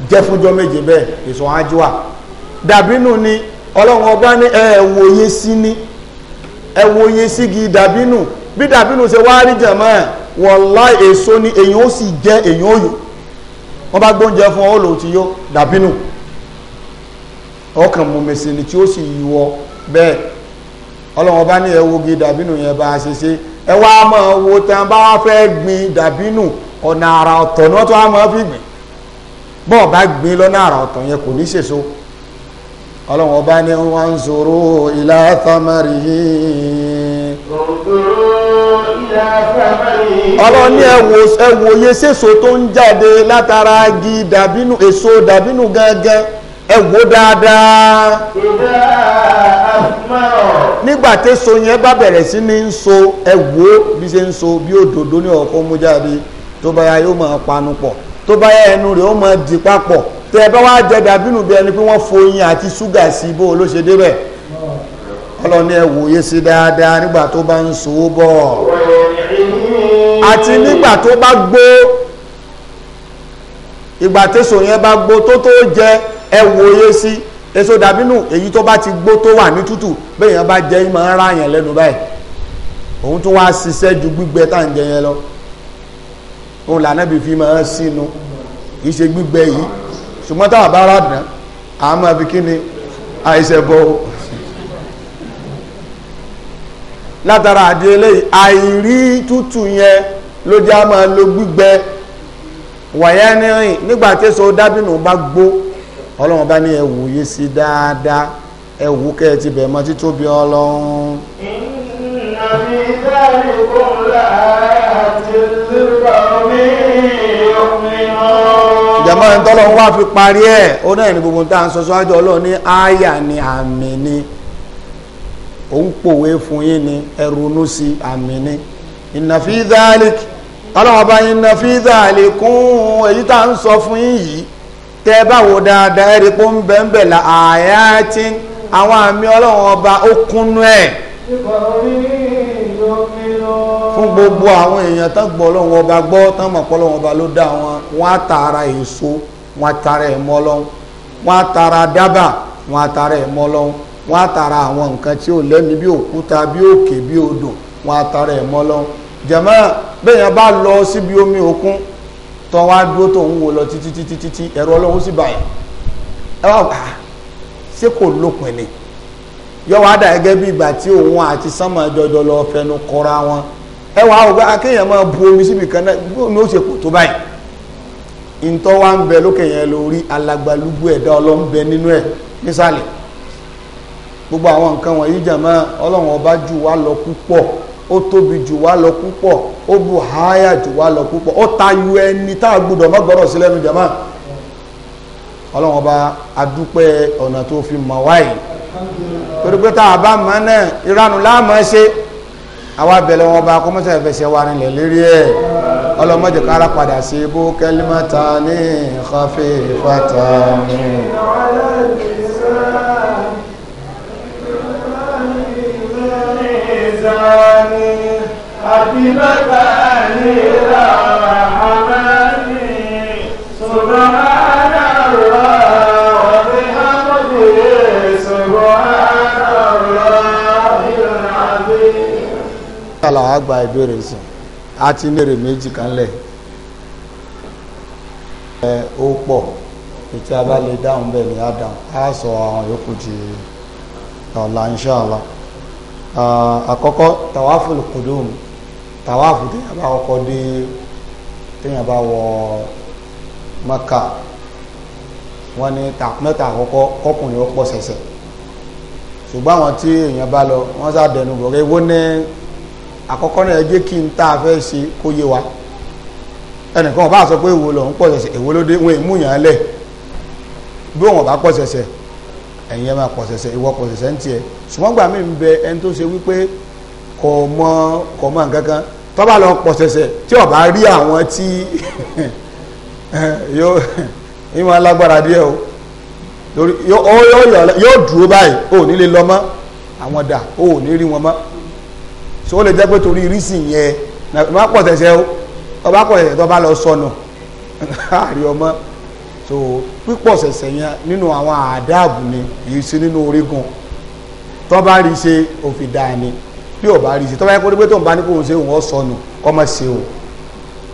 jẹ méje bẹ́ẹ̀ èso ajiwa dàbínú ni ọlọ́run ọba ní ẹ sí ẹ dàbínú. bí dàbínú ṣe wá rí jẹ̀mọ́ ẹ̀ wọ̀lá èso ni èyàn ó sì jẹ èyàn òyò wọ́n bá gbóúnjẹ fún ọ lòun ti yó dàbínú ọkàn mọ̀mẹ̀sì ni tí ó sì yíwọ bẹ́ẹ̀ ọlọ́wọ́n bá ní ẹ wo igi dàbínú yẹn bá ṣe ṣe ẹ wá mọ̀ wo tán bá wá fẹ́ gbin dàbínú ọ̀nà àrà ọ̀tọ̀ ni wọ́n tó wá mọ̀ fi gbìn bọ́ọ̀ bá gbin lọ́nà àrà ọ̀tọ̀ yẹn kò ní ṣèso ọlọ́wọ́n bá ní wọ́n ń ọlọ́run ní ẹwòye sèso tó ń jáde látara igi dàbínú èso dàbínú gangan ẹwò dáadáa nígbà téso yẹn bá bẹ̀rẹ̀ sí ní ń so ẹwò bí ṣe ń so bí òdòdó ní ọ̀kọ́ mú jáde tó bá yá panu pọ̀ tó ẹnu rẹ̀ ó máa dì papọ̀ ẹ bá wá jẹ dàbínú bí ẹni pé wọ́n àti ṣúgà sí bó ọlọ́ni ẹ wòye sí dáadáa nígbà tó bá ń so bọ̀ àti nígbà tó bá gbó ìgbà tẹ́sò yẹn bá gbó tó tó jẹ ẹ wòye sí èso dàbínú èyí tó bá ti gbó tó wà ní tútù bẹ́ẹ̀ yẹn bá jẹ́ ìmọ̀ ń ra yẹn lẹ́nu báyìí òun tún wá ṣiṣẹ́ ju gbígbẹ tá ń jẹ yẹn lọ òun lànà bí fi máa sínú kì í ṣe gbígbẹ yìí ṣùgbọ́n táwọn bá rà dán àmọ́ àbí kí ni àìṣẹ́ bọ́ látara àdí eléyìí àìrí tútù yẹn ló jẹ́ a máa lo gbígbẹ wàyá ní rìn nígbà téso dábìnú bá gbó ọlọ́run bá ní ẹ̀wù yìí sí dáadáa ẹ̀wù kẹ́ ẹ ti bẹ̀ mọ́ títóbi ọlọ́run. ìnàbí ẹni tọ́lọ́run wá fi parí ẹ̀ ó náà ní gbogbo tá à ń sọ síwájú ọlọ́run ní àyà ni àmì ni. òun pòwe fún yín ni ẹrunú sí àmì ni ìnàfí dáálíkì ọlọ́wọ́n bá ìnàfí èyí tá ń sọ fún yìí tẹ́ báwo dáadáa ẹ̀rí pé ń bẹ̀ǹbẹ̀ là àyà tí àwọn àmì ọba ó kúnnú ẹ̀ fún gbogbo àwọn èèyàn tán gbọ́ ọba gbọ́ tán mọ̀ ọba ló dá wọn wọn èso wọn ẹ̀mọ́ wọ́n àtàrà àwọn nǹkan tí ó lẹ́mi bí òkúta bí òkè bí odò wọ́n àtàrà ẹ̀ mọ́ lọ́wọ́ jẹ̀mọ́ bẹ́yẹn bá lọ síbi omi òkun tó wá dúró tó ń wò lọ títí títí títí ẹ̀rọ ọlọ́run sì báyìí ẹ wá bá ah, ṣé kò lópin ni yọ wá dà gẹ́gẹ́ bí ìgbà tí òun àti sánmà jọjọ lọ fẹnu kọra wọn ẹ wá ògbà akéèyàn ah, máa bu omi síbi kan náà ní ó ṣe kò tó báyìí ìtọ́ wa ń bẹ lókè yẹn lórí alagbalúgbú ẹ̀dá ọlọ́run bẹ nínú ẹ̀ nísàlẹ̀ gbogbo àwọn nǹkan wọ̀nyí jàmọ́ ọlọ́run ọba jù wá lọ púpọ̀ ó tóbi jù wá lọ púpọ̀ ó bù háyà jù wá lọ púpọ̀ ó tayọ ẹni tá a gbọ́dọ̀ má gbọ́dọ̀ sí lẹ́nu jàmọ́ ọlọ́run ọba adúpẹ́ ọ̀nà tó fi mọ̀ wáyé torí tá a bá mọ̀ náà ìranù láàmú ṣe àwa bẹ̀rẹ̀ wọn bá kọ́mọ́sẹ̀ ìfẹsẹ̀ wa rinlẹ̀ lérí ẹ̀ ọlọ́mọdé kára padà sí ibú kẹ́límọ́ta ní ìkọ́fẹ́ ìfọ́ta ní. ميزاني حبيبة إلى الرحمن سبحان الله وبحمده سبحان الله العظيم. Àlàó àgbà ìbéèrè sí a ti ní èrè ó pọ̀ a bá lè dáhùn bẹ́ẹ̀ ni á dáhùn á sọ àwọn yòókù di ọ̀la inṣáàlá. Ah, àkọ́kọ́ tàwáfù kùdùm tàwáfù téèyàn bá kọ́kọ́ dé téèyàn bá wọ maka wọ́n ní mẹ́ta àkọ́kọ́ kọkùnrin ó pọ̀ sẹ̀sẹ̀ ṣùgbọ́n àwọn tí èèyàn bá lọ wọ́n sàdẹnu bọ̀rẹ́ wọ́n ní àkọ́kọ́ náà jẹ́ kí n tá a fẹ́ ṣe kó yé wa ẹnìkan ọba sọ pé èwo lòun pọ̀ sẹ̀sẹ̀ èwo ló dé wọn èmúyàn lẹ̀ bí wọn bá pọ̀ sẹ̀sẹ̀ ẹ̀yin ẹ̀ máa pọ̀sẹ̀sẹ̀ ìwọ pọ̀sẹ̀sẹ̀ ń tiẹ̀ ṣùgbọ́n gbà mí ń bẹ ẹni tó ṣe wípé kò mọ kò mọ nǹkan kan tó bá lọ pọ̀sẹ̀sẹ̀ tí o bá rí àwọn tí yóò ìmọ̀ alágbára díẹ̀ o torí yóò dúró báyìí ò ní lè lọ mọ́ àwọn dà ò ní rí wọn mọ́ so ó lè jẹ́ pé torí rísì yẹn má pọ̀sẹ̀sẹ̀ o ọba pọ̀sẹ̀sẹ̀ tó bá lọ sọnù àrí ọmọ so pípọ̀ sẹ̀sẹ̀ yẹn nínú àwọn àdáàbù ni kìí sí nínú orígun tó bá rí ṣe òfin dáa ni bí ò bá rí ṣe tó bá yẹ kó dé pé tó ń bá ní kó ń ṣe òun ọ sọnù kọ́ mọ̀ ṣe o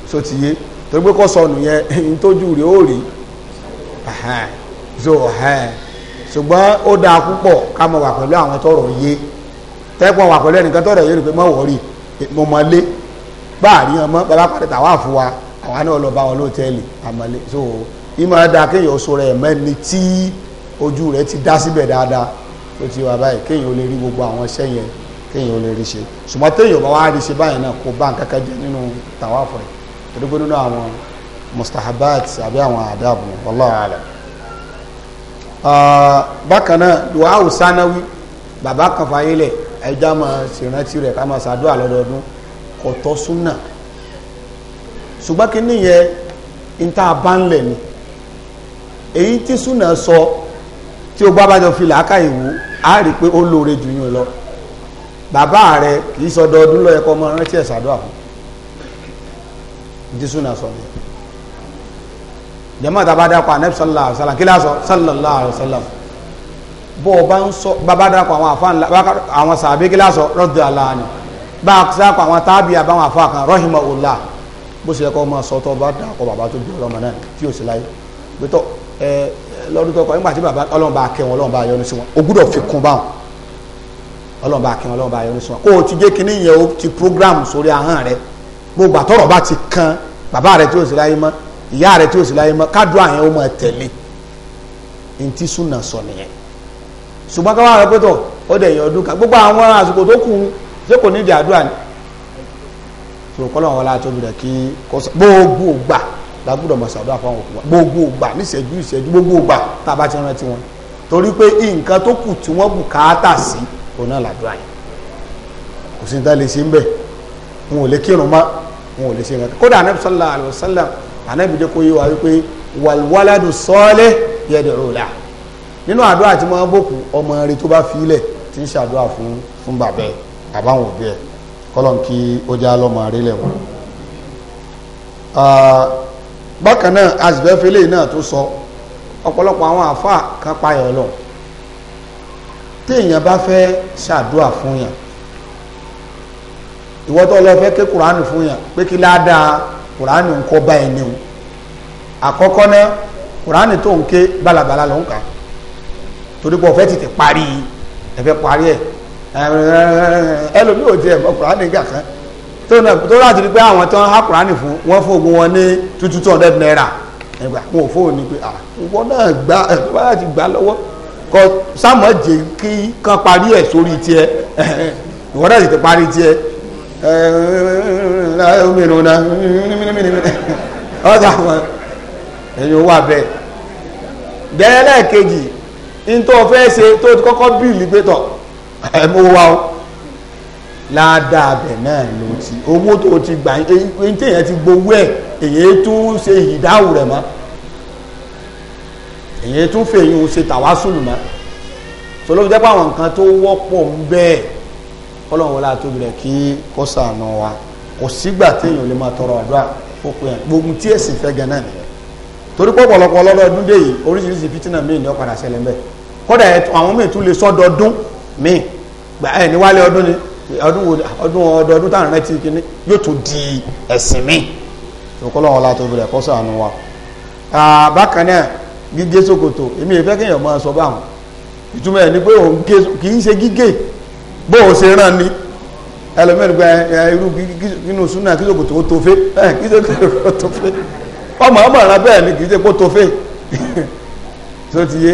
so ti yé torí pé kọ́ sọnù yẹn ń tójú rẹ̀ ó rí so ṣùgbọ́n ó dáa púpọ̀ ká mọ̀ wà pẹ̀lú àwọn tọrọ yé tẹ́pọ̀ wà pẹ̀lú ẹnìkan tọrọ yé rè pé mọ̀ wọ̀rí mo mọ̀ lé bá àríyàn mọ́ bàbá pàdé tàwa fún wa àwa náà lọ bá wọn lóòtẹ́ẹ̀lì àmọ́lé so ìmọ̀ ẹ̀dá kéèyàn sọ rẹ̀ mẹ́ni tí ojú rẹ̀ ti dá síbẹ̀ dáadáa ó ti wà báyìí kéèyàn ó lè rí gbogbo àwọn iṣẹ́ yẹn kéèyàn ó lè rí ṣe ṣùgbọ́n téèyàn bá wá rí ṣe báyìí náà kò bá nǹkan kan jẹ nínú tàwáfọ̀ rẹ̀ torí pé nínú àwọn mustahabat àbí àwọn àdáàbò wallahu a'lam. bákan náà duawu sanawi bàbá kan fàyè lẹ̀ ẹja máa ṣèrántí rẹ̀ ká máa ṣàdúrà lọ́dọọdún kò èyí tí súnà sọ tí o bá bá jọ fi làákà ìwò á rí i pé ó lóore jù yín lọ bàbá rẹ kì í sọdọọdún lọ ẹkọ ọmọ rántí ẹ ṣàdúrà fún tí súnà sọ nìyẹn jẹmọ tá a bá dákọ anabi sallallahu alayhi wa sallam kí lásọ sallallahu alayhi wa sallam bó o bá ń sọ bàbá dákọ àwọn àfáàn àwọn sàbí kí lásọ rọdù aláàánú bá a sá kọ àwọn tábìlì àbáwọn àfáà kan rahimahullah bó ṣe yẹ kó o máa sọ tó o bá dákọ bàbá tó bí ọlọmọ náà tí o sì láyé gbẹtọ ẹ lọ́dún tó kọ nígbà tí bàbá ọlọ́run bá kẹ́ wọn sí wọn o gbúdọ̀ fi kún báwọn ọlọ́run bá kẹ́ wọn ọlọ́run sí wọn kó o ti jẹ́ kínní yẹn o ti program sórí ahọ́n rẹ gbogbo àtọ̀rọ̀ bá ti kan bàbá rẹ tí o sì láyé mọ́ ìyá rẹ tí o sì láyé mọ́ kádùá yẹn o máa tẹ̀lé ntí súnà sọ nìyẹn ṣùgbọ́n káwá rẹ pẹ́tọ̀ ó dẹ̀ yẹn ọdún kan gbogbo àwọn àsìkò tó kù ṣé kò ní ìdí àdúrà ni so kọ́lọ́wọ́n la gbọ́dọ̀ mọ̀ sàdúrà fún àwọn òkú wa gbogbo ìgbà níṣẹ́jú ìṣẹ́jú gbogbo ìgbà tá a bá ti rántí wọn torí pé nǹkan tó kù tí wọ́n bùkátà sí òun náà làdúrà yìí kò sí ní tá a lè ṣe ń bẹ̀ wọn ò lè kírun mọ́ wọn ò lè ṣe nǹkan kódà anabi sallallahu alayhi wa sallam anabi jẹ́ kó yé wa wípé wàlúwàládù sọ́ọ́lẹ̀ yẹ̀dẹ̀ rọ̀là nínú àdúrà tí wọ́n bòkù ọmọ rẹ tó bá filẹ̀ ti ń ṣàdúrà fún fún bàbá àbáwọn òbí ẹ̀ kọ́lọ́n kí ó já lọ́mọ rẹ lẹ́wọ̀n. Ah, bákan náà asibẹ́fẹ́lẹ́ náà tó sọ ọ̀pọ̀lọpọ̀ àwọn àáfàá kan payọ̀ lọ téèyàn bá fẹ́ ṣàdúà fún yàn ìwọ́n tó lọ fẹ́ ké kùránù fún yàn pé kí ládàá kùránù ń kọ́ bá ẹni o náà tó ń balabala ló ń kà torí pé ọ̀fẹ́ parí ẹ̀fẹ́ parí ẹ̀ tó láti rí pé àwọn tí wọ́n há kùránì fún wọ́n fún ogun wọn ní tútù two hundred naira ẹgbà wọn ò fóun ní pé àwọn ah, náà gbá ẹgbà láti gbà lọ́wọ́ kọ sámọ̀ jẹ́ kí kan parí ẹ̀ sórí tiẹ̀ ìwọ́n náà sì ti parí tiẹ̀ mìíràn náà ọ̀dà wọn ẹ̀yin owó abẹ́ gẹ́gẹ́ lẹ́ẹ̀kejì ní tó fẹ́ ṣe tó kọ́kọ́ bíìlì pé tọ̀ ẹ̀mú wa o ládàá bẹ̀ náà ló ti owó tó ti gbà ń tẹ̀yàn ti gbowó ẹ̀ èyí tún ṣe ìdáhùn rẹ̀ mọ́ èyí tún fèyí ṣe tàwásùlù mọ́ sọlọ́wọ́ jẹ́ pé àwọn nǹkan tó wọ́pọ̀ ń bẹ́ẹ̀ kọ́lọ́wọ́ la tóbi rẹ̀ kí kó ṣàánú wa kò sígbà téèyàn lè máa tọrọ àdúrà ó pè é gbogbo tí ẹ̀sìn fẹ́ gan náà nìyẹn torí pọ̀ pọ̀lọpọ̀ ọlọ́dọọdún dé yìí oríṣiríṣi fìtínà míì ni ó padà ṣẹlẹ̀ ń bẹ́ẹ̀ kódà àwọn míì tún lè sọ́dọọdún míì gbà ẹ̀ níwálé ọdún ni ọdún wo ọdún ọdọọdún táwọn ẹ̀rẹ́ ti kíní yóò tún di ẹ̀sìn mi tó bẹ̀rẹ̀ kọ́sọ̀ àánú wa bákan náà gígé ṣòkòtò èmi ìfẹ́ kéèyàn máa sọ báwọn ìtumọ̀ ẹ̀ ni pé òun kì í ṣe gígé bó o ṣe rán ni gba irú súnà kí ó ẹ kí ó tofe ọmọ ọmọ ara bẹ́ẹ̀ ni kì í ṣe kó tofe ti yé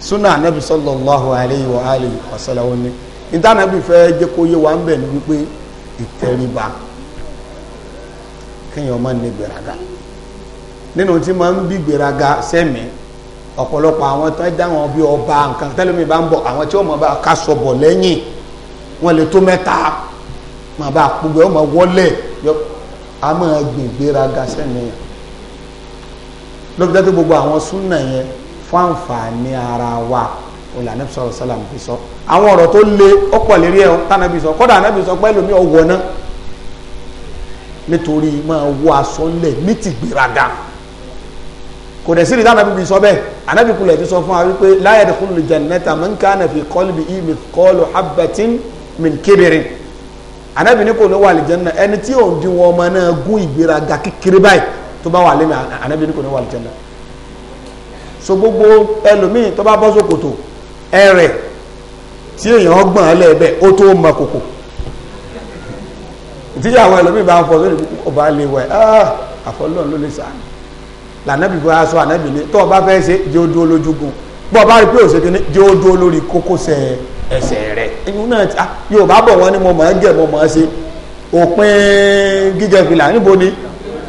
súnà alaihi wa wa ìtànàbí fẹ́ jẹ́ kó yé wa ń bẹ̀ ni wípé ìtẹríba kéèyàn máa ń ní gbéraga nínú tí máa ń bí gbéraga sẹ́mi ọ̀pọ̀lọpọ̀ àwọn tó ń dáwọn bí ọba nǹkan tẹ́lẹ̀mí bá ń bọ̀ àwọn tí wọ́n máa bá ká sọ̀bọ̀ lẹ́yìn wọ́n lè tó mẹ́ta máa bá gbogbo ẹ̀ wọ́n máa wọlé a máa gbìn gbéraga sẹ́mi yẹn lóbi gbogbo àwọn súnà yẹn fún àǹfààní ara wa òun lànà sọ̀rọ̀ sálàm fi sọ àwọn ọ̀rọ̀ tó le ó pọ̀ lérí ẹ̀ tànàbí sọ kọ́dà ànábì sọ pé ẹlòmíì ọwọ́ náà nítorí máa wọ aṣọ ńlẹ̀ ní tìgbéraga kò dẹ̀ sí ní tànàbí fi sọ bẹ́ẹ̀ ànábì kulẹ̀ ti sọ fún wa wípé la yadkhulul jannata man kana fi qalbihi mithqalu habbatin min kibrin ànábì ní kò ní wà àlìjẹ́nà ẹni tí òun di wọn ọmọ náà gún ìgbéraga kékeré báyìí tó bá wà lẹ́mìí ànábì ní kò ní wà àlìjẹ́nà so gbogbo ẹlòmíì tó bá bọ́ sókòtò ẹrẹ̀ tí èèyàn gbọ̀n lẹ́ẹ̀bẹ̀ ó tó mọ kòkò ìtìjà àwọn ẹlòmíì bá ń fọ lórí ọba lè wẹ̀ ah, àfọlọ́n ló lè sàánù lànàbì bá aṣọ ànàbì ni tó o bá fẹ́ ṣe jẹ́ o dúró lójúgun bó o bá rí pé o ṣe kí ni jẹ́ o dúró lórí kókósẹ̀ ẹsẹ̀ rẹ̀ ìyún náà ah, yóò bá bọ̀ wọ́n ni mo máa ń gẹ̀ mo máa ṣe òpin gígẹ̀ fìlà níbo ni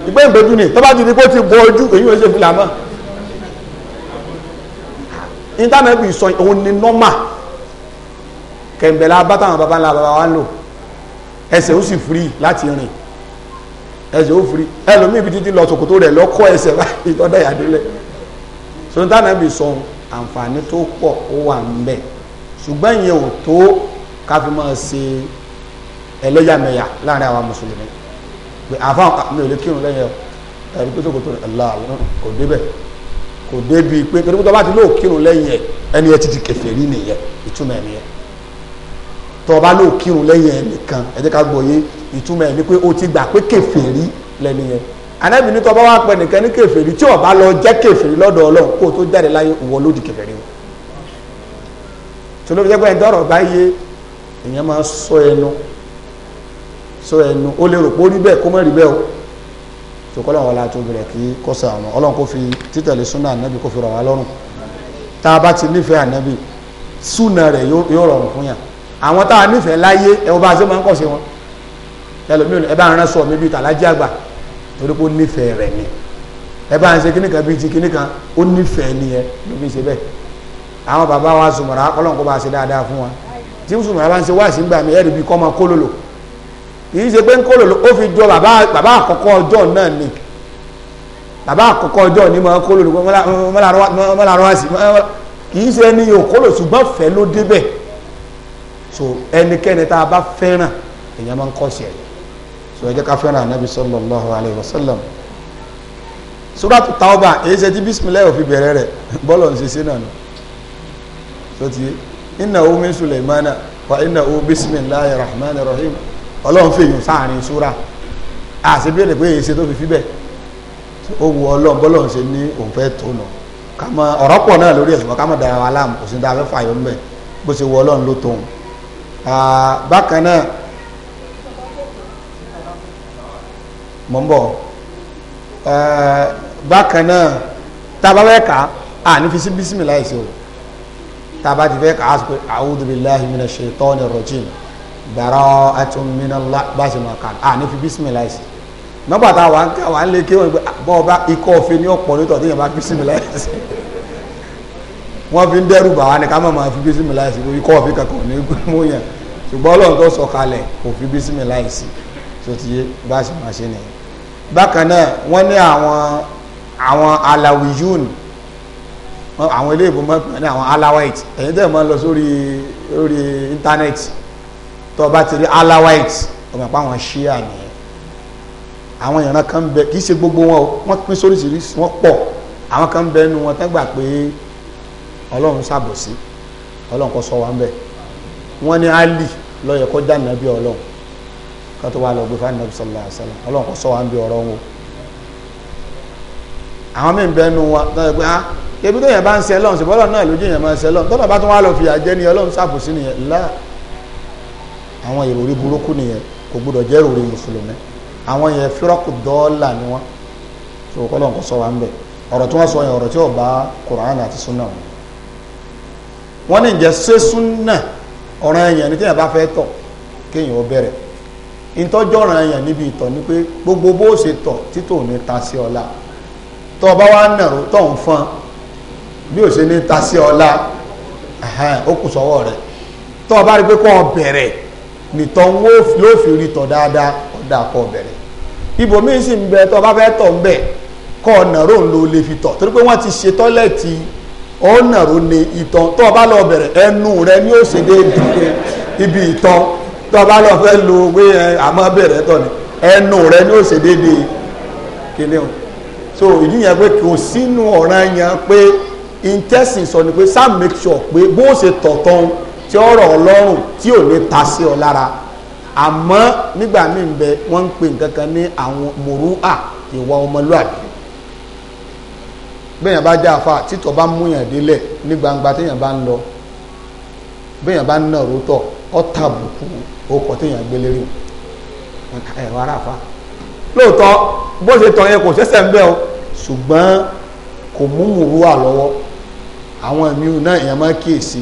ìgbẹ́ ìgbẹ́jú ni tó bá ti di kó ti bọ ojú èyí ò ṣe fìlà mọ́ intanẹ́ẹ̀tì sọ òun ni nọ́mà kẹ̀m̀bẹ̀lá bátàwọn baba ńlá baba wa ń lò ẹsẹ̀ ó sì firi láti rìn ẹsẹ̀ ó firi ẹlòmíì ibi títí lọ sòkòtò rẹ̀ lọ́kọ́ ẹsẹ̀ báyìí tọ́dọ̀ ìyàdílẹ̀ sọ̀tànẹ́ẹ̀tì sọ àǹfààní tó pọ̀ ó wà ń bẹ̀ ṣùgbọ́n ìyẹn ò tó ká fi máa ṣe ẹlẹ́yàmẹ̀yà láàrin àwa mùsùlùmí pé àfáwọn mi ò lè kírun lẹ́yìn ẹ̀rí pé sòkòtò rẹ̀ kò débi pé torí tó bá ti lóò kírun lẹ́yìn ẹ̀ ẹni ẹ ti di kèfèrí nìyẹn ìtumọ̀ ẹ̀ nìyẹn tó bá lóò kírun lẹ́yìn ẹ̀ nìkan ẹ jẹ́ ká gbọ́ yé ìtumọ̀ ẹ̀ ni pé o ti gbà pé kèfèrí lẹ́ni yẹn anábì ní tó bá wà pẹ́ nìkan ní kèfèrí tí ó bá lọ jẹ́ kèfèrí lọ́dọ̀ ọlọ́run kó o tó jáde láyé òwò ló di kèfèrí o tolóbi jẹ́ pé ẹni tọ́rọ̀ bá yé èèyàn máa sọ ẹnu sọ ẹnu ó lè rò pé ó rí bẹ́ẹ̀ kó má rí bẹ́ẹ̀ tó kọ́ lọ́wọ́ la tóbi rẹ̀ kí kó sọ àwọn ọlọ́run kó fi títẹ̀lé súnà ànábì kó fi rọ̀ wá lọ́rùn tá a bá ti nífẹ̀ẹ́ ànábì súnà rẹ̀ yóò rọrùn fún yàn àwọn tá a láyé ẹ bá a ṣe máa wọn ẹlòmíràn ẹ bá ń mi bíi tàlájì àgbà torí pé ó nífẹ̀ẹ́ ni ẹ bá ń ṣe kíníkan bíi ti kíníkan ó nífẹ̀ẹ́ ni ẹ ló fi ṣe bẹ́ẹ̀ àwọn bàbá wa sùmọ̀rà ọlọ́run kó bá a dáadáa fún wa tí sùmọ̀rà bá ń ṣe wáàsí ń gbà mí ẹ̀rì kìí ṣe pé ń kólò ó fi jọ bàbá àkọ́kọ́ ọjọ́ náà ni bàbá àkọ́kọ́ ọjọ́ ni máa kólò mọ́lárọ́ àṣì kìí ṣe ẹni yóò kólò ṣùgbọ́n fẹ́ ló débẹ̀ so ẹnikẹ́ni tá a bá fẹ́ràn èèyàn máa ń kọ́ sí ẹ̀ so ẹ jẹ́ ká fẹ́ràn anabi sallallahu alayhi wa sallam suratu tauba èyí ṣe ti bisimilayi òfin bẹ̀rẹ̀ rẹ̀ bọ́lọ̀ ń ṣe sí náà nù so ti inna hu min wa inna hu bisimilayi rahman rahim ọlọ́run fèèyàn sáàrin súra àṣebíyèrè pé èsè tó fi fíbẹ̀ ó wu ọlọ́run bọ́lọ́run ṣe ní òun fẹ́ tó nà kámọ ọ̀rọ̀ pọ̀ náà lórí ẹ̀sùn kámọ dára wa láàmú kò sí dáa fẹ́ fàyọ̀ ńbẹ bó ṣe wu ọlọ́run ló tóun bákan náà mọ̀ ń bọ̀ bákan náà tá a bá fẹ́ kà á ní fi sí bísímìlá ìṣe o tá a bá ti fẹ́ kà á sọ pé a'udhu billahi minash shaitani rrajim bara'atun minallah bá ṣe máa kà á ne fi bísímìlá yìí sí nọ́mbà tá a wà ń kí àwọn ilé kí wọ́n gbé bọ́ ọba ikọ̀ òfin ní ọ̀pọ̀ nítorí tí yẹn bá bísímìlá yìí sí wọ́n fi ń dẹ́rù bà wá ní ká má máa fi bísímìlá yìí sí ikọ̀ òfin kankan ní mú yẹn ṣùgbọ́n ọlọ́run tó sọ kalẹ̀ kò fi bísímìlá yìí sí tó ti yé bá ṣe máa ṣe nìyẹn bákan náà wọ́n ní àwọn àwọn alawiyun àwọn ilé ìbomọ́ ní àwọn alawite ẹ̀yin tẹ́ máa lọ sórí lórí íńtánẹ́ẹ̀tì tó bá ti rí alawite ó mọ̀ pé àwọn ṣíà nìyẹn àwọn ìran kan ń bẹ kì í ṣe gbogbo wọn o wọ́n pín sóríṣiríṣi wọ́n pọ̀ àwọn kan ń bẹ nu wọn tán gbà pé ọlọ́run ṣàbòsí ọlọ́run kò sọ wá ń bẹ wọ́n ní ali ló yẹ kó jẹ́ ànábì ọlọ́run kan tó wà lọ gbé fáwọn nàbí sallallahu alaihi wasallam ọlọ́run kò sọ wá ń bẹ ọ̀rọ̀ wọn àwọn míì ń bẹ nu wọn tán gbé ah ebi tó yẹn bá ń ṣe lọ́run ṣe bọ́lọ̀ náà lójú yẹn máa ń ṣe lọ́run tó bàbá tó wà lọ fìyà jẹ ni ọlọ́run ṣàbòsí nìyẹn láà àwọn ìròrí burúkú nìyẹn kò gbọdọ̀ jẹ́ ìròrí mùsùlùmí àwọn yẹn fírọ́kù dọ́ọ́là ni wọ́n tó kọ́lọ̀ kò sọ wa ń bẹ̀ ọ̀rọ̀ tí wọ́n sọ yẹn ọ̀rọ̀ tí ò bá kùránì àti súnà wọn. wọ́n ní ìjẹ́ ṣé súnà ọ̀ràn èèyàn ní téèyàn bá fẹ́ tọ̀ kéèyàn ó bẹ̀rẹ̀ ìtọ́jú ọ̀ràn èèyàn níbi ìtọ̀ ni pé gbogbo bó ṣe tọ̀ títò ní ta sí ọ̀la tọ́ ọba wa nàró tọ̀ ń fọn bí ò ṣe ní ta sí ọ̀la ó kù sọ́wọ́ rẹ̀ tọ́ ọba rí pé kọ́ ọ bẹ̀rẹ̀ nìtọ̀ ló fi rí tọ̀ dáadáa ọ̀dà kọ bẹ̀rẹ̀ ibòmíì sì ń bẹ tọ́ bá fẹ́ tọ̀ ń bẹ̀ kọ́ ọ̀nà rò ń lo lè fi tọ̀ torí pé wọ́n ti ṣe tọ́lẹ̀tì ọ̀nà rò ní ìtọ̀ tọ́ bá lọ bẹ̀rẹ̀ ẹnu rẹ ni ó ṣe déédéé ibi ìtọ̀ tọ́ bá lọ fẹ́ lo pé àmọ́ bẹ̀rẹ̀ tọ̀ ni ẹnu rẹ ni ó ṣe déédéé kíní o so ìdí yẹn pé kò sínú ọ̀ràn yẹn pé intestine sọ ni pé sáà make sure pé bó ṣe tọ̀ tán tí ó rọ̀ ọlọ́run tí ò ní ta sí ọ lára àmọ́ nígbà míì bẹ wọ́n ń pè nǹkan kan ní àwọn mòrúà ìwà ọmọlúàbí bẹ́ẹ̀ yẹn bá dá àfa títọ́ bá múyàn délẹ̀ ní gbangba téèyàn bá ń lọ bẹ́ẹ̀ yẹn bá ń nà rótọ̀ ọ́ tàbùkù ọkọ̀ téèyàn gbélé rí ẹ̀rọ ara àfa lóòótọ́ bó ṣe tọ̀ yẹn kò ṣẹ̀ṣẹ̀ ń bẹ o ṣùgbọ́n kò mú mòrúà lọ́wọ́ àwọn ìmíhùn náà èèyàn máa kíyèsí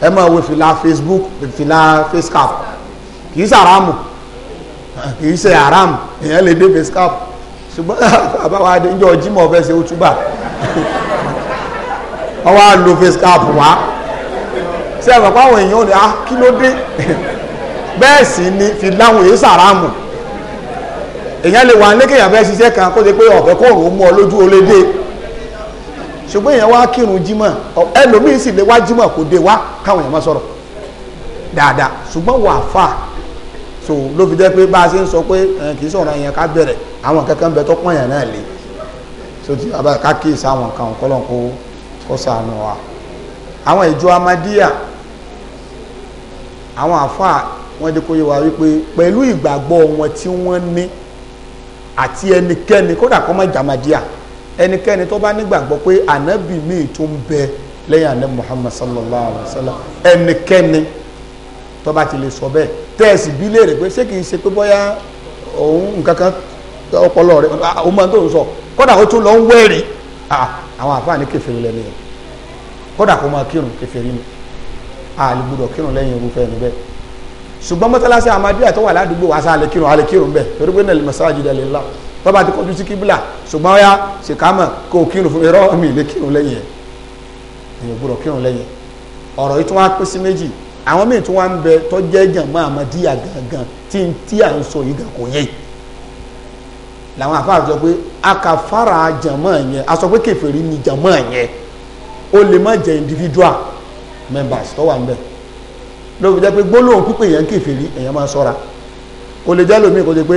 ẹ máa wo fìlà facebook fìlà face cap kì í ṣe àràmù kì í ṣe àràmù èèyàn lè dé face cap ṣùgbọ́n àbáwá adé njọ́ jimoh fẹ́ ṣe ó túbà wọ́n wá lo face cap wá ṣe ẹ̀rọ pàwọn èèyàn ni a ah, kí ló dé bẹ́ẹ̀ sì ni fìdáhùn èyí sàrámù èèyàn lè wà lékèèyàn fẹ́ ṣiṣẹ́ kan kó ṣe pé ọ̀fẹ́ kọ̀ọ̀rọ̀ mú ọ lójú olédè ṣùgbọ́n èèyàn wá kírun jímọ̀ ẹlòmíì sì lè wá jímọ̀ kò dé wá káwọn èèyàn má sọ̀rọ̀ dáadáa ṣùgbọ́n wà fà so ló fi jẹ́ pé bá a ṣe ń sọ pé kì í sọ̀rọ̀ èèyàn ká bẹ̀rẹ̀ àwọn kankan bẹ tó pọ̀ èèyàn náà lé so ti abá ká kí ìsà àwọn kan kọ́lọ́n kó kó sànù wa àwọn ìjọ amadíyà àwọn àfà wọn dé kó yé wa wípé pẹ̀lú ìgbàgbọ́ wọn tí wọ́n ní àti ẹnikẹ́ni kódà kó má jàmadíyà ẹnikẹ́ni tó bá nígbàgbọ́ pé ànábì míì tó ń bẹ lẹ́yìn ànábì Muhammad sallallahu alayhi wa sallam ẹnikẹ́ni tó bá ti lè sọ bẹ́ẹ̀ tẹ́ẹ̀sì bí léèrè pé ṣé kìí ṣe pé bóyá òun nǹkan kan ọpọlọ rẹ òun máa tó ń sọ kódà ó tún lọ ń wẹ̀rì àwọn àfáàní kẹfẹ́rì lẹ́nu yẹn kódà kó máa kírun kẹfẹ́rì ni àlè gbọdọ̀ kírun lẹ́yìn irúfẹ́ ẹni bẹ́ẹ̀ ṣùgbọ́n mọ́tálásí àmàdíyà tó wà ládùúgbò wa sá tó bá ti kọjú sí kíbílà ṣùgbọ́n ọ̀yá ṣèkámọ̀ kó o kírun fún mi rọ́ mi lè kírun lẹ́yìn ẹ̀ èèyàn gbọ́dọ̀ kírun lẹ́yìn ọ̀rọ̀ yìí tún wá pín sí méjì àwọn míì tún wá ń bẹ tó jẹ́ jàmọ́ àmọ́díyà gangan tí n tí à ń sọ yìí gan kò yẹ làwọn àfáà sọ pé akàfàrà jàmọ́ yẹn a sọ pé kèfèrí ni jàmọ́ yẹn ó lè má jẹ individual members tó wà ń bẹ lóòótọ́ pé gbólóhùn pípé yẹn kèfèrí èèyàn máa ṣọ́ra kò lè jẹ́ lómi kò jẹ́ pé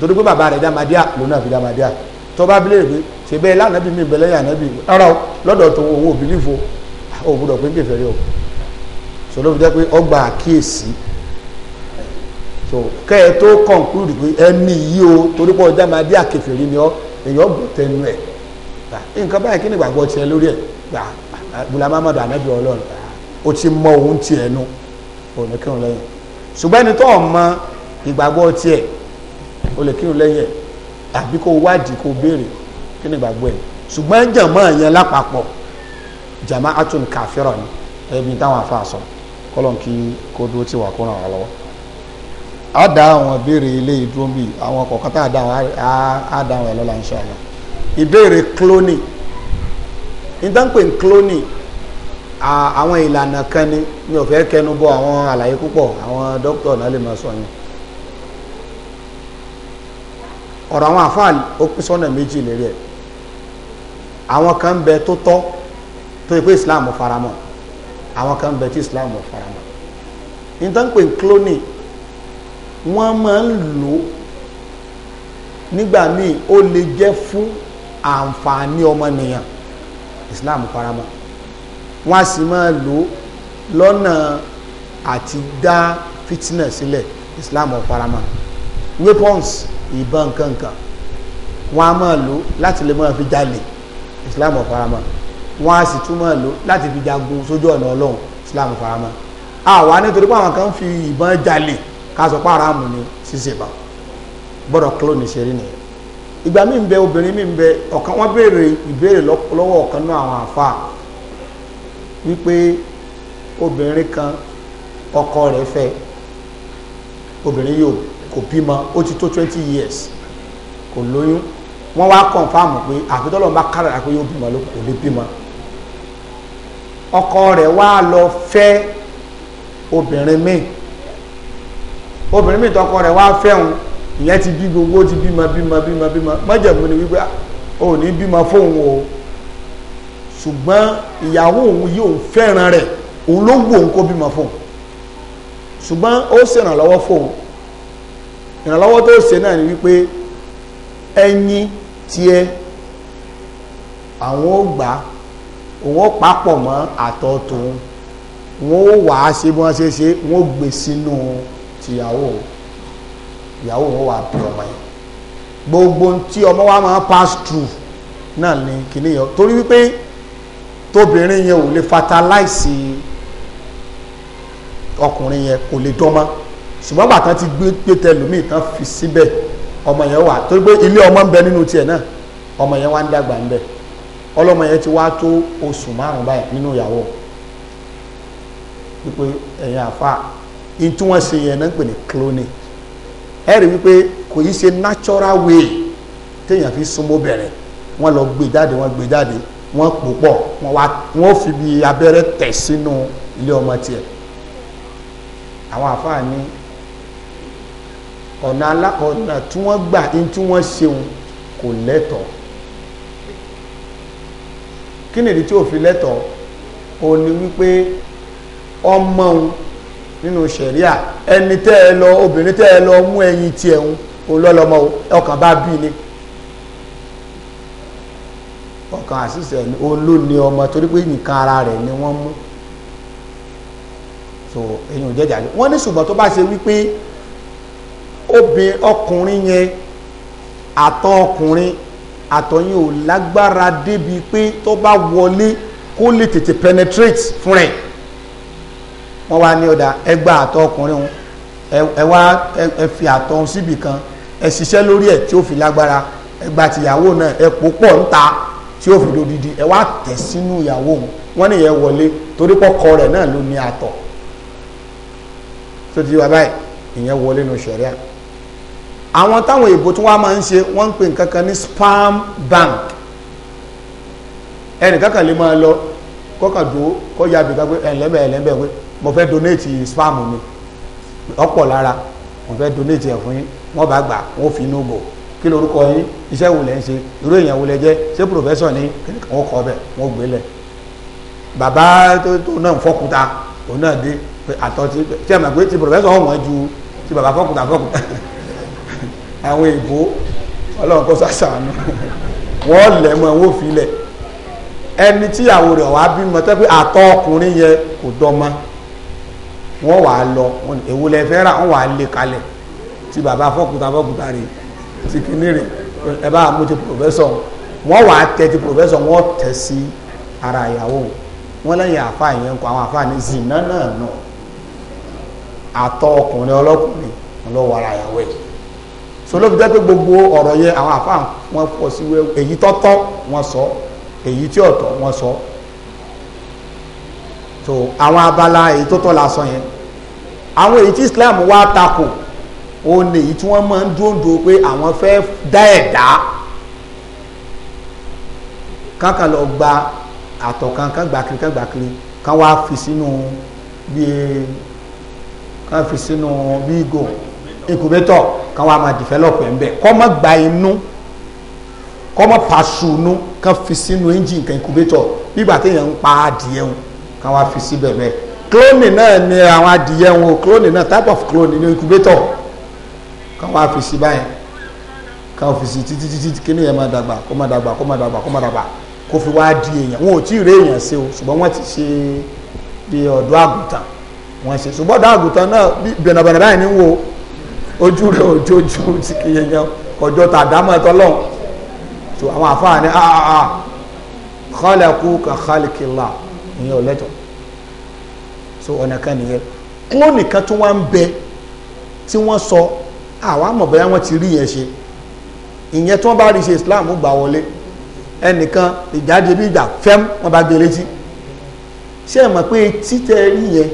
torí pé bàbá rẹ̀ dàmàdíà lòun náà fi dàmàdíà tó bá bílẹ̀ pé ṣe bẹ́ẹ̀ lánàbí mi bẹ̀lẹ́ yànàbí rárá o lọ́dọ̀ tó owó bìlífo ò gbọ́dọ̀ pé ń kẹfẹ́ rí o sọlọ́ fi jẹ́ pé ọgbà àkíyèsí so kẹ́ ẹ tó conclude pé ẹni yìí o torí pé ọjà máa dé àkẹfẹ́ rí ni ọ èèyàn gbọ́ tẹnu ẹ̀ nǹkan báyìí kí ni ìgbàgbọ́ tiẹ̀ lórí ẹ̀ gbà bùlá mamadu anabi ọlọ́run o ti mọ òun tiẹ̀ nu òun kírun lẹ́yìn ṣùgbọ́n ẹni tó ọ̀ mọ ìgbàgbọ́ tiẹ̀ o lè kírun lẹ́yìn ẹ̀ àbí kó wádìí kó béèrè kí ni gbàgbọ́ ẹ̀ ṣùgbọ́n jàmọ́ yẹn lápapọ̀ jàmọ́ atún kàfírọ̀ ni ẹbí táwọn afa sọ kọ́lọ̀ kí kó dúró tí wà kó ràn wá lọ́wọ́ á dá àwọn béèrè ilé ìdúró bí àwọn kọ̀ọ̀kan tá a dá àwọn á dá àwọn ẹ̀ lọ́la insha Allah ìbéèrè klónì ìdánpè klónì àwọn ìlànà kan ni mi ò fẹ́ kẹnu bọ àwọn àlàyé púpọ̀ àwọn dókítà náà lè máa sọ yẹn ọ̀rọ̀ àwọn àfáàlì ó pín sọ́nà méjì lérí ẹ̀ àwọn kan ń bẹ tó tọ́ tó yẹ Islam ò faramọ́ àwọn kan ń bẹ tí Islam ò faramọ́ nítorí pé clone wọ́n máa ń lò nígbà míì ó lè jẹ́ fún àǹfààní ọmọnìyàn Islam faramọ́ wọ́n á sì máa lò lọ́nà àti dá fitness sílẹ̀ Islam ò faramọ́ weapons ìbọn nkankan wọn a máa lò láti lè máa fi jalè islam ọ̀farama wọn a sì tún máa lò láti fi jagun sójú ọ̀nà ọlọ́run islam ọ̀farama àwa nítorí pé àwọn kan fi ìbọn jalè ká sọ pé aráàmù ni ṣíṣe bá gbọ́dọ̀ klóni ṣe rí nìyẹn ìgbà míì ń bẹ obìnrin míì ń bẹ ọ̀kan wọ́n béèrè ìbéèrè lọ́wọ́ ọ̀kan náà àwọn àfáà wípé obìnrin kan ọkọ rẹ̀ fẹ́ obìnrin yóò kò bímọ ó ti tó twenty years kò lóyún wọ́n wá confam pé àfitọ́lọ́n bá kára àpé yóò bímọ ló kò lè bímọ ọkọ rẹ̀ wá lọ fẹ́ obìnrin míì obìnrin míì tọkọ rẹ̀ wá fẹ́hùn ìyẹn ti bí gbogbo ti bímọ bímọ bímọ bímọ májẹ̀mú ni wípé o ò ní bímọ fóun o ṣùgbọ́n ìyàwó òun yìí òun fẹ́ràn rẹ̀ òun ló gbòun kó bímọ fóun ṣùgbọ́n ó ṣèrànlọ́wọ́ fóun ìrànlọ́wọ́ tó ṣe náà ni wípé ẹyin tiẹ̀ àwọn ò gbà òun ó papọ̀ mọ́ àtọ̀ tòun wọn ó wàá ṣe bí wọ́n ṣe ṣe wọ́n ó gbé sínú tìyàwó ìyàwó wọn wà bí ọmọ yẹn gbogbo tí ọmọ wa máa pass through náà ni kìíní yọ torí wípé tóbìnrin yẹn ò lè fatalize ọkùnrin yẹn kò lè dọ́mọ́ ṣùgbọ́n bàtà ti gbé gbé tẹlómi tán fi síbẹ̀ ọmọ yẹn wà torí pé ilé ọmọ ń bẹ nínú tiẹ̀ náà ọmọ yẹn wá ń dàgbà ń bẹ ọlọ́mọ yẹn ti wá tó oṣù márùn báyìí nínú ìyàwó wípé ẹ̀yin àfa in tí ṣe yẹn náà ń pè ní cloning ẹ rí wípé kò yí ṣe natural way téèyàn fi súnmọ́ bẹ̀rẹ̀ wọ́n lọ gbé jáde wọ́n gbé jáde wọ́n pò pọ̀ wọ́n wá wọ́n fi bí abẹ́rẹ́ tẹ̀ sínú ilé ọmọ tiẹ̀ àwọn àfa ní ọ̀nà alákọ̀ọ́nà tí wọ́n gbà ní tí wọ́n ṣeun kò lẹ́tọ̀ọ́ kí nìdí tí ò fi lẹ́tọ̀ọ́ o ní wípé ọmọ òun nínú ṣẹ̀ríà ẹni tẹ́ ẹ lọ obìnrin tẹ́ ẹ lọ mú ẹyin tiẹ̀ ń olọ́lọ́mọ ọkàn bá bí ni ọkàn àṣìṣe olóni ọmọ torí pé nìkan ara rẹ̀ ni wọ́n mú so èyàn jẹ́jà wọ́n ní ṣùgbọ́n tó bá ṣe wípé obìn ọkùnrin yẹn àtọ̀ ọkùnrin àtọ̀ yẹn ò lágbára débi pé tó bá wọlé kó lè tètè penetrate fún rẹ̀ wọ́n wá ní ọ̀dà ẹgbà àtọ̀ ọkùnrin wọn ẹ wá ẹ fi àtọ̀ ọ̀hún síbì kan ẹ ṣiṣẹ́ lórí ẹ̀ tí ó fi lágbára ẹgbà tìyàwó náà ẹ pò pọ̀ ń ta tí ó fi dodidi ẹ wá tẹ̀ sínú ìyàwó òun wọ́n nìyẹn wọlé torí pọ́kọ rẹ̀ náà ló ní àtọ̀ tó ti wá báyìí ìyẹn wọlé nu ṣẹ̀ríà àwọn táwọn èbò tí wọ́n máa ń ṣe wọ́n ń pè nǹkan kan ní spam bank ẹnìkan kan lè máa lọ kọ́kàn dúró kọ́ ya bìkan pé ẹ̀lẹ́bẹ̀ ẹ̀lẹ́bẹ̀ pé mo fẹ́ donate spam mi ọ̀pọ̀ lára mo fẹ́ donate ẹ̀ fún yín wọ́n bá gbà wọ́n fi inú bò kí lorúkọ yín iṣẹ́ wo lẹ́ ń ṣe irú èèyàn wo lẹ jẹ́ ṣé professor ni wọ́n kọ́ bẹ̀ wọ́n gbé lẹ̀ bàbá tó náà ń fọ́kúta òun náà dé àtọ́ tí ẹ̀ mọ̀ pé ti professor ọ̀wọ́n ju ti bàbá fọ́kúta fọ́kúta. àwọn èbó ọlọ́run kó sàṣàánú wọ́n lẹ̀ mọ́ wọ́n fi lẹ̀ ẹni tíyàwó rẹ̀ wá bímọ tẹ́ pé àtọ ọkùnrin yẹn kò dọ́mọ wọ́n wà á lọ èwo lẹ fẹ́ rà wọ́n wà á lé kalẹ̀ tí bàbá fọ́kùtà fọ́kùtà rè ti kìíní rè ẹ bá mú ti pòfẹ́sọ̀ wọ́n wà á tẹ ti pòfẹ́sọ̀ wọ́n tẹ̀ sí ara ìyàwó wọn lẹ́yìn àfa yẹn kọ àwọn àfa ní zina náà náà àtọ ọkùnrin ọlọ́kùnrin ọlọ́wọ́ ara ìyàwó yìí so ló fi jẹ́ pé gbogbo ọ̀rọ̀ yẹn àwọn àfáà wọn pọ̀ sí wẹ́wẹ́ èyí tọ́tọ́ wọn sọ èyí tí ọ̀tọ̀ wọn sọ so àwọn abala èyí tó tọ́ la sọ yẹn àwọn èyí tí Islam wá takò òun ni èyí tí wọ́n máa ń dúndùn pé àwọn fẹ́ dá ẹ̀dá kankan lọ gba àtọ̀ kankan gbàkiri kan gbàkiri kan wá fi sínú bíi kan fi sínú bíi gò incubator kan wà máa develop ẹ̀ ń bẹ̀ kọ́ mọ́ gba inú kọ́ mọ́ pàṣù inú kan fi sínú engine kan incubator nígbà téèyàn ń pa adìẹ wọn kan wà fi síbẹ̀ bẹ́ẹ̀ clone náà ni àwọn adìyẹ wọn clone náà type of cloning ni incubator kan wá fi sí báyìí kan fi sí títí títí kí ni yẹn máa dàgbà kó máa dàgbà kó máa dàgbà kó máa dàgbà kó fi wá di èèyàn wọn ò tí ì rí èèyàn ṣe o ṣùgbọ́n wọ́n ti ṣe bí ọ̀dọ́ àgùntàn wọ́n ṣe ṣùgbọ́n ọ̀dọ́ àgùntàn náà bí bẹ̀nàbẹ̀nà báyìí ní wo ojú rẹ̀ ojú ti kìí yẹn kọjọ́ tàdámọ̀ tọ́lọ́hún so àwọn a a àà kọ́lẹ̀kú ka kálíkìlá ìyẹn ò lẹ́tọ̀ so ọ̀nà kan nìyẹn kún nìkan tó wá ń bẹ tí wọ́n sọ àwọn amọ̀bẹ́yà wọn ti rí yẹn ṣe ìyẹn tí wọ́n bá rí ṣe Islam gbà wọlé ẹnìkan ìjáde bí ìjà fẹ́m wọn bá gbé e létí ṣé ẹ mọ̀ pé títẹ rí yẹn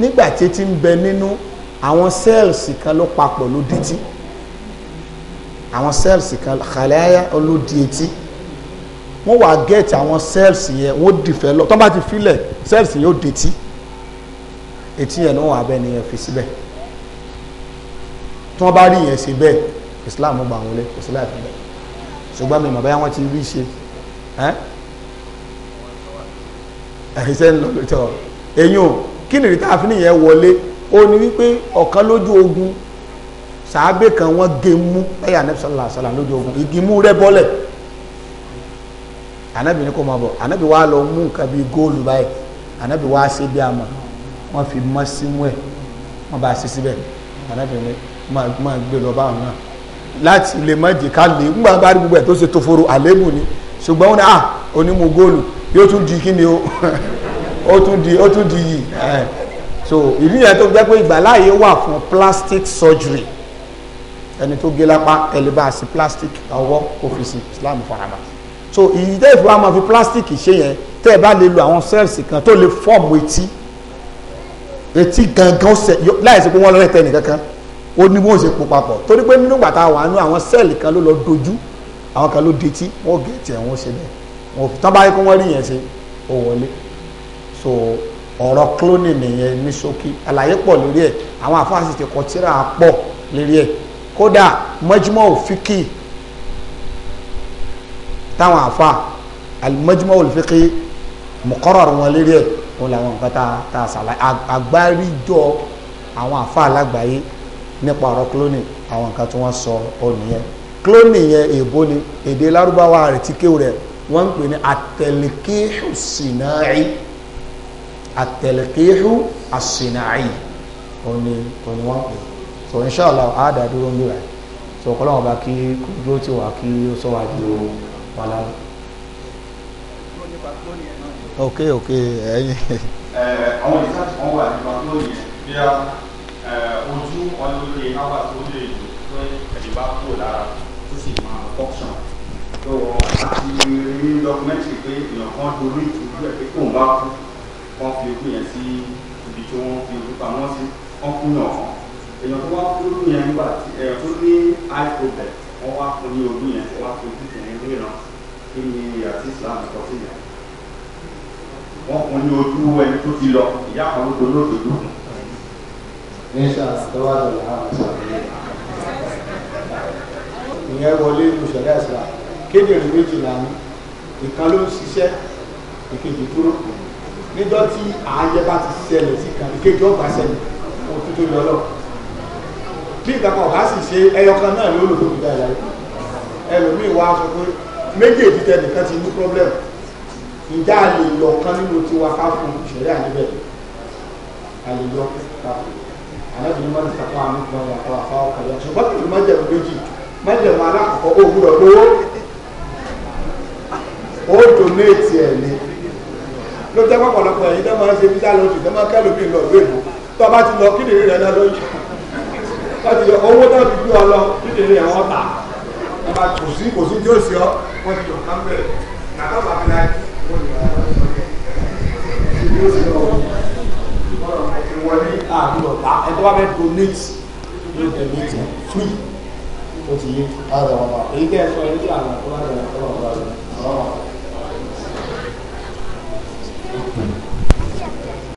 nígbà tí ti ń bẹ nínú àwọn cells kan ló papọ̀ ló di etí àwọn cells kan xalayá ló di etí wọ́n wá get àwọn cells yẹn wọ́n develop tó bá ti filẹ̀ cells yóò di etí etí yẹn ni wọ́n wà bẹ́ẹ̀ ni yẹn fi síbẹ̀ tí wọ́n bá rí yẹn ṣe bẹ́ẹ̀ Islam gba àwọn olè kò sí láì fi bẹ́ẹ̀ ṣùgbọ́n mi màbáyá wọ́n ti rí ṣe ẹ̀hìn sẹ́ni lọ́lọ́tọ̀ ẹ̀yìn o kí nìrí tá a ó ní wípé ọ̀kan lójú ogun sàábé kan wọ́n gé mú lẹ́yìn anabi sọlá sọlá lójú ogun igi mú rẹ bọ́lẹ̀ anabi ní kò máa bọ̀ anabi wá lọ mú nǹkan bíi góòlù báyìí anabi wá sí bí a mọ̀ wọ́n fi mọ́ símú ẹ̀ wọ́n bá a síbẹ̀ anabi ní máa gbé lọ báwọn náà láti lè má jì ká lè ń gbàgbá gbogbo ẹ̀ tó ṣe toforo àlébù ni ṣùgbọ́n wọn ah onímù góòlù yóò tún di kí ni o ó tún di ó tún di yìí so ìlú yẹn tó jẹ́ pé ìgbàláyé wà fún plastic surgery ẹni tó gé lápá ẹlẹ́bàásí plastic ọwọ́ òfìsì Islam faraba so ìdẹ́ ìfowópamọ́ máa fi plastic ṣe yẹn tẹ́ ẹ bá lè lo àwọn cells kan tó lè fọ́ọ̀mù etí etí gangan ṣe láìsí pé wọ́n lọ́rẹ́ tẹ́ nìkankan ó ní bó ń ṣe pò papọ̀ torí pé nínú gbàtà wà nú àwọn sẹ́ẹ̀lì kan ló lọ dojú àwọn kan ló detí wọ́n gé tiẹ̀ wọ́n ṣe bẹ́ẹ̀ wọ́n tán bá yẹ kó wọ́n rí yẹn ṣe ó wọlé so ọ̀rọ̀ clone nìyẹn ní ṣókí àlàyé pọ̀ lórí ẹ̀ àwọn àfáàsì ti kọ tíra pọ̀ lórí ẹ̀ kódà mọ́júmọ́ òfíkì táwọn àfáà alimọ́júmọ́ òfíkì mọ̀kọ́rọ̀ wọn lórí ẹ̀ òun làwọn nǹkan tá a ṣàlàyé àgbáríjọ àwọn àfáà lágbàáyé nípa ọ̀rọ̀ clone àwọn nǹkan tí wọ́n sọ ọ nìyẹn clone yẹn èèbó ni èdè lárúbáwá rẹ̀ tí kéwù rẹ̀ wọ́n ń pè ní àtẹ̀lẹ́kẹ́ òsínà àtẹ̀lẹ̀kéhù àsìnàáyì òní òní wọ́n pè so inṣàlá àádá dúró ń bí so kọ́lọ́wọ́n bá kí dúró ti wà kí ó sọ wá ju wà lára. ok ok ẹyin. ọmọ ìsá tí wọ́n wà ní babilóni bí a ojú ọlọ́lẹ̀ náwà tó lè lò pé ẹ̀dẹ̀ bá kúrò lára ó sì máa function tó àti rí dọ́kúmẹ́ntì pé èèyàn kan dorí ìtújú ẹ̀ pé kóun bá kú wọ́n fi ojú yẹn sí ibi tí wọ́n fi ojú pamọ́ sí wọ́n kú yàn fún èèyàn tó wá kú lójú yẹn nígbà tí ẹ tó ní eye problem wọ́n wá fún ní ojú yẹn wọ́n fi ojú yẹn ríran kí ni àti Islam kọ sí yẹn wọ́n fún ní ojú ẹni tó ti lọ ìyá kan ló dolóò dodo fún. níṣà tọ́wọ́ àdọ̀lá àwọn sọ̀rọ̀ ìyẹn wọlé ìmùsọ̀lẹ́ ìsìlá kéde ìrìn méjìlá ní ìkan ló ń ṣiṣẹ́ ìkejì dúró kù níjọ́ tí ààyè bá ti ṣẹlẹ̀ sí kan ìkejì ọgbà ṣẹlẹ̀ òtún tó yọ lọ bí ìgbàkan ọ̀gá sì ṣe ẹyọkan náà ló lò tó fi dá ìyá yìí ẹlòmíì wá sọ pé méjèèjì tẹ nìkan ti ní problem ìjà àlè yọ kan nínú tiwa ká fún ìṣẹ̀lẹ̀ àdébẹ̀ àlè yọ ká alábìnrin má ti tapá àmì kan wà fún àfa ọkọ̀ yẹn ṣùgbọ́n kìlì má jẹun méjì má jẹun alákọ̀ọ́ òwúrọ̀ lówó ó ló jẹ́ pọ̀pọ̀lọpọ̀ ẹ̀yin tó máa ń ṣe visa lọ́sùn tó máa ń kẹ́lò lọ ìlú èbó tó bá ti lọ kíndìnrín rẹ̀ náà lóyún wọ́n yọ owó náà fi gbé ọ lọ kíndìnrín rẹ̀ wọ́n ta kò sí kò sí tí ó sì ọ wọ́n ti yọ kán bẹ̀rẹ̀ nàkọ́ láì wọ́n ti yọ kán bẹ̀rẹ̀ àbúrò ta ẹ tó bá fẹ́ donate yóò tẹ̀ ní tẹ̀ free ó ti yé. èyí tẹ́ ẹ sọ ẹ ní àwọn ọ̀pọ̀lọpọ̀ àwọn ọ̀pọ̀lọpọ̀